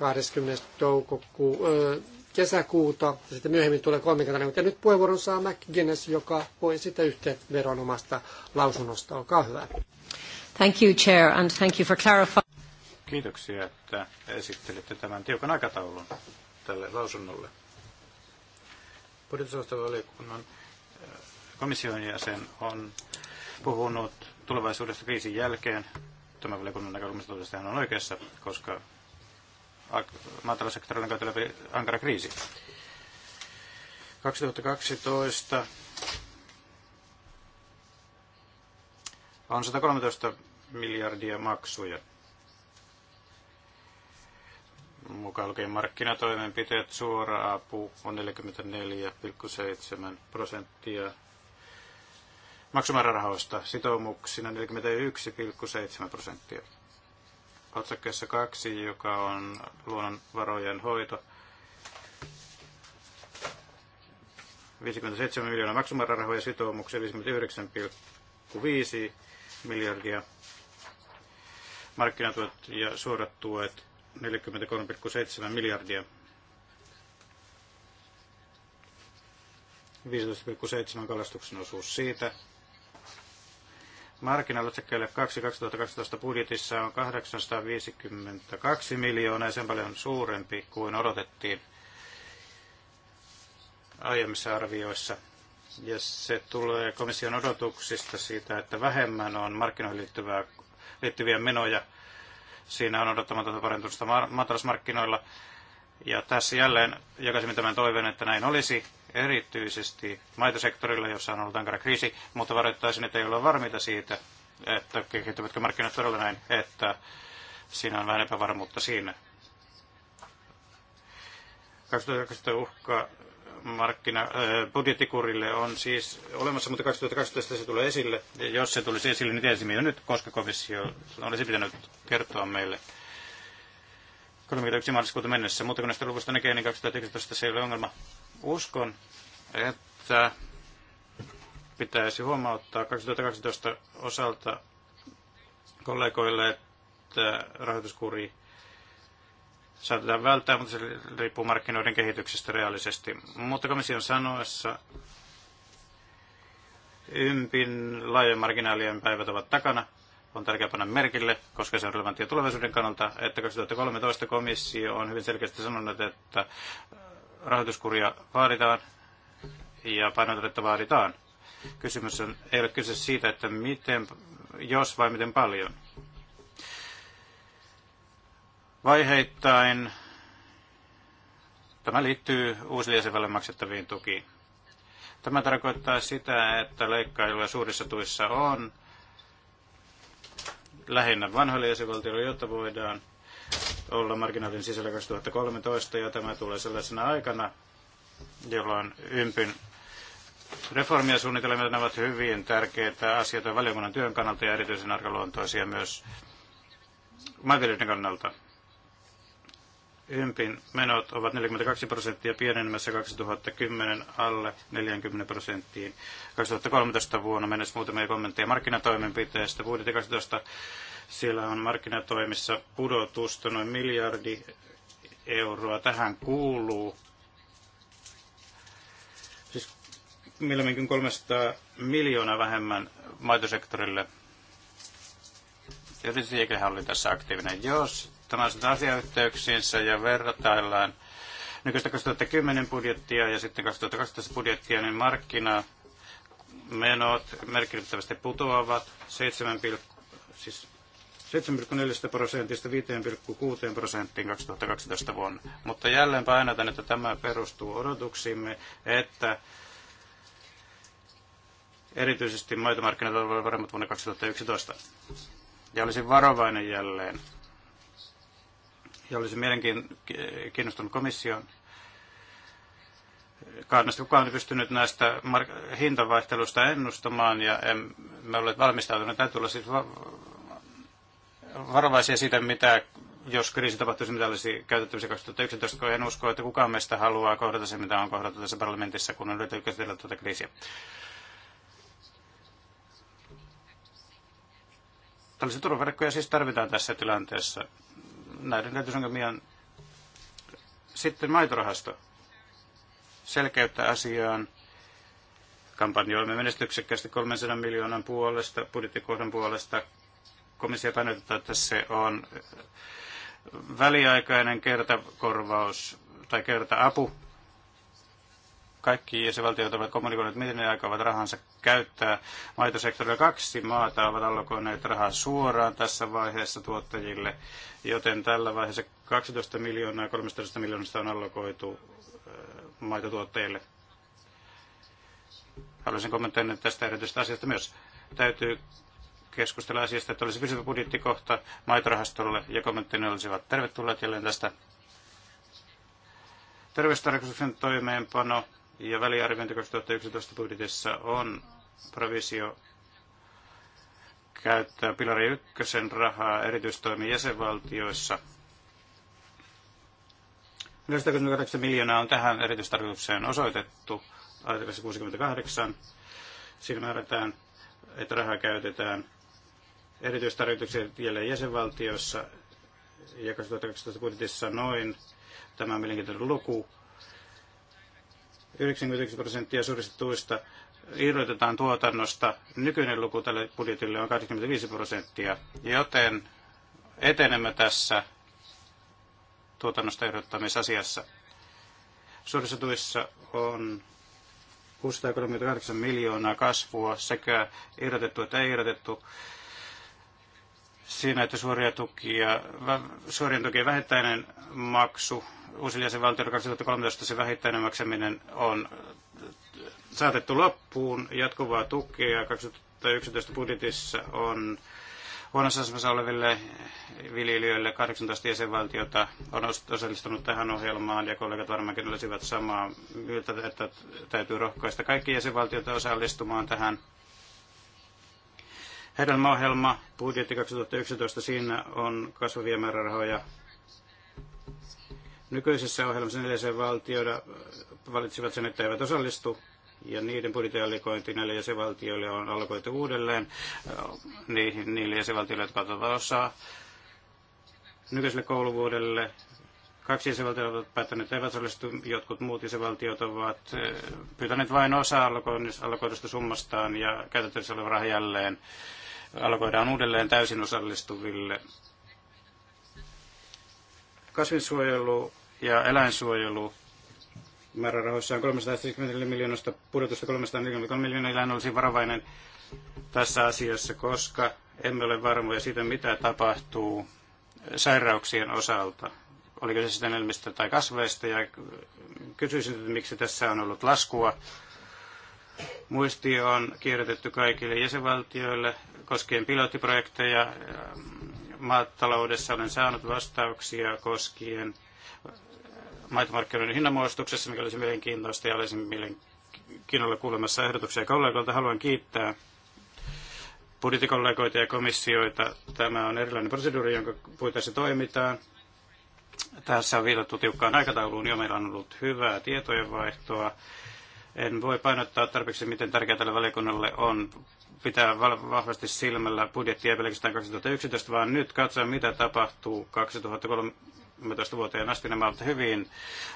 20. Toukoku, ö, kesäkuuta ja sitten myöhemmin tulee kolmikantainen. Mutta nyt puheenvuoron saa McGuinness, joka voi sitä veron omasta lausunnosta. Olkaa hyvä. Thank you, Chair, and thank you for clarifying. Kiitoksia, että esittelitte tämän tiukan aikataulun tälle lausunnolle. Budjetusvaliokunnan komission jäsen on puhunut tulevaisuudesta kriisin jälkeen. Tämä valiokunnan näkökulmasta on oikeassa, koska maataloussektorilla on käyty läpi ankara kriisi. 2012 on 113 miljardia maksuja. Mukaan lukien markkinatoimenpiteet, suora apu on 44,7 prosenttia maksumäärärahoista, sitoumuksina 41,7 prosenttia otsakkeessa kaksi, joka on luonnonvarojen hoito. 57 miljoonaa maksumäärärahoja sitoumuksia, 59,5 miljardia markkinatuet ja suorat tuet 43,7 miljardia. 15,7 kalastuksen osuus siitä, Markkinaluotsikkeelle 2 2012 budjetissa on 852 miljoonaa ja sen paljon suurempi kuin odotettiin aiemmissa arvioissa. Ja se tulee komission odotuksista siitä, että vähemmän on markkinoihin liittyviä menoja. Siinä on odottamatonta parantumista maatalousmarkkinoilla. Ja tässä jälleen jakasimme tämän toiveen, että näin olisi, erityisesti maitosektorilla, jossa on ollut ankara kriisi, mutta varoittaisin, että ei ole varmiita siitä, että kehittyvätkö markkinat todella näin, että siinä on vähän epävarmuutta siinä. 2019 uhka markkina, budjettikurille on siis olemassa, mutta 2012 se tulee esille. Ja Jos se tulisi esille, niin tiesimme jo nyt, koska komissio olisi pitänyt kertoa meille 31. marraskuuta mennessä, mutta kun näistä luvusta näkee, niin 2019 se ei ole ongelma. Uskon, että pitäisi huomauttaa 2012 osalta kollegoille, että rahoituskuri saatetaan välttää, mutta se riippuu markkinoiden kehityksestä reaalisesti. Mutta komission sanoessa ympin laajojen marginaalien päivät ovat takana on tärkeää panna merkille, koska se on relevanttia tulevaisuuden kannalta, että 2013 komissio on hyvin selkeästi sanonut, että rahoituskuria vaaditaan ja painotetta vaaditaan. Kysymys on, ei ole kyse siitä, että miten, jos vai miten paljon. Vaiheittain tämä liittyy uusille jäsenvälle maksettaviin tukiin. Tämä tarkoittaa sitä, että leikkailuja suurissa tuissa on, lähinnä vanhoille jäsenvaltioille, jotta voidaan olla marginaalin sisällä 2013, ja tämä tulee sellaisena aikana, jolloin ympin reformia suunnitelmat ovat hyvin tärkeitä asioita valiokunnan työn kannalta ja erityisen arkaluontoisia myös maanviljelijöiden kannalta. Ympin menot ovat 42 prosenttia pienenemässä 2010 alle 40 prosenttiin. 2013 vuonna mennessä muutamia kommentteja markkinatoimenpiteestä. Budjetti 12 siellä on markkinatoimissa pudotusta noin miljardi euroa. Tähän kuuluu siis milloinkin 300 miljoonaa vähemmän maitosektorille. Yritys oli tässä aktiivinen. Jos ottamaan asiayhteyksiinsä ja verrataillaan nykyistä 2010 budjettia ja sitten 2012 budjettia, niin markkinamenot merkittävästi putoavat 7, siis 7,4 prosentista 5,6 prosenttiin 2012 vuonna. Mutta jälleen painotan, että tämä perustuu odotuksiimme, että erityisesti maitomarkkinat ovat paremmat vuonna 2011. Ja olisin varovainen jälleen ja olisi mielenkiinnostunut komission kannasta. Kukaan on pystynyt näistä hintavaihtelusta ennustamaan ja emme ole valmistautuneet. Täytyy olla siis varovaisia siitä, mitä jos kriisi tapahtuisi, mitä olisi käytettävissä 2011, kun en usko, että kukaan meistä haluaa kohdata se, mitä on kohdattu tässä parlamentissa, kun on yritetty käsitellä tuota kriisiä. Tällaisia turvaverkkoja siis tarvitaan tässä tilanteessa näiden kehitysongelmia mian sitten maitorahasto selkeyttä asiaan. Kampanjoimme menestyksekkäästi 300 miljoonan puolesta, budjettikohdan puolesta. Komissio painotetaan, että se on väliaikainen kertakorvaus tai kerta-apu kaikki jäsenvaltiot ovat kommunikoineet, miten ne aikovat rahansa käyttää. Maitosektorilla kaksi maata ovat allokoineet rahaa suoraan tässä vaiheessa tuottajille, joten tällä vaiheessa 12 miljoonaa ja 13 miljoonasta on allokoitu eh, maitotuottajille. Haluaisin kommentoida tästä erityisestä asiasta myös. Täytyy keskustella asiasta, että olisi pysyvä budjettikohta maitorahastolle ja kommenttini olisivat tervetulleet jälleen tästä terveystarkastuksen toimeenpano ja väliarviointi 2011 budjetissa on provisio käyttää pilari ykkösen rahaa erityistoimi jäsenvaltioissa. 488 miljoonaa on tähän erityistarkoitukseen osoitettu artiklassa 68. Siinä määrätään, että rahaa käytetään erityistarjoituksia jälleen jäsenvaltioissa ja 2012 budjetissa noin, tämä on mielenkiintoinen luku, 91 prosenttia suurista tuista irrotetaan tuotannosta. Nykyinen luku tälle budjetille on 85 prosenttia, joten etenemme tässä tuotannosta irrottamisasiassa. Suurissa tuissa on 638 miljoonaa kasvua sekä irrotettu että ei irrotettu siinä, että suoria tukia, suorien tukien vähittäinen maksu uusille jäsenvaltioille 2013 se vähittäinen maksaminen on saatettu loppuun. Jatkuvaa tukea 2011 budjetissa on huonossa asemassa oleville viljelijöille 18 jäsenvaltiota on osallistunut tähän ohjelmaan ja kollegat varmaankin olisivat samaa mieltä, että täytyy rohkaista kaikki jäsenvaltiota osallistumaan tähän Hedelmäohjelma, budjetti 2011, siinä on kasvavia määrärahoja. Nykyisessä ohjelmassa neljä jäsenvaltioida valitsivat sen, että eivät osallistu, ja niiden budjettiallikointi näille jäsenvaltioille on alkoitu uudelleen äh, niihin, niille jäsenvaltioille, jotka ottavat osaa nykyiselle kouluvuodelle. Kaksi jäsenvaltiota ovat päättäneet eivät osallistu, jotkut muut jäsenvaltiot ovat äh, pyytäneet vain osa alkoidusta summastaan ja käytettävissä oleva raha jälleen alkoidaan uudelleen täysin osallistuville. Kasvinsuojelu ja eläinsuojelu määrärahoissa on 370 miljoonasta pudotusta 343 miljoonaa. Eläin olisi varovainen tässä asiassa, koska emme ole varmoja siitä, mitä tapahtuu sairauksien osalta. Oliko se sitten elmistä tai kasveista, ja kysyisin, että miksi tässä on ollut laskua muistio on kirjoitettu kaikille jäsenvaltioille koskien pilottiprojekteja. Maataloudessa olen saanut vastauksia koskien maitomarkkinoiden hinnanmuodostuksessa, mikä olisi mielenkiintoista ja olisin mielenkiinnolla kuulemassa ehdotuksia kollegoilta. Haluan kiittää budjettikollegoita ja komissioita. Tämä on erilainen proseduuri, jonka puitteissa toimitaan. Tässä on viitattu tiukkaan aikatauluun jo. Meillä on ollut hyvää tietojenvaihtoa en voi painottaa tarpeeksi, miten tärkeää tälle valiokunnalle on pitää vahvasti silmällä budjettia pelkästään 2011, vaan nyt katsoa, mitä tapahtuu 2013 vuoteen asti. Nämä ovat hyvin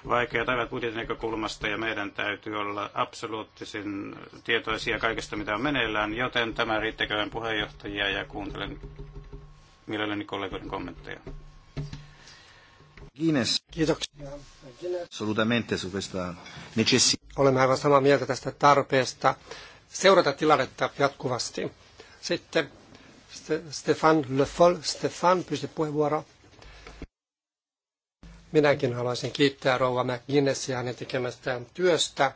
vaikeat aivan budjetin näkökulmasta ja meidän täytyy olla absoluuttisin tietoisia kaikesta, mitä on meneillään, joten tämä riittäköön puheenjohtajia ja kuuntelen mielelläni kollegoiden kommentteja. Guinness. Kiitoksia. Assolutamente su questa necessità. Olemme aivan samaa mieltä tästä tarpeesta seurata tilannetta jatkuvasti. Sitten Stefan Le Foll. Stefan, pyysi puheenvuoro. Minäkin haluaisin kiittää Rouva McGuinnessia hänen tekemästään työstä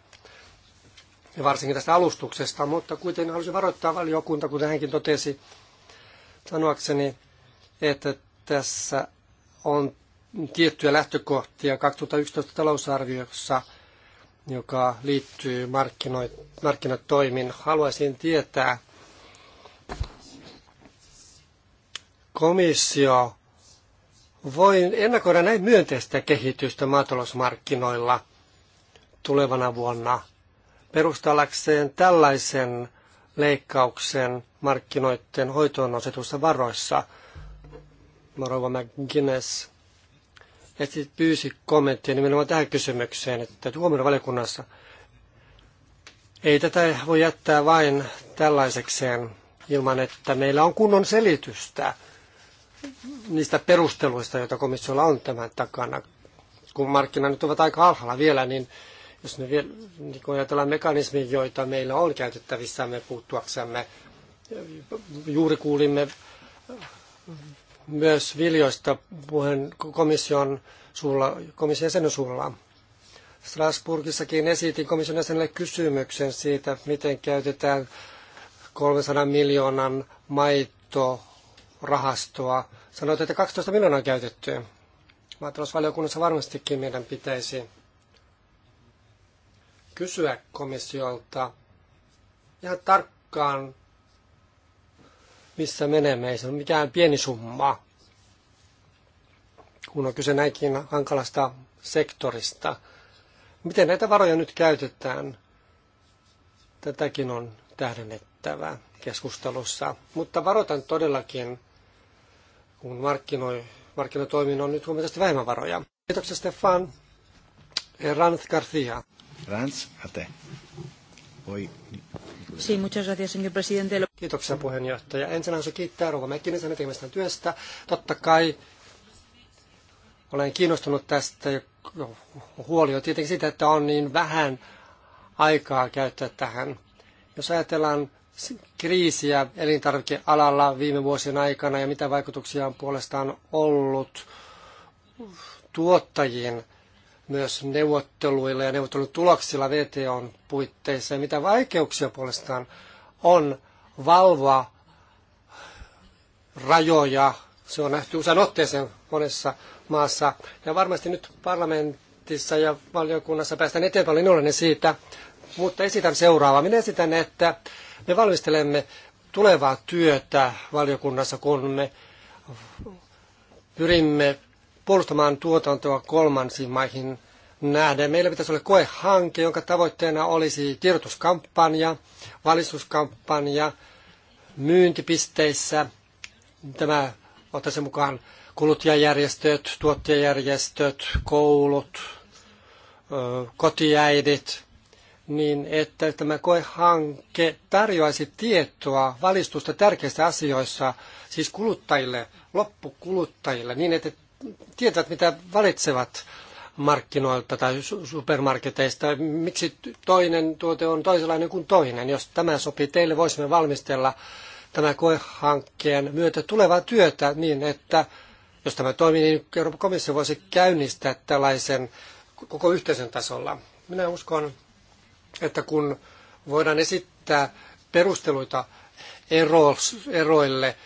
ja varsinkin tästä alustuksesta, mutta kuitenkin haluaisin varoittaa valiokunta, kuten hänkin totesi, sanoakseni, että tässä on tiettyjä lähtökohtia 2011 talousarviossa, joka liittyy markkino- markkinatoimiin. Haluaisin tietää, komissio voi ennakoida näin myönteistä kehitystä maatalousmarkkinoilla tulevana vuonna perustalakseen tällaisen leikkauksen markkinoiden hoitoon asetussa varoissa. Marova McGuinness sitten pyysi kommenttia nimenomaan tähän kysymykseen, että huomenna valiokunnassa ei tätä voi jättää vain tällaisekseen ilman, että meillä on kunnon selitystä niistä perusteluista, joita komissiolla on tämän takana. Kun markkinat nyt ovat aika alhaalla vielä, niin jos me vielä, niin kun ajatellaan mekanismia, joita meillä on käytettävissämme puuttuaksemme, juuri kuulimme myös viljoista puheen komission suulla, komission jäsenen suulla. Strasburgissakin esitin komission jäsenelle kysymyksen siitä, miten käytetään 300 miljoonan maitorahastoa. Sanoit, että 12 miljoonaa on käytetty. Maatalousvaliokunnassa varmastikin meidän pitäisi kysyä komissiolta ihan tarkkaan missä menemme. Ei se ole mikään pieni summa, kun on kyse näinkin hankalasta sektorista. Miten näitä varoja nyt käytetään? Tätäkin on tähdennettävä keskustelussa. Mutta varoitan todellakin, kun markkinoi, markkinatoiminnon on nyt huomattavasti vähemmän varoja. Kiitoksia Stefan. Ranz Garcia. Ranz, a te. Oi. Sí, muchas gracias, señor presidente. Kiitoksia puheenjohtaja. Ensin haluaisin kiittää Rova Mäkkinen tekemästään työstä. Totta kai olen kiinnostunut tästä. Huoli on tietenkin sitä, että on niin vähän aikaa käyttää tähän. Jos ajatellaan kriisiä elintarvikealalla viime vuosien aikana ja mitä vaikutuksia on puolestaan ollut tuottajien myös neuvotteluilla ja neuvottelutuloksilla VTOn puitteissa ja mitä vaikeuksia puolestaan on valvoa rajoja. Se on nähty usein otteeseen monessa maassa. Ja varmasti nyt parlamentissa ja valiokunnassa päästään eteenpäin iloinen siitä. Mutta esitän seuraavaa. Minä esitän, että me valmistelemme tulevaa työtä valiokunnassa, kun me pyrimme puolustamaan tuotantoa kolmansiin maihin nähden. Meillä pitäisi olla koehanke, jonka tavoitteena olisi tiedotuskampanja, valistuskampanja myyntipisteissä. Tämä ottaisi mukaan kuluttajajärjestöt, tuottajajärjestöt, koulut, kotiäidit, niin että tämä koehanke tarjoaisi tietoa, valistusta tärkeistä asioissa, siis kuluttajille, loppukuluttajille, niin että tietävät, mitä valitsevat markkinoilta tai supermarketeista. Miksi toinen tuote on toisenlainen kuin toinen? Jos tämä sopii teille, voisimme valmistella tämän koehankkeen myötä tulevaa työtä niin, että jos tämä toimii, niin Euroopan komissio voisi käynnistää tällaisen koko yhteisön tasolla. Minä uskon, että kun voidaan esittää perusteluita eroille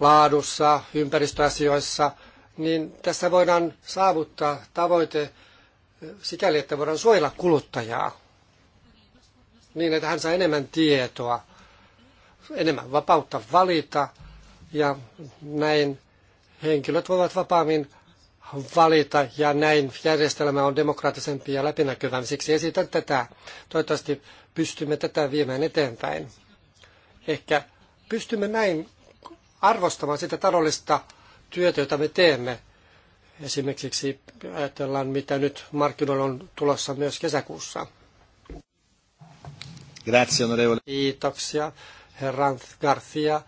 laadussa, ympäristöasioissa – niin tässä voidaan saavuttaa tavoite sikäli, että voidaan suojella kuluttajaa niin, että hän saa enemmän tietoa, enemmän vapautta valita ja näin henkilöt voivat vapaammin valita ja näin järjestelmä on demokraattisempi ja läpinäkyvämpi. Siksi esitän tätä. Toivottavasti pystymme tätä viemään eteenpäin. Ehkä pystymme näin arvostamaan sitä taloudellista työtä, jota me teemme. Esimerkiksi ajatellaan, mitä nyt markkinoilla on tulossa myös kesäkuussa. Grazie, Kiitoksia, herra Garcia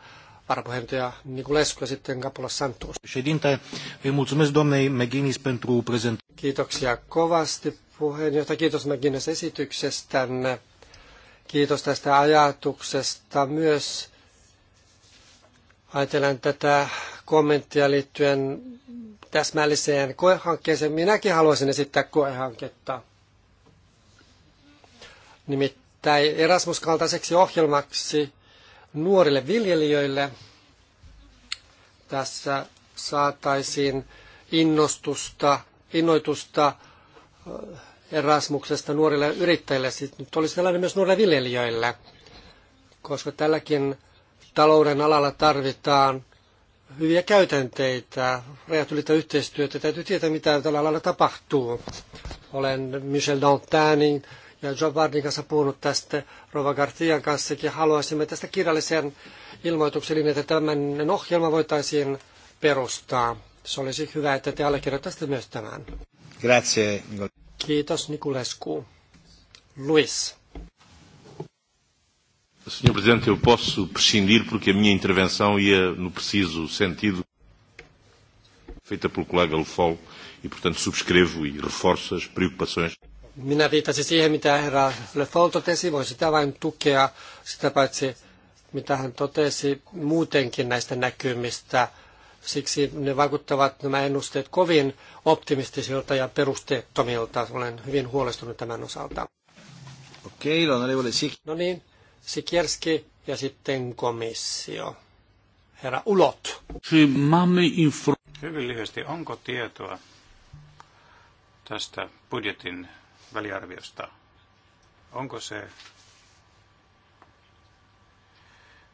varapuheenjohtaja Nikulescu ja sitten Capula Santos. pentru Kiitoksia kovasti puheenjohtaja. Kiitos McGuinness esityksestänne. Kiitos tästä ajatuksesta myös. Ajatellen tätä kommenttia liittyen täsmälliseen koehankkeeseen. Minäkin haluaisin esittää koehanketta. Nimittäin Erasmus-kaltaiseksi ohjelmaksi nuorille viljelijöille tässä saataisiin innostusta, innoitusta Erasmuksesta nuorille yrittäjille. Sitten siis nyt olisi sellainen myös nuorille viljelijöille, koska tälläkin talouden alalla tarvitaan hyviä käytänteitä, rajat ylittää yhteistyötä. Täytyy tietää, mitä tällä alalla tapahtuu. Olen Michel Dantanin ja Jobardin kanssa puhunut tästä, Rova Gartian Ja Haluaisimme tästä kirjallisen ilmoituksen, niin että tämän ohjelma voitaisiin perustaa. Se olisi hyvä, että te allekirjoittaisitte myös tämän. Grazie. Kiitos Nikulescu. Luis. Senhor Presidente, eu posso prescindir porque a minha intervenção ia no preciso sentido feita pelo colega Lefol e, portanto, subscrevo e reforço as preocupações. Minä viittasin siihen, mitä herra Lefol totesi. Voin sitä vain tukea, sitä paitsi mitä hän totesi muutenkin näistä näkymistä. Siksi ne vaikuttavat nämä ennusteet kovin optimistisilta ja perusteettomilta. Olen hyvin huolestunut tämän osalta. Okei, okay, No niin, Sikierski ja sitten komissio. Herra Ulot. Hyvin lyhyesti, onko tietoa tästä budjetin väliarviosta? Onko se...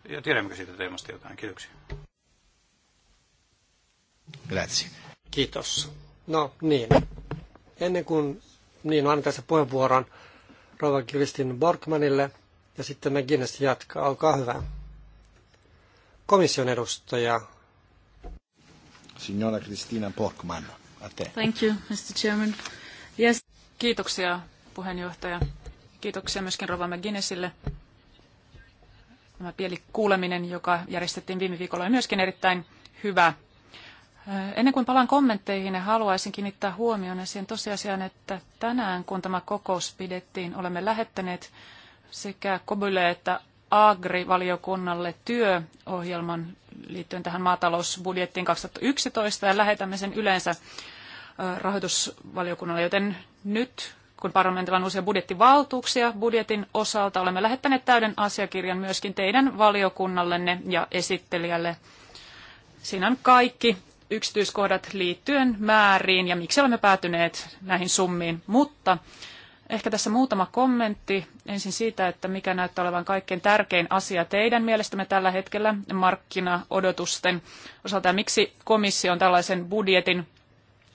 Ja tiedämmekö siitä teemasta jotain? Kiitoksia. Grazie. Kiitos. No niin. Ennen kuin niin annan tässä puheenvuoron Rova Kristin Borkmanille – ja sitten McGuinness jatkaa. Olkaa hyvä. Komission edustaja. Signora Kristina Porkman. Ate. Thank you, Mr. Chairman. Yes. Kiitoksia, puheenjohtaja. Kiitoksia myöskin Rova McGuinnessille. Tämä pieni kuuleminen, joka järjestettiin viime viikolla, oli myöskin erittäin hyvä. Äh, ennen kuin palaan kommentteihin, haluaisin kiinnittää huomioon siihen tosiasiaan, että tänään kun tämä kokous pidettiin, olemme lähettäneet sekä Kobyle että Agri-valiokunnalle työohjelman liittyen tähän maatalousbudjettiin 2011 ja lähetämme sen yleensä rahoitusvaliokunnalle, joten nyt kun parlamentilla on uusia budjettivaltuuksia budjetin osalta, olemme lähettäneet täyden asiakirjan myöskin teidän valiokunnallenne ja esittelijälle. Siinä on kaikki yksityiskohdat liittyen määriin ja miksi olemme päätyneet näihin summiin, mutta Ehkä tässä muutama kommentti ensin siitä, että mikä näyttää olevan kaikkein tärkein asia teidän mielestämme tällä hetkellä markkinaodotusten osalta ja miksi komissio on tällaisen budjetin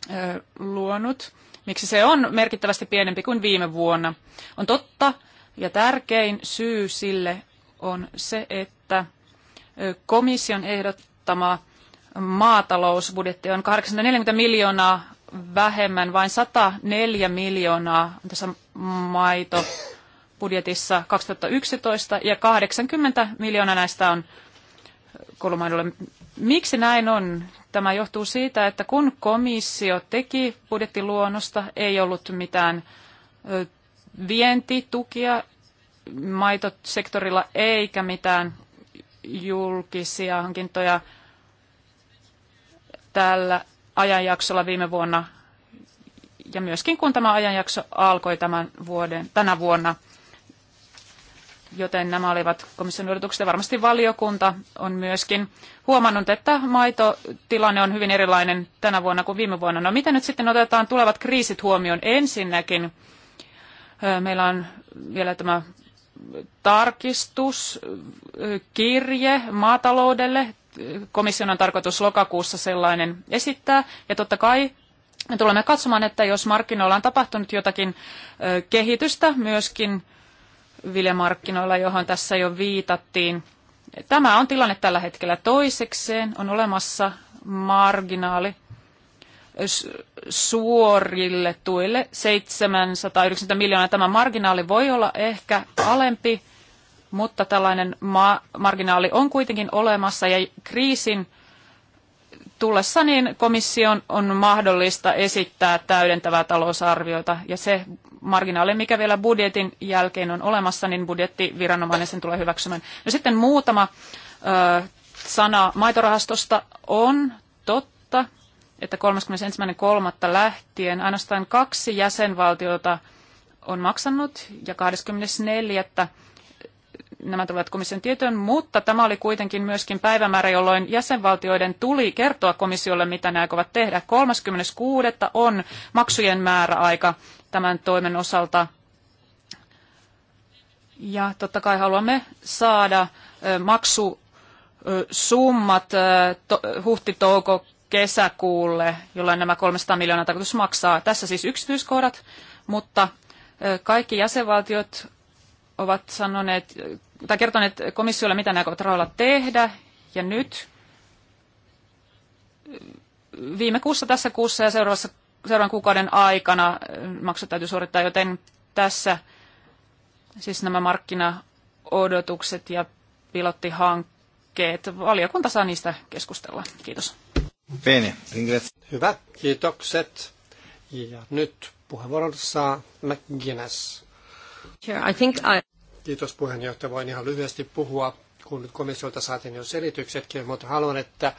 ö, luonut. Miksi se on merkittävästi pienempi kuin viime vuonna? On totta ja tärkein syy sille on se, että komission ehdottama maatalousbudjetti on 840 miljoonaa vähemmän, vain 104 miljoonaa tässä maito budjetissa 2011 ja 80 miljoonaa näistä on kulumaidolle. Miksi näin on? Tämä johtuu siitä, että kun komissio teki budjettiluonnosta, ei ollut mitään vientitukia maitosektorilla eikä mitään julkisia hankintoja tällä ajanjaksolla viime vuonna ja myöskin kun tämä ajanjakso alkoi tämän vuoden, tänä vuonna. Joten nämä olivat komission odotukset ja varmasti valiokunta on myöskin huomannut, että maitotilanne on hyvin erilainen tänä vuonna kuin viime vuonna. No miten nyt sitten otetaan tulevat kriisit huomioon ensinnäkin? Meillä on vielä tämä tarkistuskirje maataloudelle komission on tarkoitus lokakuussa sellainen esittää. Ja totta kai me tulemme katsomaan, että jos markkinoilla on tapahtunut jotakin kehitystä myöskin viljamarkkinoilla, johon tässä jo viitattiin. Tämä on tilanne tällä hetkellä toisekseen. On olemassa marginaali suorille tuille 790 miljoonaa. Tämä marginaali voi olla ehkä alempi mutta tällainen ma- marginaali on kuitenkin olemassa ja kriisin tullessa niin komission on mahdollista esittää täydentävää talousarviota ja se marginaali, mikä vielä budjetin jälkeen on olemassa, niin budjettiviranomainen sen tulee hyväksymään. No sitten muutama ö, sana maitorahastosta on totta, että 31.3. lähtien ainoastaan kaksi jäsenvaltiota on maksanut ja 24 nämä tulevat komission tietoon, mutta tämä oli kuitenkin myöskin päivämäärä, jolloin jäsenvaltioiden tuli kertoa komissiolle, mitä ne aikovat tehdä. 36. on maksujen määräaika tämän toimen osalta. Ja totta kai haluamme saada maksusummat huhti-touko kesäkuulle, jolloin nämä 300 miljoonaa tarkoitus maksaa. Tässä siis yksityiskohdat, mutta kaikki jäsenvaltiot ovat sanoneet tai kertoneet komissiolle, mitä ne aikovat rahoilla tehdä, ja nyt viime kuussa, tässä kuussa ja seuraavassa, seuraavan kuukauden aikana maksut täytyy suorittaa, joten tässä siis nämä markkinaodotukset ja pilottihankkeet. Valiokunta saa niistä keskustella. Kiitos. Bene, Hyvä, kiitokset. Ja nyt puheenvuorossa McGuinness. Sure, I think I... Kiitos puheenjohtaja. Voin ihan lyhyesti puhua, kun nyt komissiolta saatiin jo selityksetkin, mutta haluan, että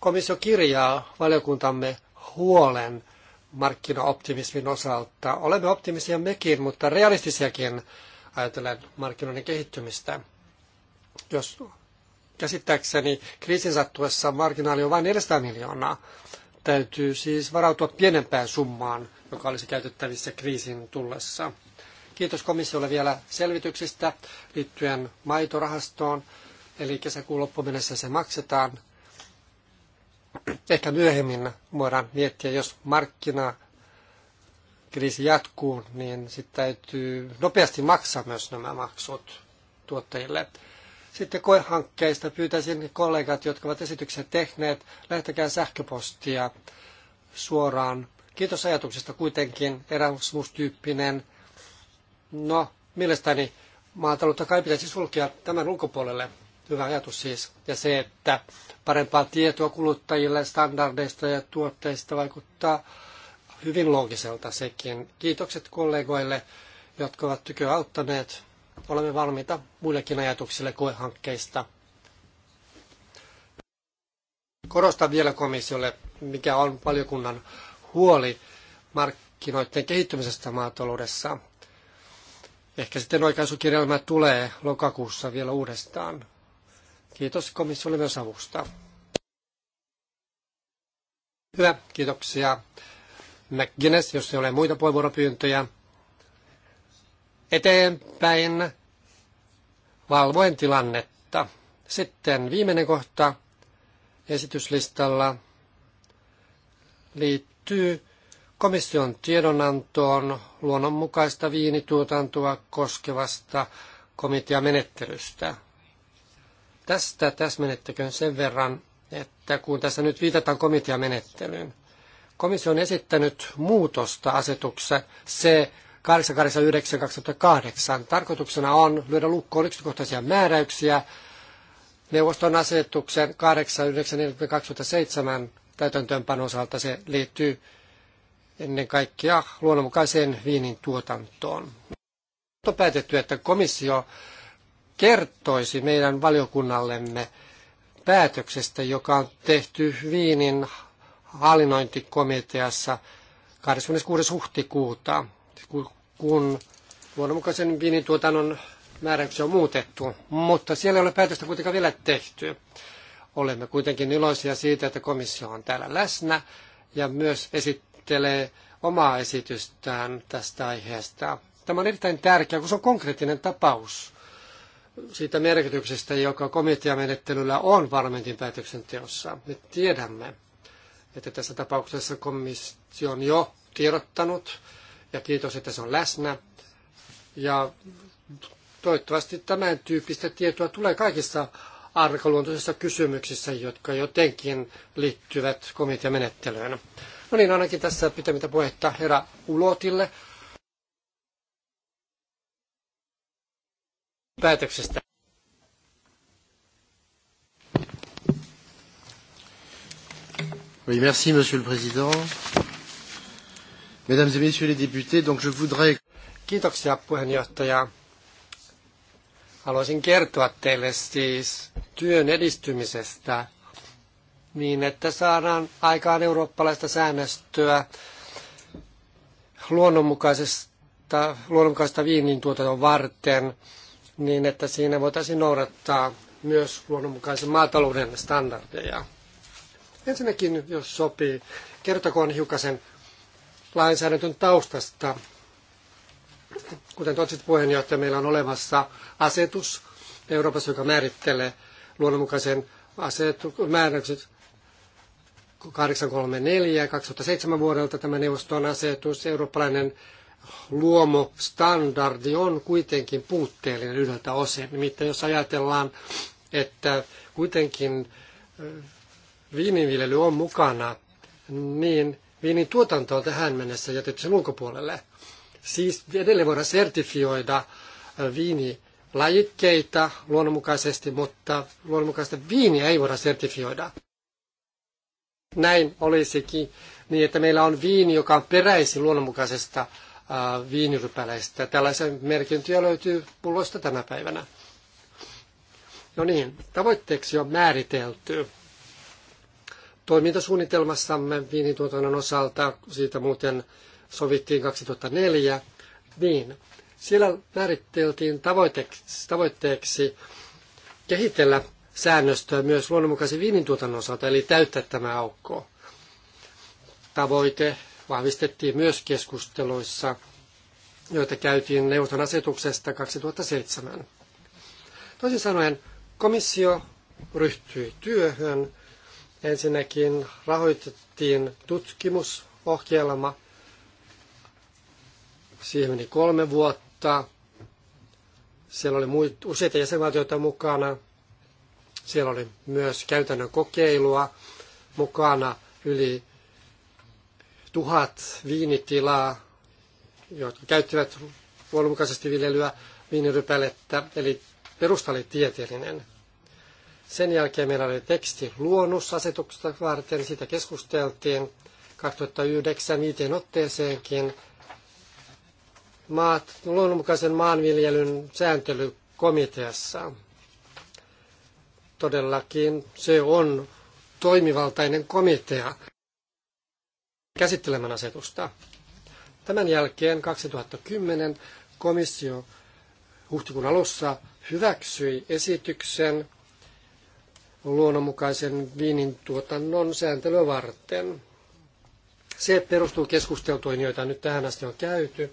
komissio kirjaa valiokuntamme huolen markkinaoptimismin osalta. Olemme optimisia mekin, mutta realistisiakin ajatellen markkinoiden kehittymistä. Jos käsittääkseni kriisin sattuessa marginaali on vain 400 miljoonaa, täytyy siis varautua pienempään summaan, joka olisi käytettävissä kriisin tullessa. Kiitos komissiolle vielä selvityksistä liittyen maitorahastoon, eli kesäkuun loppuun mennessä se maksetaan. Ehkä myöhemmin voidaan miettiä, jos markkina kriisi jatkuu, niin sitten täytyy nopeasti maksaa myös nämä maksut tuottajille. Sitten koehankkeista pyytäisin kollegat, jotka ovat esityksen tehneet, lähtekää sähköpostia suoraan. Kiitos ajatuksesta kuitenkin. Erasmus-tyyppinen No, mielestäni maataloutta kai pitäisi sulkea tämän ulkopuolelle. Hyvä ajatus siis. Ja se, että parempaa tietoa kuluttajille standardeista ja tuotteista vaikuttaa hyvin loogiselta sekin. Kiitokset kollegoille, jotka ovat tykö auttaneet. Olemme valmiita muillekin ajatuksille koehankkeista. Korostan vielä komissiolle, mikä on valiokunnan huoli markkinoiden kehittymisestä maataloudessa. Ehkä sitten oikaisukirjelmä tulee lokakuussa vielä uudestaan. Kiitos komissiolle myös avusta. Hyvä, kiitoksia. McGuinness, jos ei ole muita puheenvuoropyyntöjä. Eteenpäin valvoen tilannetta. Sitten viimeinen kohta esityslistalla liittyy komission tiedonantoon luonnonmukaista viinituotantoa koskevasta komiteamenettelystä. Tästä täsmennettäköön sen verran, että kun tässä nyt viitataan komiteamenettelyyn, komissio on esittänyt muutosta asetuksessa se 889-2008. Tarkoituksena on lyödä lukkoon yksityiskohtaisia määräyksiä neuvoston asetuksen 894-2007 täytäntöönpanon osalta. Se liittyy ennen kaikkea luonnonmukaiseen viinin tuotantoon. On päätetty, että komissio kertoisi meidän valiokunnallemme päätöksestä, joka on tehty viinin hallinnointikomiteassa 26. huhtikuuta, kun luonnonmukaisen tuotannon määräyksiä on muutettu, mutta siellä ei ole päätöstä kuitenkaan vielä tehty. Olemme kuitenkin iloisia siitä, että komissio on täällä läsnä ja myös esittää esittelee omaa esitystään tästä aiheesta. Tämä on erittäin tärkeä kun se on konkreettinen tapaus siitä merkityksestä, joka komiteamenettelyllä on parlamentin päätöksenteossa. Me tiedämme, että tässä tapauksessa komissio on jo tiedottanut, ja kiitos, että se on läsnä. Ja toivottavasti tämän tyyppistä tietoa tulee kaikissa arkaluontoisissa kysymyksissä, jotka jotenkin liittyvät komiteamenettelyyn. menettelyyn. No niin, ainakin tässä pitämättä puhetta herra Ulotille päätöksestä. Oui, merci, Monsieur le Président. Mesdames et Messieurs les députés, donc je voudrais... Kiitoksia puheenjohtaja. Haluaisin kertoa teille siis työn edistymisestä niin, että saadaan aikaan eurooppalaista säännöstöä luonnonmukaisesta, luonnonmukaisesta viinin tuotannon varten, niin että siinä voitaisiin noudattaa myös luonnonmukaisen maatalouden standardeja. Ensinnäkin, jos sopii, kertokoon hiukasen lainsäädäntön taustasta. Kuten totesit puheenjohtaja, meillä on olemassa asetus Euroopassa, joka määrittelee luonnonmukaisen asetuksen määräykset 834 2007 vuodelta tämä neuvoston asetus, eurooppalainen luomostandardi on kuitenkin puutteellinen yhdeltä osin. Nimittäin jos ajatellaan, että kuitenkin viininviljely on mukana, niin viinin tuotanto on tähän mennessä jätetty sen ulkopuolelle. Siis edelleen voidaan sertifioida viinilajikkeita luonnonmukaisesti, mutta luonnonmukaista viiniä ei voida sertifioida. Näin olisikin niin, että meillä on viini, joka on peräisin luonnonmukaisesta äh, viinirypäleistä. tällaisen merkintöjä löytyy pulloista tänä päivänä. No niin, tavoitteeksi on määritelty toimintasuunnitelmassamme viinituotannon osalta, siitä muuten sovittiin 2004, niin siellä määriteltiin tavoitteeksi, tavoitteeksi kehitellä säännöstöä myös luonnonmukaisen viinin tuotannon osalta, eli täyttää tämä aukko. Tavoite vahvistettiin myös keskusteluissa, joita käytiin neuvoston asetuksesta 2007. Toisin sanoen komissio ryhtyi työhön. Ensinnäkin rahoitettiin tutkimusohjelma. Siihen meni kolme vuotta. Siellä oli muut, useita jäsenvaltioita mukana, siellä oli myös käytännön kokeilua mukana yli tuhat viinitilaa, jotka käyttivät luonnonmukaisesti viljelyä viinirypälettä, eli perusta oli tieteellinen. Sen jälkeen meillä oli teksti luonnusasetuksesta varten, siitä keskusteltiin 2009 viiteen otteeseenkin. Maat, luonnonmukaisen maanviljelyn sääntelykomiteassa. Todellakin se on toimivaltainen komitea käsittelemän asetusta. Tämän jälkeen 2010 komissio huhtikuun alussa hyväksyi esityksen luonnonmukaisen viinin tuotannon sääntelyä varten. Se perustuu keskusteltuihin, joita nyt tähän asti on käyty,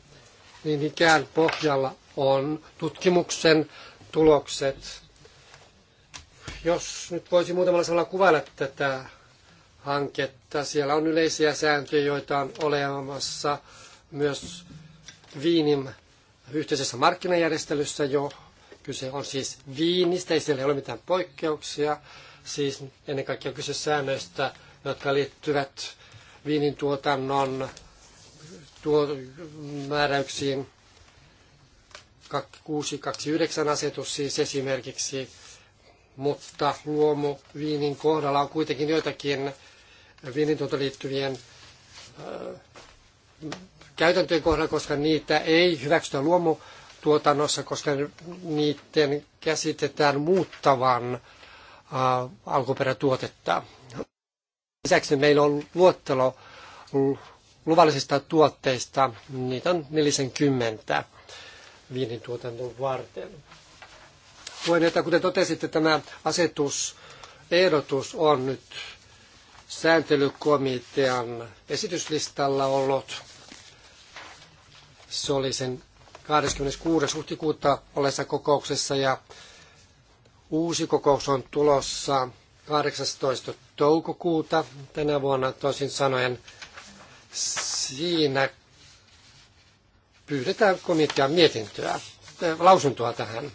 niin ikään pohjalla on tutkimuksen tulokset jos nyt voisi muutamalla sanalla kuvailla tätä hanketta, siellä on yleisiä sääntöjä, joita on olemassa myös viinin yhteisessä markkinajärjestelyssä jo. Kyse on siis viinistä, ei siellä ole mitään poikkeuksia. Siis ennen kaikkea kyse säännöistä, jotka liittyvät viinin tuotannon tuo, määräyksiin 629 asetus siis esimerkiksi mutta luomuviinin kohdalla on kuitenkin joitakin viinintuoton liittyvien äh, käytäntöjen kohdalla, koska niitä ei hyväksytä luomutuotannossa, koska niiden käsitetään muuttavan äh, alkuperätuotetta. Lisäksi meillä on luottelo luvallisista tuotteista, niitä on 40 viinin varten puheenjohtaja, kuten totesitte, tämä asetusehdotus on nyt sääntelykomitean esityslistalla ollut. Se oli sen 26. huhtikuuta olessa kokouksessa ja uusi kokous on tulossa 18. toukokuuta tänä vuonna toisin sanoen. Siinä pyydetään komitean mietintöä, lausuntoa tähän.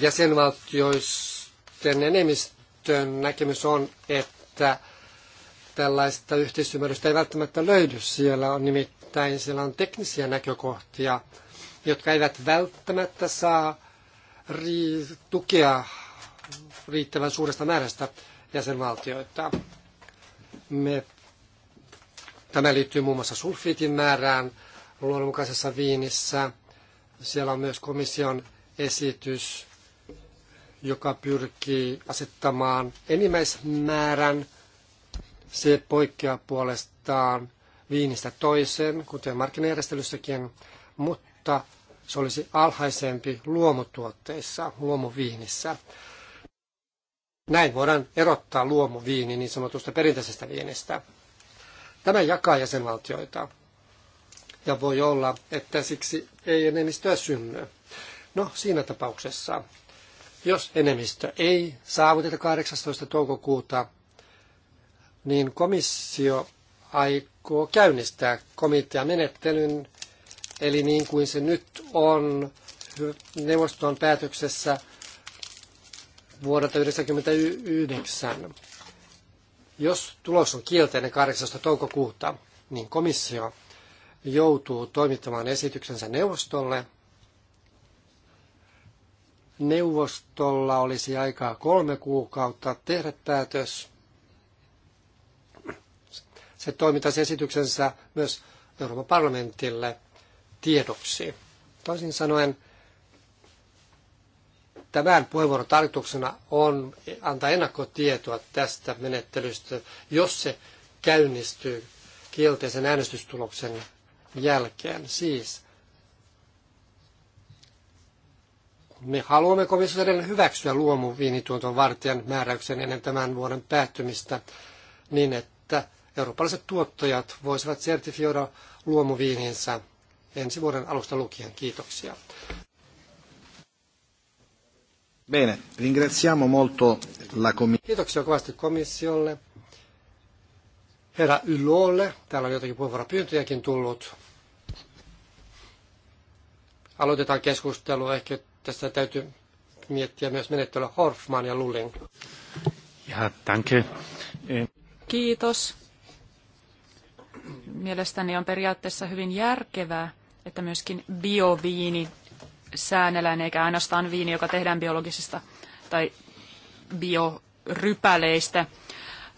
jäsenvaltioisten enemmistön näkemys on, että tällaista yhteisymmärrystä ei välttämättä löydy. Siellä on nimittäin siellä on teknisiä näkökohtia, jotka eivät välttämättä saa tukea riittävän suuresta määrästä jäsenvaltioita. Me, tämä liittyy muun muassa sulfiitin määrään luonnonmukaisessa viinissä. Siellä on myös komission esitys joka pyrkii asettamaan enimmäismäärän. Se poikkeaa puolestaan viinistä toiseen, kuten markkinajärjestelyssäkin, mutta se olisi alhaisempi luomutuotteissa, luomuviinissä. Näin voidaan erottaa luomuviini niin sanotusta perinteisestä viinistä. Tämä jakaa jäsenvaltioita. Ja voi olla, että siksi ei enemmistöä synny. No, siinä tapauksessa jos enemmistö ei saavuteta 18. toukokuuta, niin komissio aikoo käynnistää komiteamenettelyn, eli niin kuin se nyt on neuvoston päätöksessä vuodelta 1999. Jos tulos on kielteinen 18. toukokuuta, niin komissio joutuu toimittamaan esityksensä neuvostolle neuvostolla olisi aikaa kolme kuukautta tehdä päätös. Se toimitaisi esityksensä myös Euroopan parlamentille tiedoksi. Toisin sanoen, tämän puheenvuoron tarkoituksena on antaa ennakkotietoa tästä menettelystä, jos se käynnistyy kielteisen äänestystuloksen jälkeen. Siis Me haluamme komissiossa edelleen hyväksyä luomuviinituoton vartijan määräyksen ennen tämän vuoden päättymistä niin, että eurooppalaiset tuottajat voisivat sertifioida luomuviininsä ensi vuoden alusta lukien. Kiitoksia. Bene, ringraziamo molto la Kiitoksia kovasti komissiolle. Herra Ylolle, täällä on jotakin puheenvuoropyyntöjäkin tullut. Aloitetaan keskustelu. Ehkä tässä täytyy miettiä myös menettelyä Horfman ja Lulling. Ja, danke. Eh. Kiitos. Mielestäni on periaatteessa hyvin järkevää, että myöskin bioviini säännellään, eikä ainoastaan viini, joka tehdään biologisista tai biorypäleistä.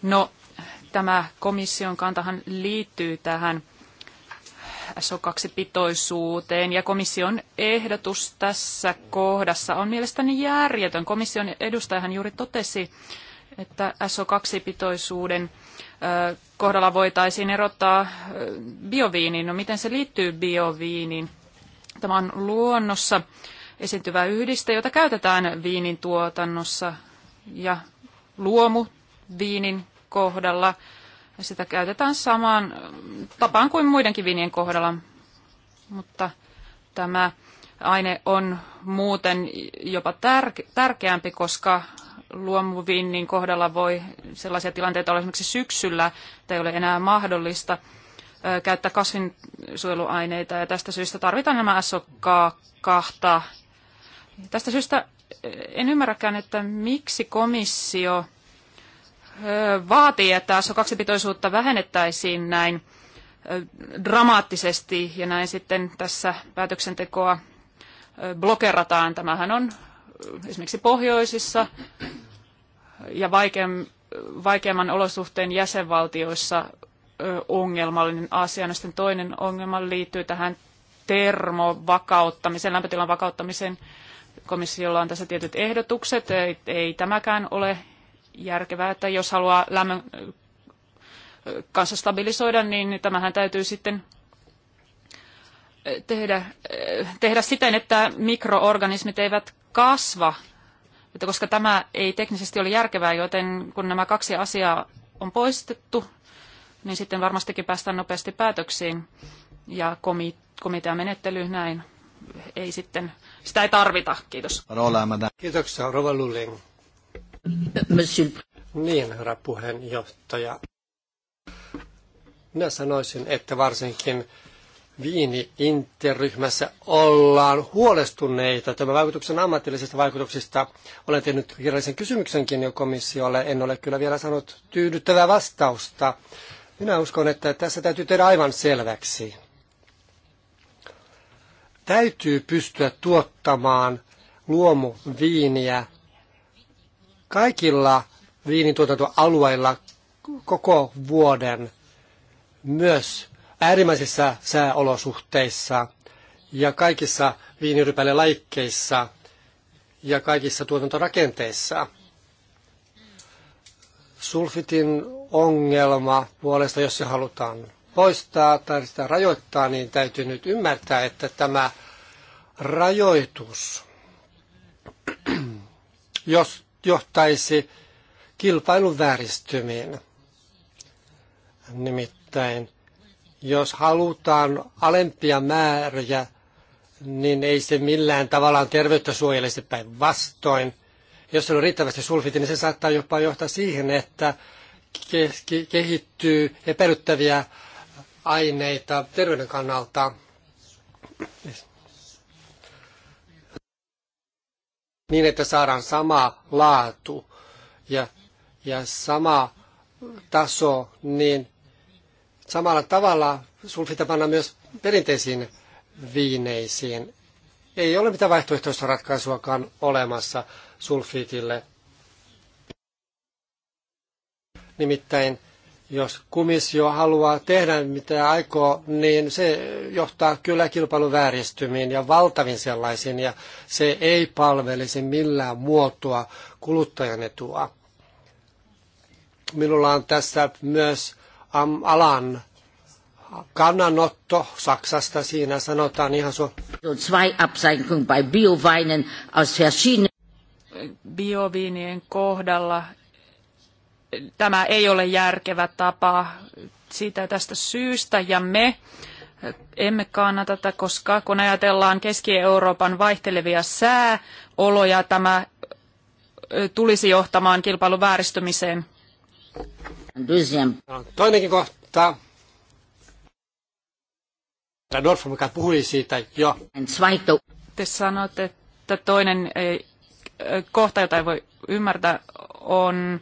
No, tämä komission kantahan liittyy tähän SO2-pitoisuuteen. Ja komission ehdotus tässä kohdassa on mielestäni järjetön. Komission edustajahan juuri totesi, että SO2-pitoisuuden kohdalla voitaisiin erottaa bioviiniin. No miten se liittyy bioviiniin? Tämä on luonnossa esiintyvä yhdiste, jota käytetään viinin tuotannossa ja luomu viinin kohdalla – sitä käytetään samaan tapaan kuin muidenkin vinien kohdalla, mutta tämä aine on muuten jopa tärkeämpi, koska luomuvinnin kohdalla voi sellaisia tilanteita olla esimerkiksi syksyllä, että ei ole enää mahdollista käyttää kasvinsuojeluaineita ja tästä syystä tarvitaan nämä SOK2. Tästä syystä en ymmärräkään, että miksi komissio vaatii, että SO2-pitoisuutta vähennettäisiin näin dramaattisesti ja näin sitten tässä päätöksentekoa blokerataan. Tämähän on esimerkiksi pohjoisissa ja vaikeamman olosuhteen jäsenvaltioissa ongelmallinen asia. No sitten toinen ongelma liittyy tähän termovakauttamiseen, lämpötilan vakauttamiseen. Komissiolla on tässä tietyt ehdotukset. Ei, ei tämäkään ole järkevää, että jos haluaa lämmön kanssa stabilisoida, niin tämähän täytyy sitten tehdä, tehdä siten, että mikroorganismit eivät kasva, että koska tämä ei teknisesti ole järkevää, joten kun nämä kaksi asiaa on poistettu, niin sitten varmastikin päästään nopeasti päätöksiin ja komiteamenettely näin ei sitten, sitä ei tarvita. Kiitos. Kiitoksia, Rova Lulling. Monsieur. Niin, herra puheenjohtaja. Minä sanoisin, että varsinkin viini-interryhmässä ollaan huolestuneita tämän vaikutuksen ammatillisista vaikutuksista. Olen tehnyt kirjallisen kysymyksenkin jo komissiolle, en ole kyllä vielä saanut tyydyttävää vastausta. Minä uskon, että tässä täytyy tehdä aivan selväksi. Täytyy pystyä tuottamaan luomuviiniä kaikilla viinituotantoalueilla koko vuoden myös äärimmäisissä sääolosuhteissa ja kaikissa viinirypäille laikkeissa ja kaikissa tuotantorakenteissa. Sulfitin ongelma puolesta, jos se halutaan poistaa tai sitä rajoittaa, niin täytyy nyt ymmärtää, että tämä rajoitus, jos johtaisi kilpailun vääristymiin. Nimittäin, jos halutaan alempia määriä, niin ei se millään tavallaan terveyttä suojele päinvastoin. Jos on riittävästi sulfitia, niin se saattaa jopa johtaa siihen, että kehittyy epäilyttäviä aineita terveyden kannalta. niin, että saadaan sama laatu ja, ja sama taso, niin samalla tavalla sulfita panna myös perinteisiin viineisiin. Ei ole mitään vaihtoehtoista ratkaisuakaan olemassa sulfiitille. Nimittäin jos komissio haluaa tehdä mitä aikoo, niin se johtaa kyllä kilpailun vääristymiin ja valtavin sellaisiin, ja se ei palvelisi millään muotoa kuluttajan etua. Minulla on tässä myös alan kannanotto Saksasta. Siinä sanotaan ihan su... Bioviinien kohdalla tämä ei ole järkevä tapa siitä tästä syystä ja me emme kannata tätä, koska kun ajatellaan Keski-Euroopan vaihtelevia sääoloja, tämä tulisi johtamaan kilpailun vääristymiseen. Toinenkin kohta. Dorfman, mikä puhui siitä jo. Te sanotte, että toinen kohta, jota ei voi ymmärtää, on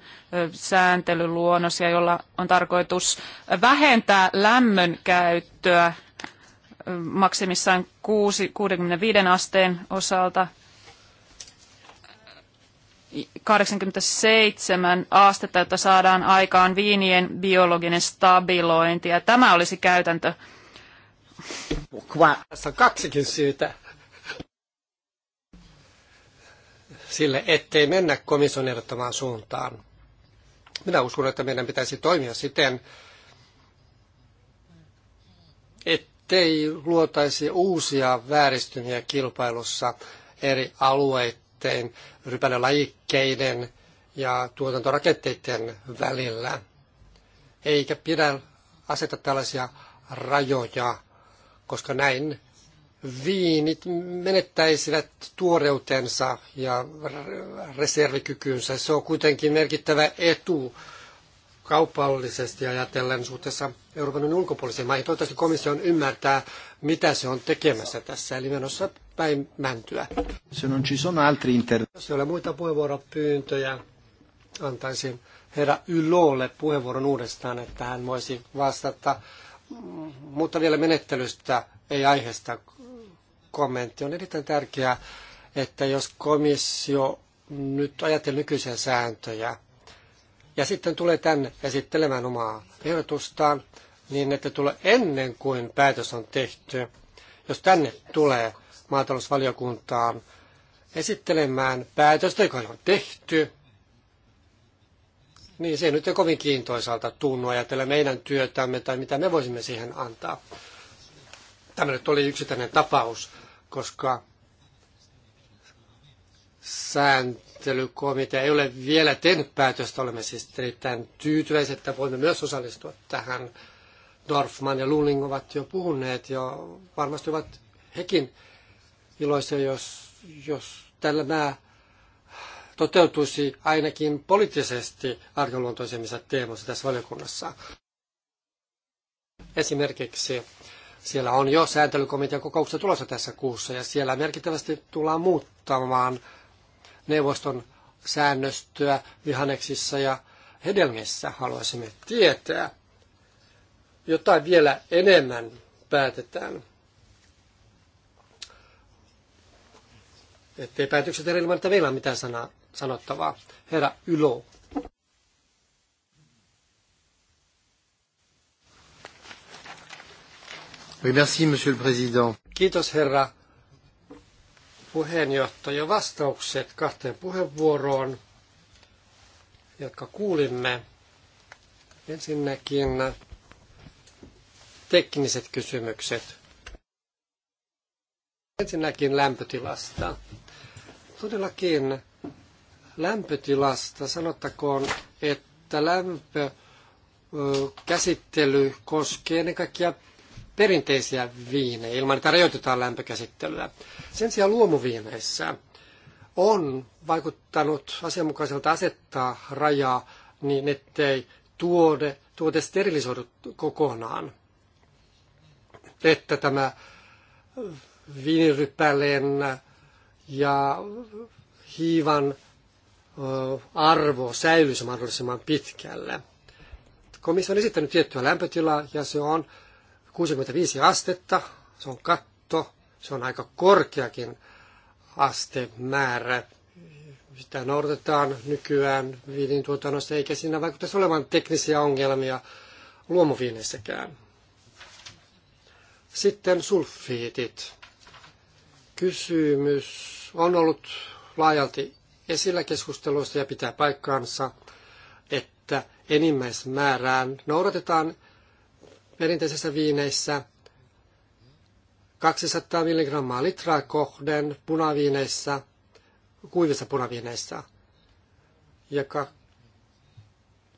sääntelyluonnosia, jolla on tarkoitus vähentää lämmön käyttöä maksimissaan 6, 65 asteen osalta 87 astetta, jotta saadaan aikaan viinien biologinen stabilointi. Ja tämä olisi käytäntö. Tässä on kaksikin syytä sille, ettei mennä komission ehdottamaan suuntaan. Minä uskon, että meidän pitäisi toimia siten, ettei luotaisi uusia vääristymiä kilpailussa eri alueiden, rypälälajikkeiden ja tuotantorakenteiden välillä. Eikä pidä aseta tällaisia rajoja, koska näin viinit menettäisivät tuoreutensa ja reservikykynsä. Se on kuitenkin merkittävä etu kaupallisesti ajatellen suhteessa Euroopan unionin ulkopuolisiin maihin. Toivottavasti komissio ymmärtää, mitä se on tekemässä tässä, eli menossa päin mäntyä. Se on ci sono altri inter... Jos ei ole muita puheenvuoropyyntöjä, antaisin herra Ylolle puheenvuoron uudestaan, että hän voisi vastata. Mutta vielä menettelystä, ei aiheesta kommentti. On erittäin tärkeää, että jos komissio nyt ajattelee nykyisiä sääntöjä ja sitten tulee tänne esittelemään omaa ehdotustaan, niin että tulee ennen kuin päätös on tehty. Jos tänne tulee maatalousvaliokuntaan esittelemään päätöstä, joka on tehty, niin se ei nyt ei kovin kiintoisalta tunnu ajatella meidän työtämme tai mitä me voisimme siihen antaa. Tämä nyt oli yksittäinen tapaus, koska sääntelykomitea ei ole vielä tehnyt päätöstä. Olemme siis erittäin tyytyväisiä, että voimme myös osallistua tähän. Dorfman ja Luling ovat jo puhuneet ja varmasti ovat hekin iloisia, jos, jos tämä toteutuisi ainakin poliittisesti arkaluontoisemmissa teemoissa tässä valiokunnassa. Esimerkiksi siellä on jo sääntelykomitean kokouksessa tulossa tässä kuussa ja siellä merkittävästi tullaan muuttamaan neuvoston säännöstöä vihaneksissa ja hedelmissä haluaisimme tietää. Jotain vielä enemmän päätetään. Ettei päätökset erilman, että meillä on mitään sanaa, sanottavaa. Herra Ylo monsieur le président. Kiitos herra puheenjohtaja vastaukset kahteen puheenvuoroon, jotka kuulimme. Ensinnäkin tekniset kysymykset. Ensinnäkin lämpötilasta. Todellakin lämpötilasta sanottakoon, että lämpö koskee ennen kaikkea perinteisiä viinejä ilman, että rajoitetaan lämpökäsittelyä. Sen sijaan luomuviineissä on vaikuttanut asianmukaiselta asettaa rajaa niin, ettei tuode, tuote sterilisoidu kokonaan. Että tämä viinirypäleen ja hiivan arvo säilyisi mahdollisimman pitkälle. Komissio on esittänyt tiettyä lämpötilaa ja se on 65 astetta, se on katto, se on aika korkeakin astemäärä. Sitä noudatetaan nykyään tuotannosta, eikä siinä vaikuttaisi olevan teknisiä ongelmia luomuviinissäkään. Sitten sulfiitit. Kysymys on ollut laajalti esillä keskusteluissa ja pitää paikkaansa, että enimmäismäärään noudatetaan perinteisissä viineissä 200 milligrammaa litraa kohden punaviineissä, kuivissa punaviineissä. Ja, ka,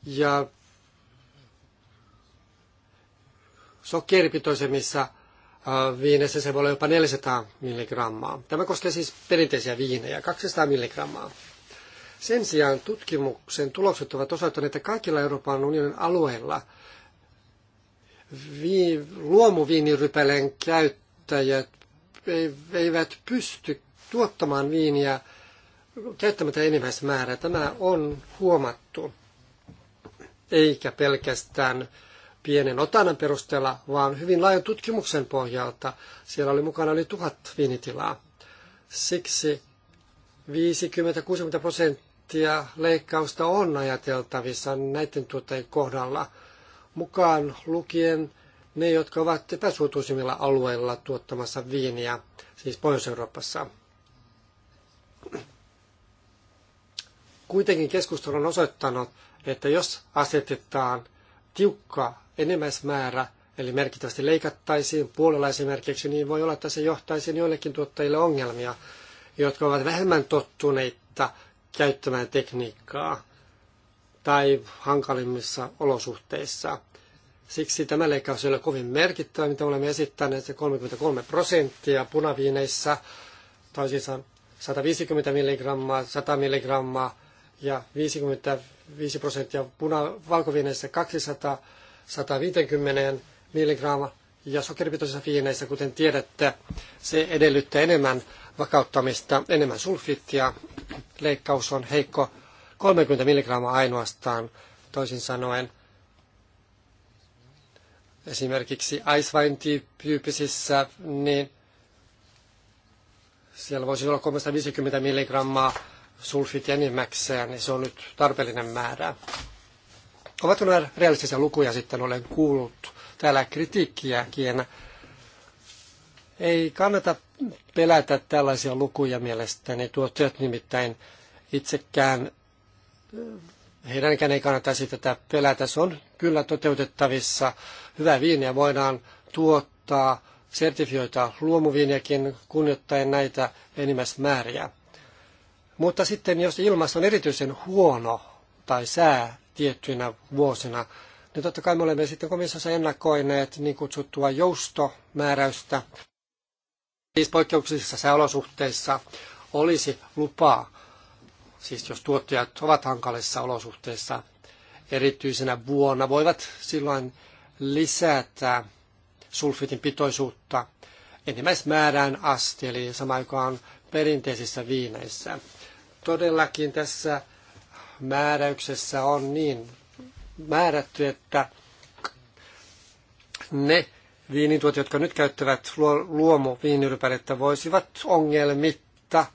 ja sokeripitoisemmissa viineissä se voi olla jopa 400 milligrammaa. Tämä koskee siis perinteisiä viinejä, 200 milligrammaa. Sen sijaan tutkimuksen tulokset ovat osoittaneet, että kaikilla Euroopan unionin alueilla – vii, luomuviinirypäleen käyttäjät eivät pysty tuottamaan viiniä käyttämättä enimmäismäärää. Tämä on huomattu, eikä pelkästään pienen otanan perusteella, vaan hyvin laajan tutkimuksen pohjalta. Siellä oli mukana yli tuhat viinitilaa. Siksi 50-60 prosenttia leikkausta on ajateltavissa näiden tuotteiden kohdalla – mukaan lukien ne, jotka ovat epäsuotuisimmilla alueilla tuottamassa viiniä, siis Pohjois-Euroopassa. Kuitenkin keskustelu on osoittanut, että jos asetetaan tiukka enimmäismäärä, eli merkittävästi leikattaisiin puolella esimerkiksi, niin voi olla, että se johtaisi joillekin tuottajille ongelmia, jotka ovat vähemmän tottuneita käyttämään tekniikkaa tai hankalimmissa olosuhteissa. Siksi tämä leikkaus ei ole kovin merkittävä, mitä olemme esittäneet, se 33 prosenttia punaviineissä, tai siis 150 milligrammaa, 100 milligrammaa ja 55 prosenttia puna, valkoviineissä 200, 150 milligrammaa ja sokeripitoisissa viineissä, kuten tiedätte, se edellyttää enemmän vakauttamista, enemmän sulfiittia. Leikkaus on heikko 30 milligrammaa ainoastaan, toisin sanoen esimerkiksi Icewind tyyppisissä, niin siellä voisi olla 350 milligrammaa sulfit enimmäkseen, niin se on nyt tarpeellinen määrä. Ovatko nämä realistisia lukuja sitten, olen kuullut täällä kritiikkiäkin. Ei kannata pelätä tällaisia lukuja mielestäni. työt nimittäin itsekään Heidänkään ei kannata tätä pelätä. Se on kyllä toteutettavissa. Hyvää viiniä voidaan tuottaa, sertifioita luomuviiniäkin kunnioittaen näitä enimmäismääriä. Mutta sitten jos ilmasto on erityisen huono tai sää tiettyinä vuosina, niin totta kai me olemme sitten komissiossa ennakoineet niin kutsuttua joustomääräystä. Siis poikkeuksellisissa sääolosuhteissa olisi lupaa siis jos tuottajat ovat hankalissa olosuhteissa erityisenä vuonna, voivat silloin lisätä sulfitin pitoisuutta enimmäismäärään asti, eli samaan aikaan perinteisissä viineissä. Todellakin tässä määräyksessä on niin määrätty, että ne viinituot, jotka nyt käyttävät luomuviinirypälettä, voisivat ongelmitta –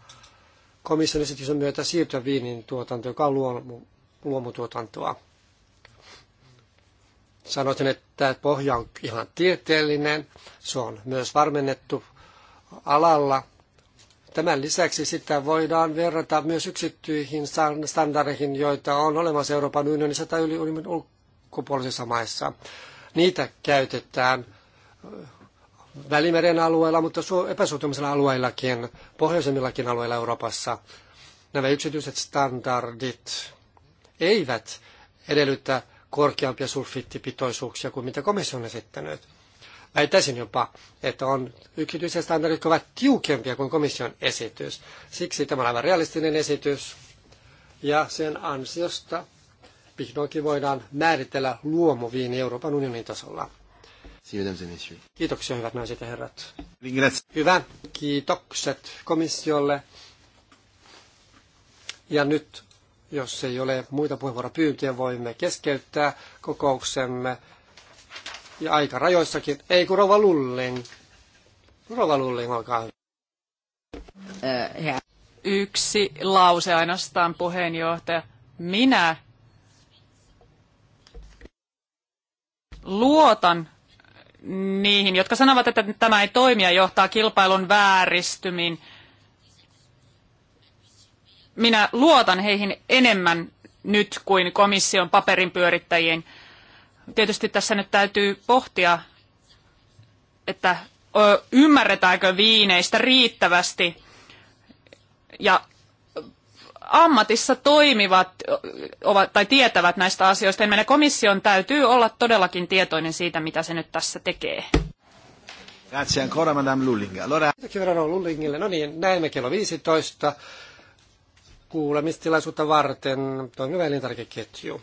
komission esityksen myötä siirtyä viinin tuotantoon, joka on luomutuotantoa. Sanoisin, että pohja on ihan tieteellinen, se on myös varmennettu alalla. Tämän lisäksi sitä voidaan verrata myös yksittyihin standardeihin, joita on olemassa Euroopan unionissa tai yli ulkopuolisissa maissa. Niitä käytetään Välimeren alueella, mutta epäsuotumisella alueillakin, pohjoisemmillakin alueilla Euroopassa, nämä yksityiset standardit eivät edellytä korkeampia sulfiittipitoisuuksia kuin mitä komissio on esittänyt. Väittäisin jopa, että on yksityiset standardit, jotka ovat tiukempia kuin komission esitys. Siksi tämä on aivan realistinen esitys ja sen ansiosta vihdoinkin voidaan määritellä luomuviini Euroopan unionin tasolla. Kiitoksia, hyvät naiset ja herrat. Hyvä. Kiitokset komissiolle. Ja nyt, jos ei ole muita puheenvuoropyyntöjä, voimme keskeyttää kokouksemme. Ja aika rajoissakin. Ei kun Rova lullin Rova Lullin, olkaa hyvä. Äh, Yksi lause ainoastaan puheenjohtaja. Minä luotan niihin, jotka sanovat, että tämä ei toimia, johtaa kilpailun vääristymiin. Minä luotan heihin enemmän nyt kuin komission paperinpyörittäjiin. Tietysti tässä nyt täytyy pohtia, että ymmärretäänkö viineistä riittävästi ja ammatissa toimivat ovat, tai tietävät näistä asioista. Niin meidän komission täytyy olla todellakin tietoinen siitä, mitä se nyt tässä tekee. Grazie ancora, Madame Lulling. Allora... Lullingille. No niin, näemme kello 15 kuulemistilaisuutta varten toimiva elintarkeketju.